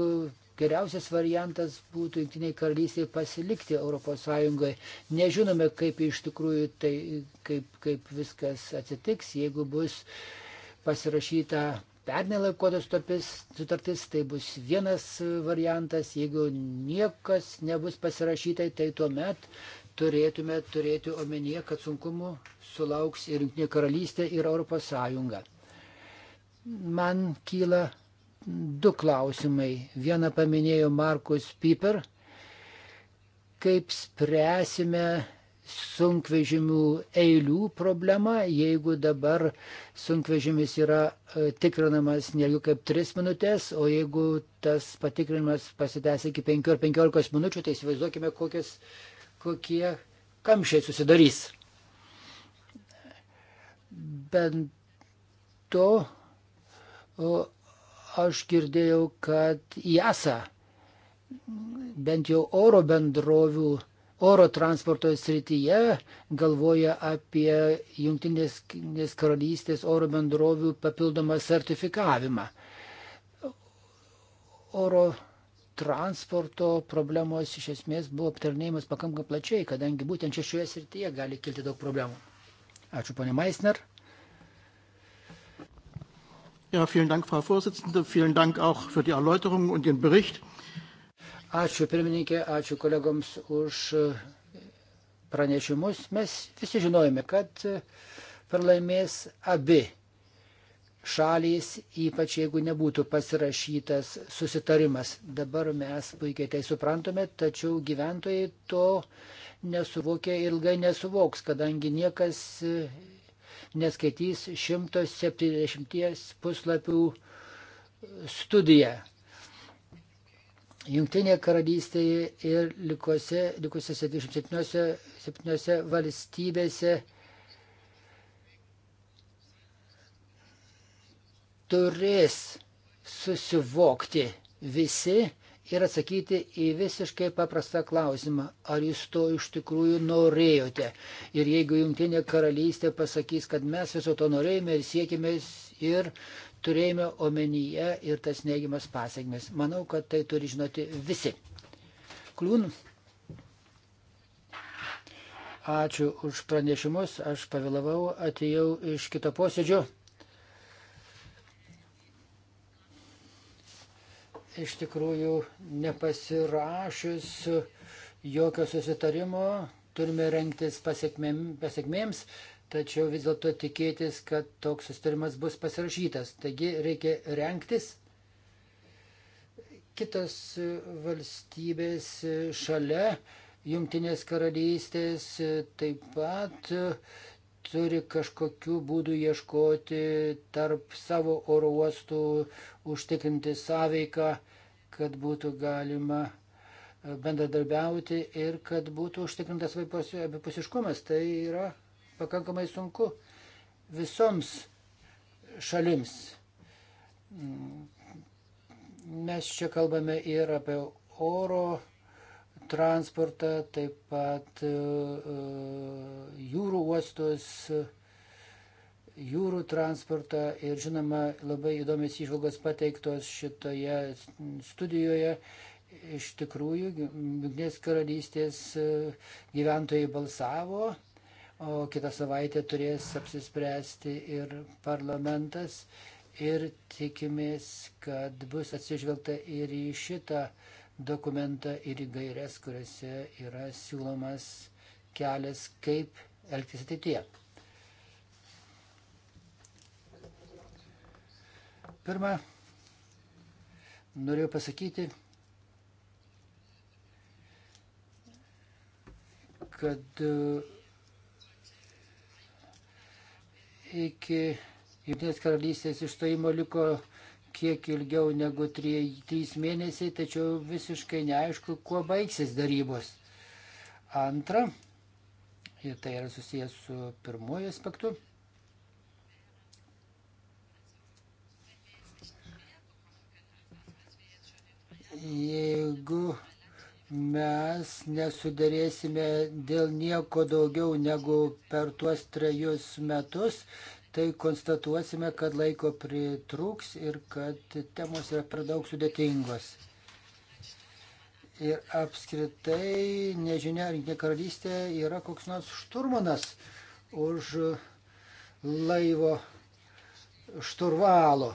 [SPEAKER 2] geriausias variantas būtų Junktiniai karalystiai pasilikti ES. Nežinome, kaip iš tikrųjų tai, kaip, kaip viskas atsitiks, jeigu bus pasirašyta pernai laikotas sutartis, tai bus vienas variantas, jeigu niekas nebus pasirašyta, tai tuomet turėtume turėti omenyje, kad sunkumų sulauks ir Junktinė karalystė, ir Europos Sąjunga. Man kyla du klausimai. Vieną paminėjo Markus Piper. Kaip spręsime sunkvežimių eilių problemą, jeigu dabar sunkvežimis yra e, tikrinamas ne ilgiau kaip 3 minutės, o jeigu tas patikrinimas pasitęs iki 5 ar 15 minučių, tai įsivaizduokime, kokias kokie kamščiai susidarys. Bent to aš girdėjau, kad JASA bent jau oro bendrovių, oro transporto srityje galvoja apie Junktinės karalystės oro bendrovių papildomą sertifikavimą. Oro transporto problemos iš esmės buvo aptarnėjimas pakankamai plačiai, kadangi būtent čia šioje srityje gali kilti daug problemų. Ačiū, ponė Maisner. Ja, vielen Dank, Frau Vorsitzende. Vielen Dank auch für die Erläuterung und den Bericht. Ačiū pirmininkė, ačiū kolegoms už pranešimus. Mes visi žinojame, kad e, pralaimės abi šalys, ypač jeigu nebūtų pasirašytas susitarimas. Dabar mes puikiai tai suprantame, tačiau gyventojai to nesuvokia ir ilgai nesuvoks, kadangi niekas e, neskaitys 170 puslapių e, studiją. Junktinėje karalystėje ir likusiose 27 valstybėse turės susivokti visi ir atsakyti į visiškai paprastą klausimą, ar jūs to iš tikrųjų norėjote. Ir jeigu Junktinė karalystė pasakys, kad mes viso to norėjome ir siekime ir turėjome omenyje ir tas neigiamas pasiekmes, manau, kad tai turi žinoti visi. Kliūn. Ačiū už pranešimus, aš pavėlavau, atėjau iš kito posėdžio. iš tikrųjų nepasirašius jokio susitarimo turime rengtis pasiekmėm, pasiekmėms, tačiau vis dėlto tikėtis, kad toks susitarimas bus pasirašytas. Taigi reikia rengtis. Kitos valstybės šalia Jungtinės karalystės taip pat turi kažkokiu būdu ieškoti tarp savo oro uostų, užtikrinti sąveiką, kad būtų galima e, bendradarbiauti ir kad būtų užtikrintas abipusiškumas. Tai yra pakankamai sunku visoms šalims. Mm, mes čia kalbame ir apie oro transportą, taip pat e, e, jūrų uostus, jūrų transportą ir žinoma labai įdomios išvalgos pateiktos šitoje studijoje. Iš tikrųjų, Junktinės karalystės e, gyventojai balsavo, o kitą savaitę turės apsispręsti ir parlamentas ir tikimės, kad bus atsižvelgta ir į šitą dokumentą ir į gairias, kuriuose yra siūlomas kelias, kaip elgtis ateityje. Pirma, norėjau pasakyti, kad e, iki Junktinės karalystės išstojimo liko kiek ilgiau negu 3 mėnesiai, tačiau visiškai neaišku, kuo baigsis darybos. Antra, ir tai yra susijęs su pirmoju aspektu. Jeigu mes nesudarėsime dėl nieko daugiau negu per tuos trejus metus, tai konstatuosime, kad laiko pritrūks ir kad temos yra per daug sudėtingos. Ir apskritai, nežinia, Rinktinė karalystė yra koks nors šturmanas už laivo šturvalo.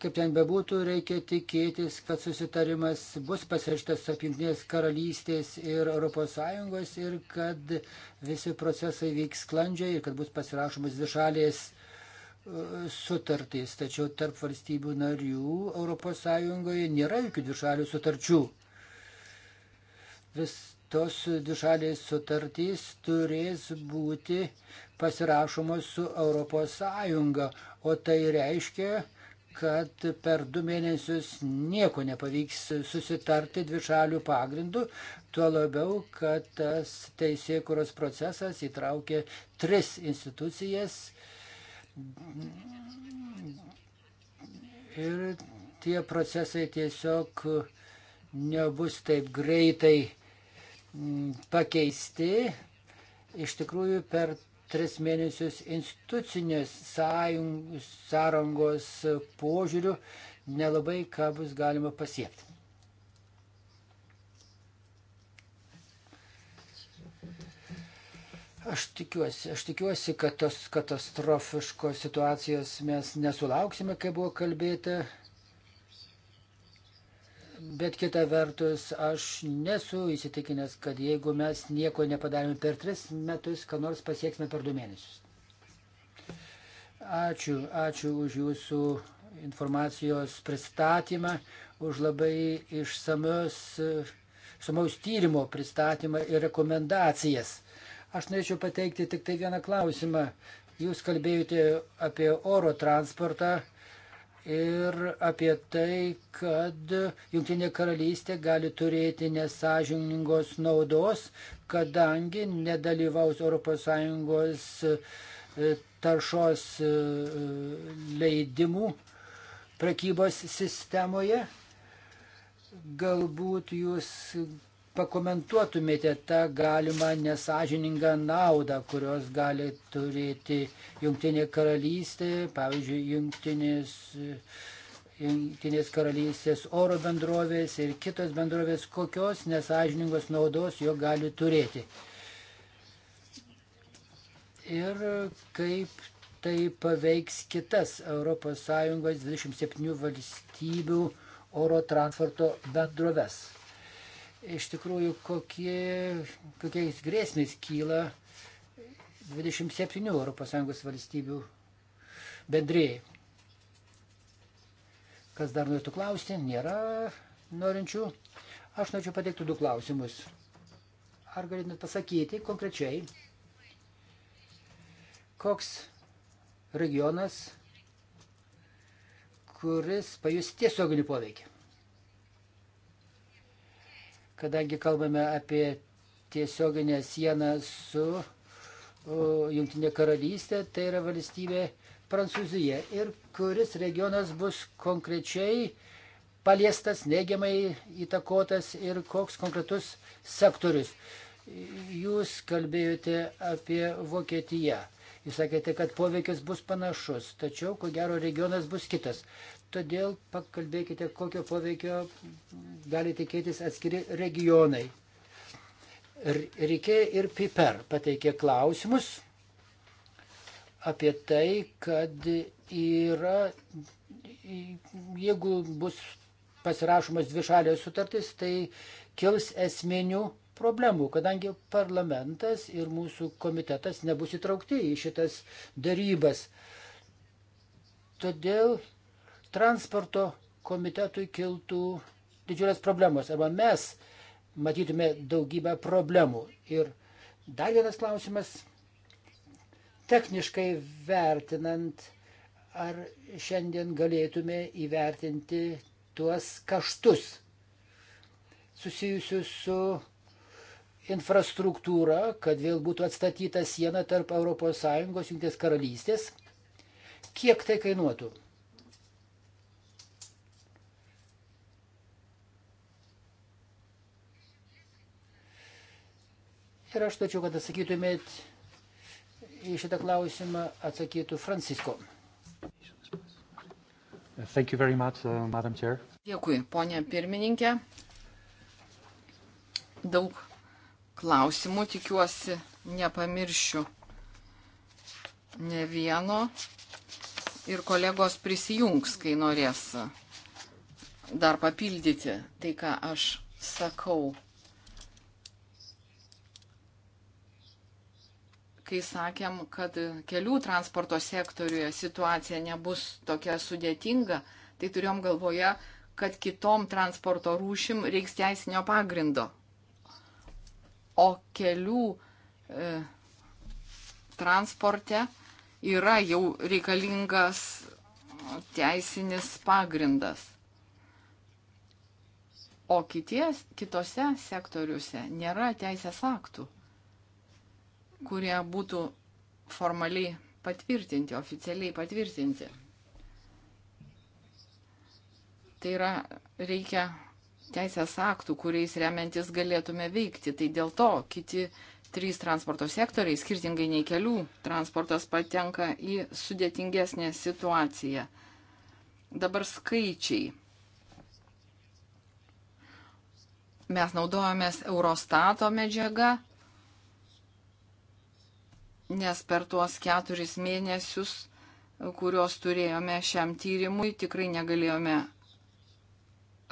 [SPEAKER 2] Kaip ten bebūtų, reikia tikėtis, kad susitarimas bus pasirašytas tarp Junktinės karalystės ir ES ir kad visi procesai vyks sklandžiai ir kad bus pasirašomas dvišalės uh, sutartys. Tačiau tarp valstybių narių ES nėra jokių dvišalių sutarčių. Vis tos dvišalės sutartys turės būti pasirašomos su ES, o tai reiškia, kad per du mėnesius nieko nepavyks susitarti dvišalių pagrindų, tuo labiau, kad tas teisėkuros procesas įtraukė tris institucijas ir tie procesai tiesiog nebus taip greitai mm, pakeisti. Iš tikrųjų, per tris mėnesius institucinės sąrangos požiūrių nelabai ką bus galima pasiekti. Aš tikiuosi, aš tikiuosi, kad tos katastrofiškos situacijos mes nesulauksime, kaip buvo kalbėta Bet kita vertus, aš nesu įsitikinęs, kad jeigu mes nieko nepadarėme per tris metus, ką nors pasieksime per du mėnesius. Ačiū, ačiū už jūsų informacijos pristatymą, už labai išsamios, išsamaus tyrimo pristatymą ir rekomendacijas. Aš norėčiau pateikti tik tai vieną klausimą. Jūs kalbėjote apie oro transportą ir apie tai, kad Junktinė karalystė gali turėti nesažiningos naudos, kadangi nedalyvaus ES e, taršos e, leidimų prekybos sistemoje. Galbūt jūs pakomentuotumėte tą galimą nesažiningą naudą, kurios gali turėti Junktinė karalystė, pavyzdžiui, Junktinės, Junktinės karalystės oro bendrovės ir kitos bendrovės, kokios nesažiningos naudos jo gali turėti. Ir kaip tai paveiks kitas ES 27 valstybių oro transporto bendroves iš tikrųjų kokie, kokiais grėsmės kyla 27 ES valstybių bendrėjai. Kas dar norėtų klausti? Nėra norinčių. Aš norėčiau pateikti du klausimus. Ar galėtumėt pasakyti konkrečiai, koks regionas, kuris pajus tiesioginį poveikį? kadangi kalbame apie tiesioginę sieną su Junktinė karalystė, tai yra valstybė Prancūzija. Ir kuris regionas bus konkrečiai paliestas, neigiamai įtakotas ir koks konkretus sektorius. Jūs kalbėjote apie Vokietiją. Jūs sakėte, kad poveikis bus panašus, tačiau ko gero regionas bus kitas. Todėl pakalbėkite, kokio poveikio gali tikėtis atskiri regionai. Rikė ir Piper pateikė klausimus apie tai, kad yra, jeigu bus pasirašomas dvišalės sutartis, tai kils esminių problemų, kadangi parlamentas ir mūsų komitetas nebus įtraukti į šitas darybas. Todėl transporto komitetui kiltų didžiulės problemos, arba mes matytume daugybę problemų. Ir dar vienas klausimas, techniškai vertinant, ar šiandien galėtume įvertinti tuos kaštus susijusius su infrastruktūra, kad vėl būtų atstatyta siena tarp ES ir Junktinės karalystės, kiek tai kainuotų. Ir aš tačiau, kad atsakytumėt į šitą klausimą, atsakytų Francisko. Much, uh, Dėkui, ponė
[SPEAKER 1] pirmininkė. Daug klausimų, tikiuosi, nepamiršiu ne vieno ir kolegos prisijungs, kai norės dar papildyti tai, ką aš sakau. kai sakėm, kad kelių transporto sektoriuje situacija nebus tokia sudėtinga, tai turėjom galvoje, kad kitom transporto rūšim reiks teisinio pagrindo. O kelių e, transporte yra jau reikalingas teisinis pagrindas. O kities, kitose sektoriuose nėra teisės aktų kurie būtų formaliai patvirtinti, oficialiai patvirtinti. Tai yra, reikia teisės aktų, kuriais remiantis galėtume veikti. Tai dėl to kiti trys transporto sektoriai, skirtingai nei kelių, transportas patenka į sudėtingesnę situaciją. Dabar skaičiai. Mes naudojamės Eurostato medžiaga, nes per tuos keturis mėnesius, kuriuos turėjome šiam tyrimui, tikrai negalėjome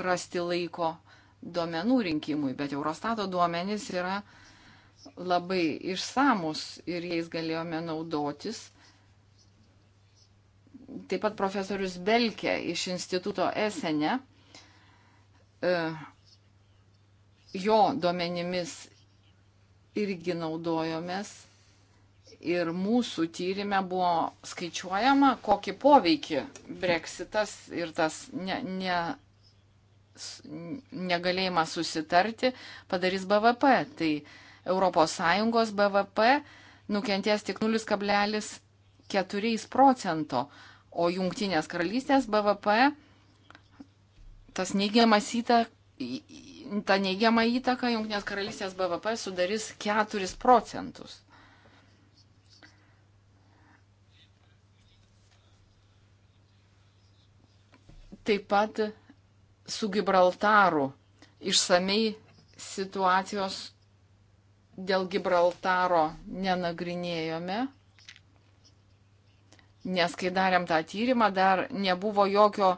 [SPEAKER 1] rasti laiko duomenų rinkimui, bet Eurostato duomenys yra labai išsamus ir jais galėjome naudotis. Taip pat profesorius Belkė iš instituto Esene, e, jo duomenimis irgi naudojomės Ir mūsų tyrimė buvo skaičiuojama, kokį poveikį breksitas ir tas ne, ne, negalėjimas susitarti padarys BVP. Tai ES BVP nukentės tik 0,4 procento, o Junktinės karalystės BVP tas neigiamas įtaka ta neigiama įtaka Junktinės karalystės BVP sudarys 4 procentus. Taip pat su Gibraltaru išsamei situacijos dėl Gibraltaro nenagrinėjome, nes kai darėm tą tyrimą, dar nebuvo jokio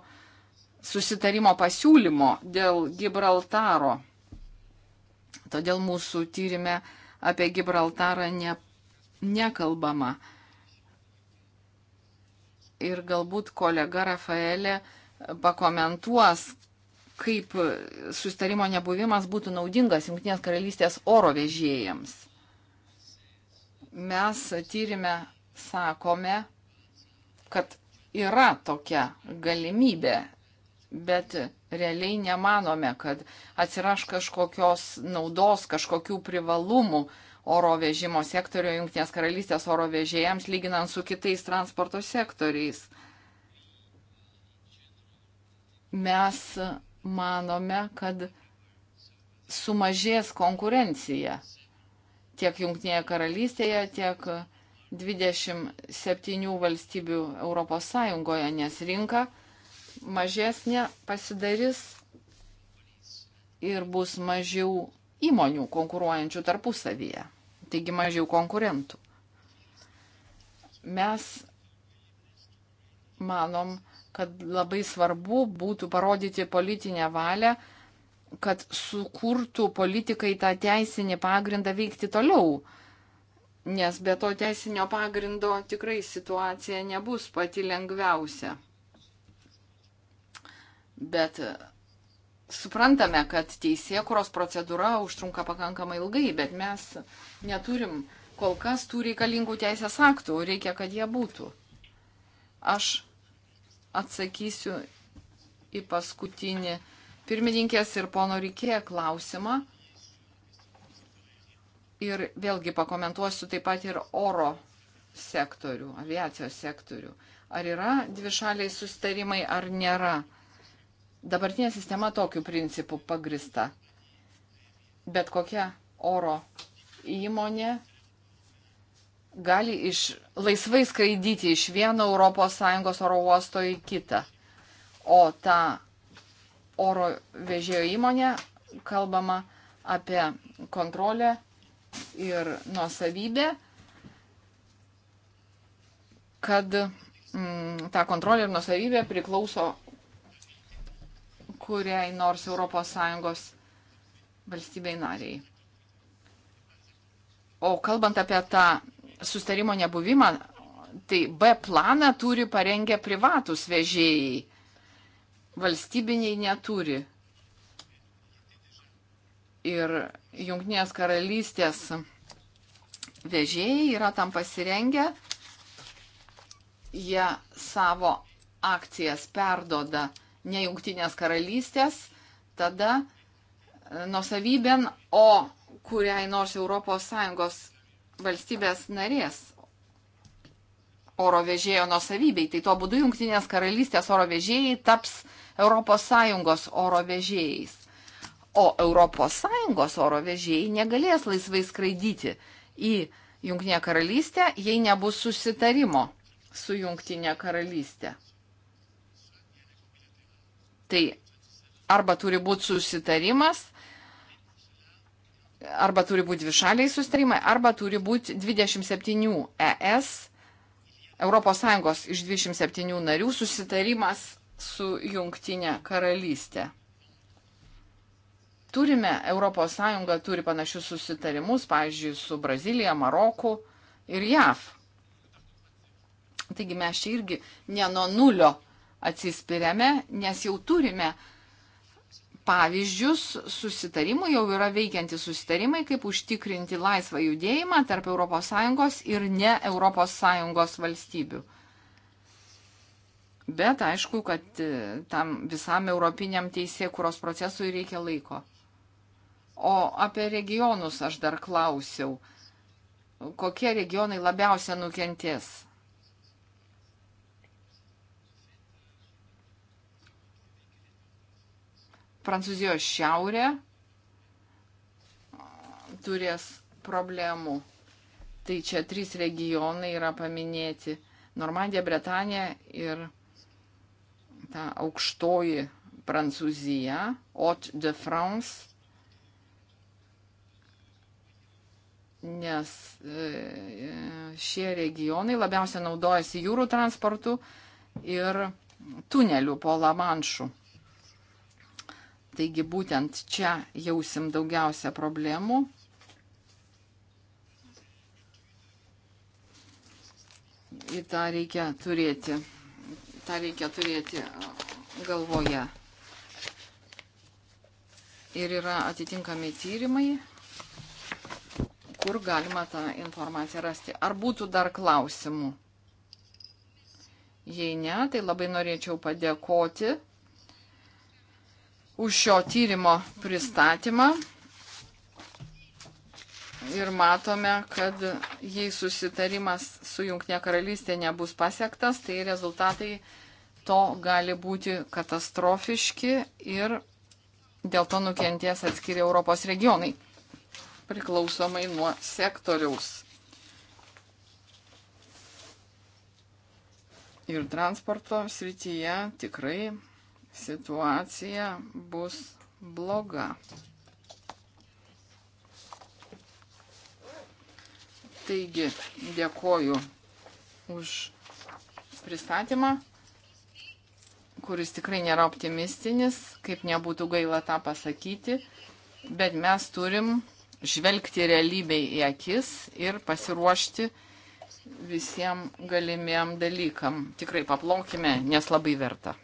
[SPEAKER 1] susitarimo pasiūlymo dėl Gibraltaro. Todėl mūsų tyrimė apie Gibraltarą ne, nekalbama. Ir galbūt kolega Rafaelė pakomentuos, kaip sustarimo nebuvimas būtų naudingas Junktinės karalystės oro vežėjams. Mes tyrime sakome, kad yra tokia galimybė, bet realiai nemanome, kad atsiraš kažkokios naudos, kažkokių privalumų oro vežimo sektorio Junktinės karalystės oro vežėjams lyginant su kitais transporto sektoriais mes manome, kad sumažės konkurencija tiek Junktinėje karalystėje, tiek 27 valstybių ES, nes rinka mažesnė pasidarys ir bus mažiau įmonių konkuruojančių tarpusavyje, taigi mažiau konkurentų. Mes manom, kad labai svarbu būtų parodyti politinę valią, kad sukurtų politikai tą teisinį pagrindą veikti toliau. Nes be to teisinio pagrindo tikrai situacija nebus pati lengviausia. Bet e, suprantame, kad teisėkuros procedūra užtrunka pakankamai ilgai, bet mes neturim kol kas tų reikalingų teisės aktų, reikia, kad jie būtų. Aš atsakysiu į paskutinį pirmininkės ir pono Rikė klausimą. Ir vėlgi pakomentuosiu taip pat ir oro sektorių, aviacijos sektorių. Ar yra dvišaliai sustarimai, ar nėra? Dabartinė sistema tokiu principu pagrista. Bet kokia oro įmonė gali iš, laisvai skraidyti iš vieno ES oro uosto į kitą. O ta oro vežėjo įmonė, kalbama apie kontrolę ir nuosavybę, kad mm, ta kontrolė ir nuosavybė priklauso kuriai nors ES valstybei nariai. O kalbant apie tą sustarimo nebuvimą, tai B planą turi parengę privatus vežėjai. Valstybiniai neturi. Ir Junktinės karalystės vežėjai yra tam pasirengę. Jie savo akcijas perdoda ne Junktinės karalystės, tada nusavybėn, o kuriai nors ES valstybės narės oro vežėjo nusavybei. Tai tuo būdu Junktinės karalystės oro vežėjai taps ES oro vežėjais. O ES oro vežėjai negalės laisvai skraidyti į Junktinę karalystę, jei nebus susitarimo su Junktinė karalystė. Tai arba turi būti susitarimas, arba turi būti dvišaliai sustarimai, arba turi būti 27 ES, ES iš 27 narių susitarimas su jungtinė karalystė. Turime, ES turi panašius susitarimus, pavyzdžiui, su Brazilija, Maroku ir JAV. Taigi mes čia irgi ne nuo nulio atsispiriame, nes jau turime uh, pavyzdžius susitarimų, jau yra veikianti susitarimai, kaip užtikrinti laisvą judėjimą tarp ES ir ne ES valstybių. Bet aišku, kad e, tam visam europiniam teisėkuros procesui reikia laiko. O apie regionus aš dar klausiau. Kokie regionai labiausia nukentės? Prancūzijos šiaurė turės problemų. Tai čia trys regionai yra paminėti. Normandija, Bretanija ir ta aukštoji Prancūzija, Haute de France, nes e, šie regionai labiausiai naudojasi jūrų transportu ir tunelių po Lamanšų. Taigi būtent čia jausim daugiausia problemų. Į tą reikia turėti, tą reikia turėti uh, galvoje. Ir yra atitinkami tyrimai, kur galima tą informaciją rasti. Ar būtų dar klausimų? Jei ne, tai labai norėčiau padėkoti už šio tyrimo pristatymą. Ir matome, kad jei susitarimas su Junktinė karalystė nebus pasiektas, tai rezultatai to gali būti katastrofiški ir dėl to nukenties atskiri Europos regionai, priklausomai nuo sektoriaus. Ir transporto srityje tikrai situacija bus bloga. Taigi, dėkoju už pristatymą, kuris tikrai nėra optimistinis, kaip nebūtų gaila tą pasakyti, bet mes turim žvelgti realybei į akis ir pasiruošti visiems galimiem dalykam. Tikrai paplaukime, nes labai verta.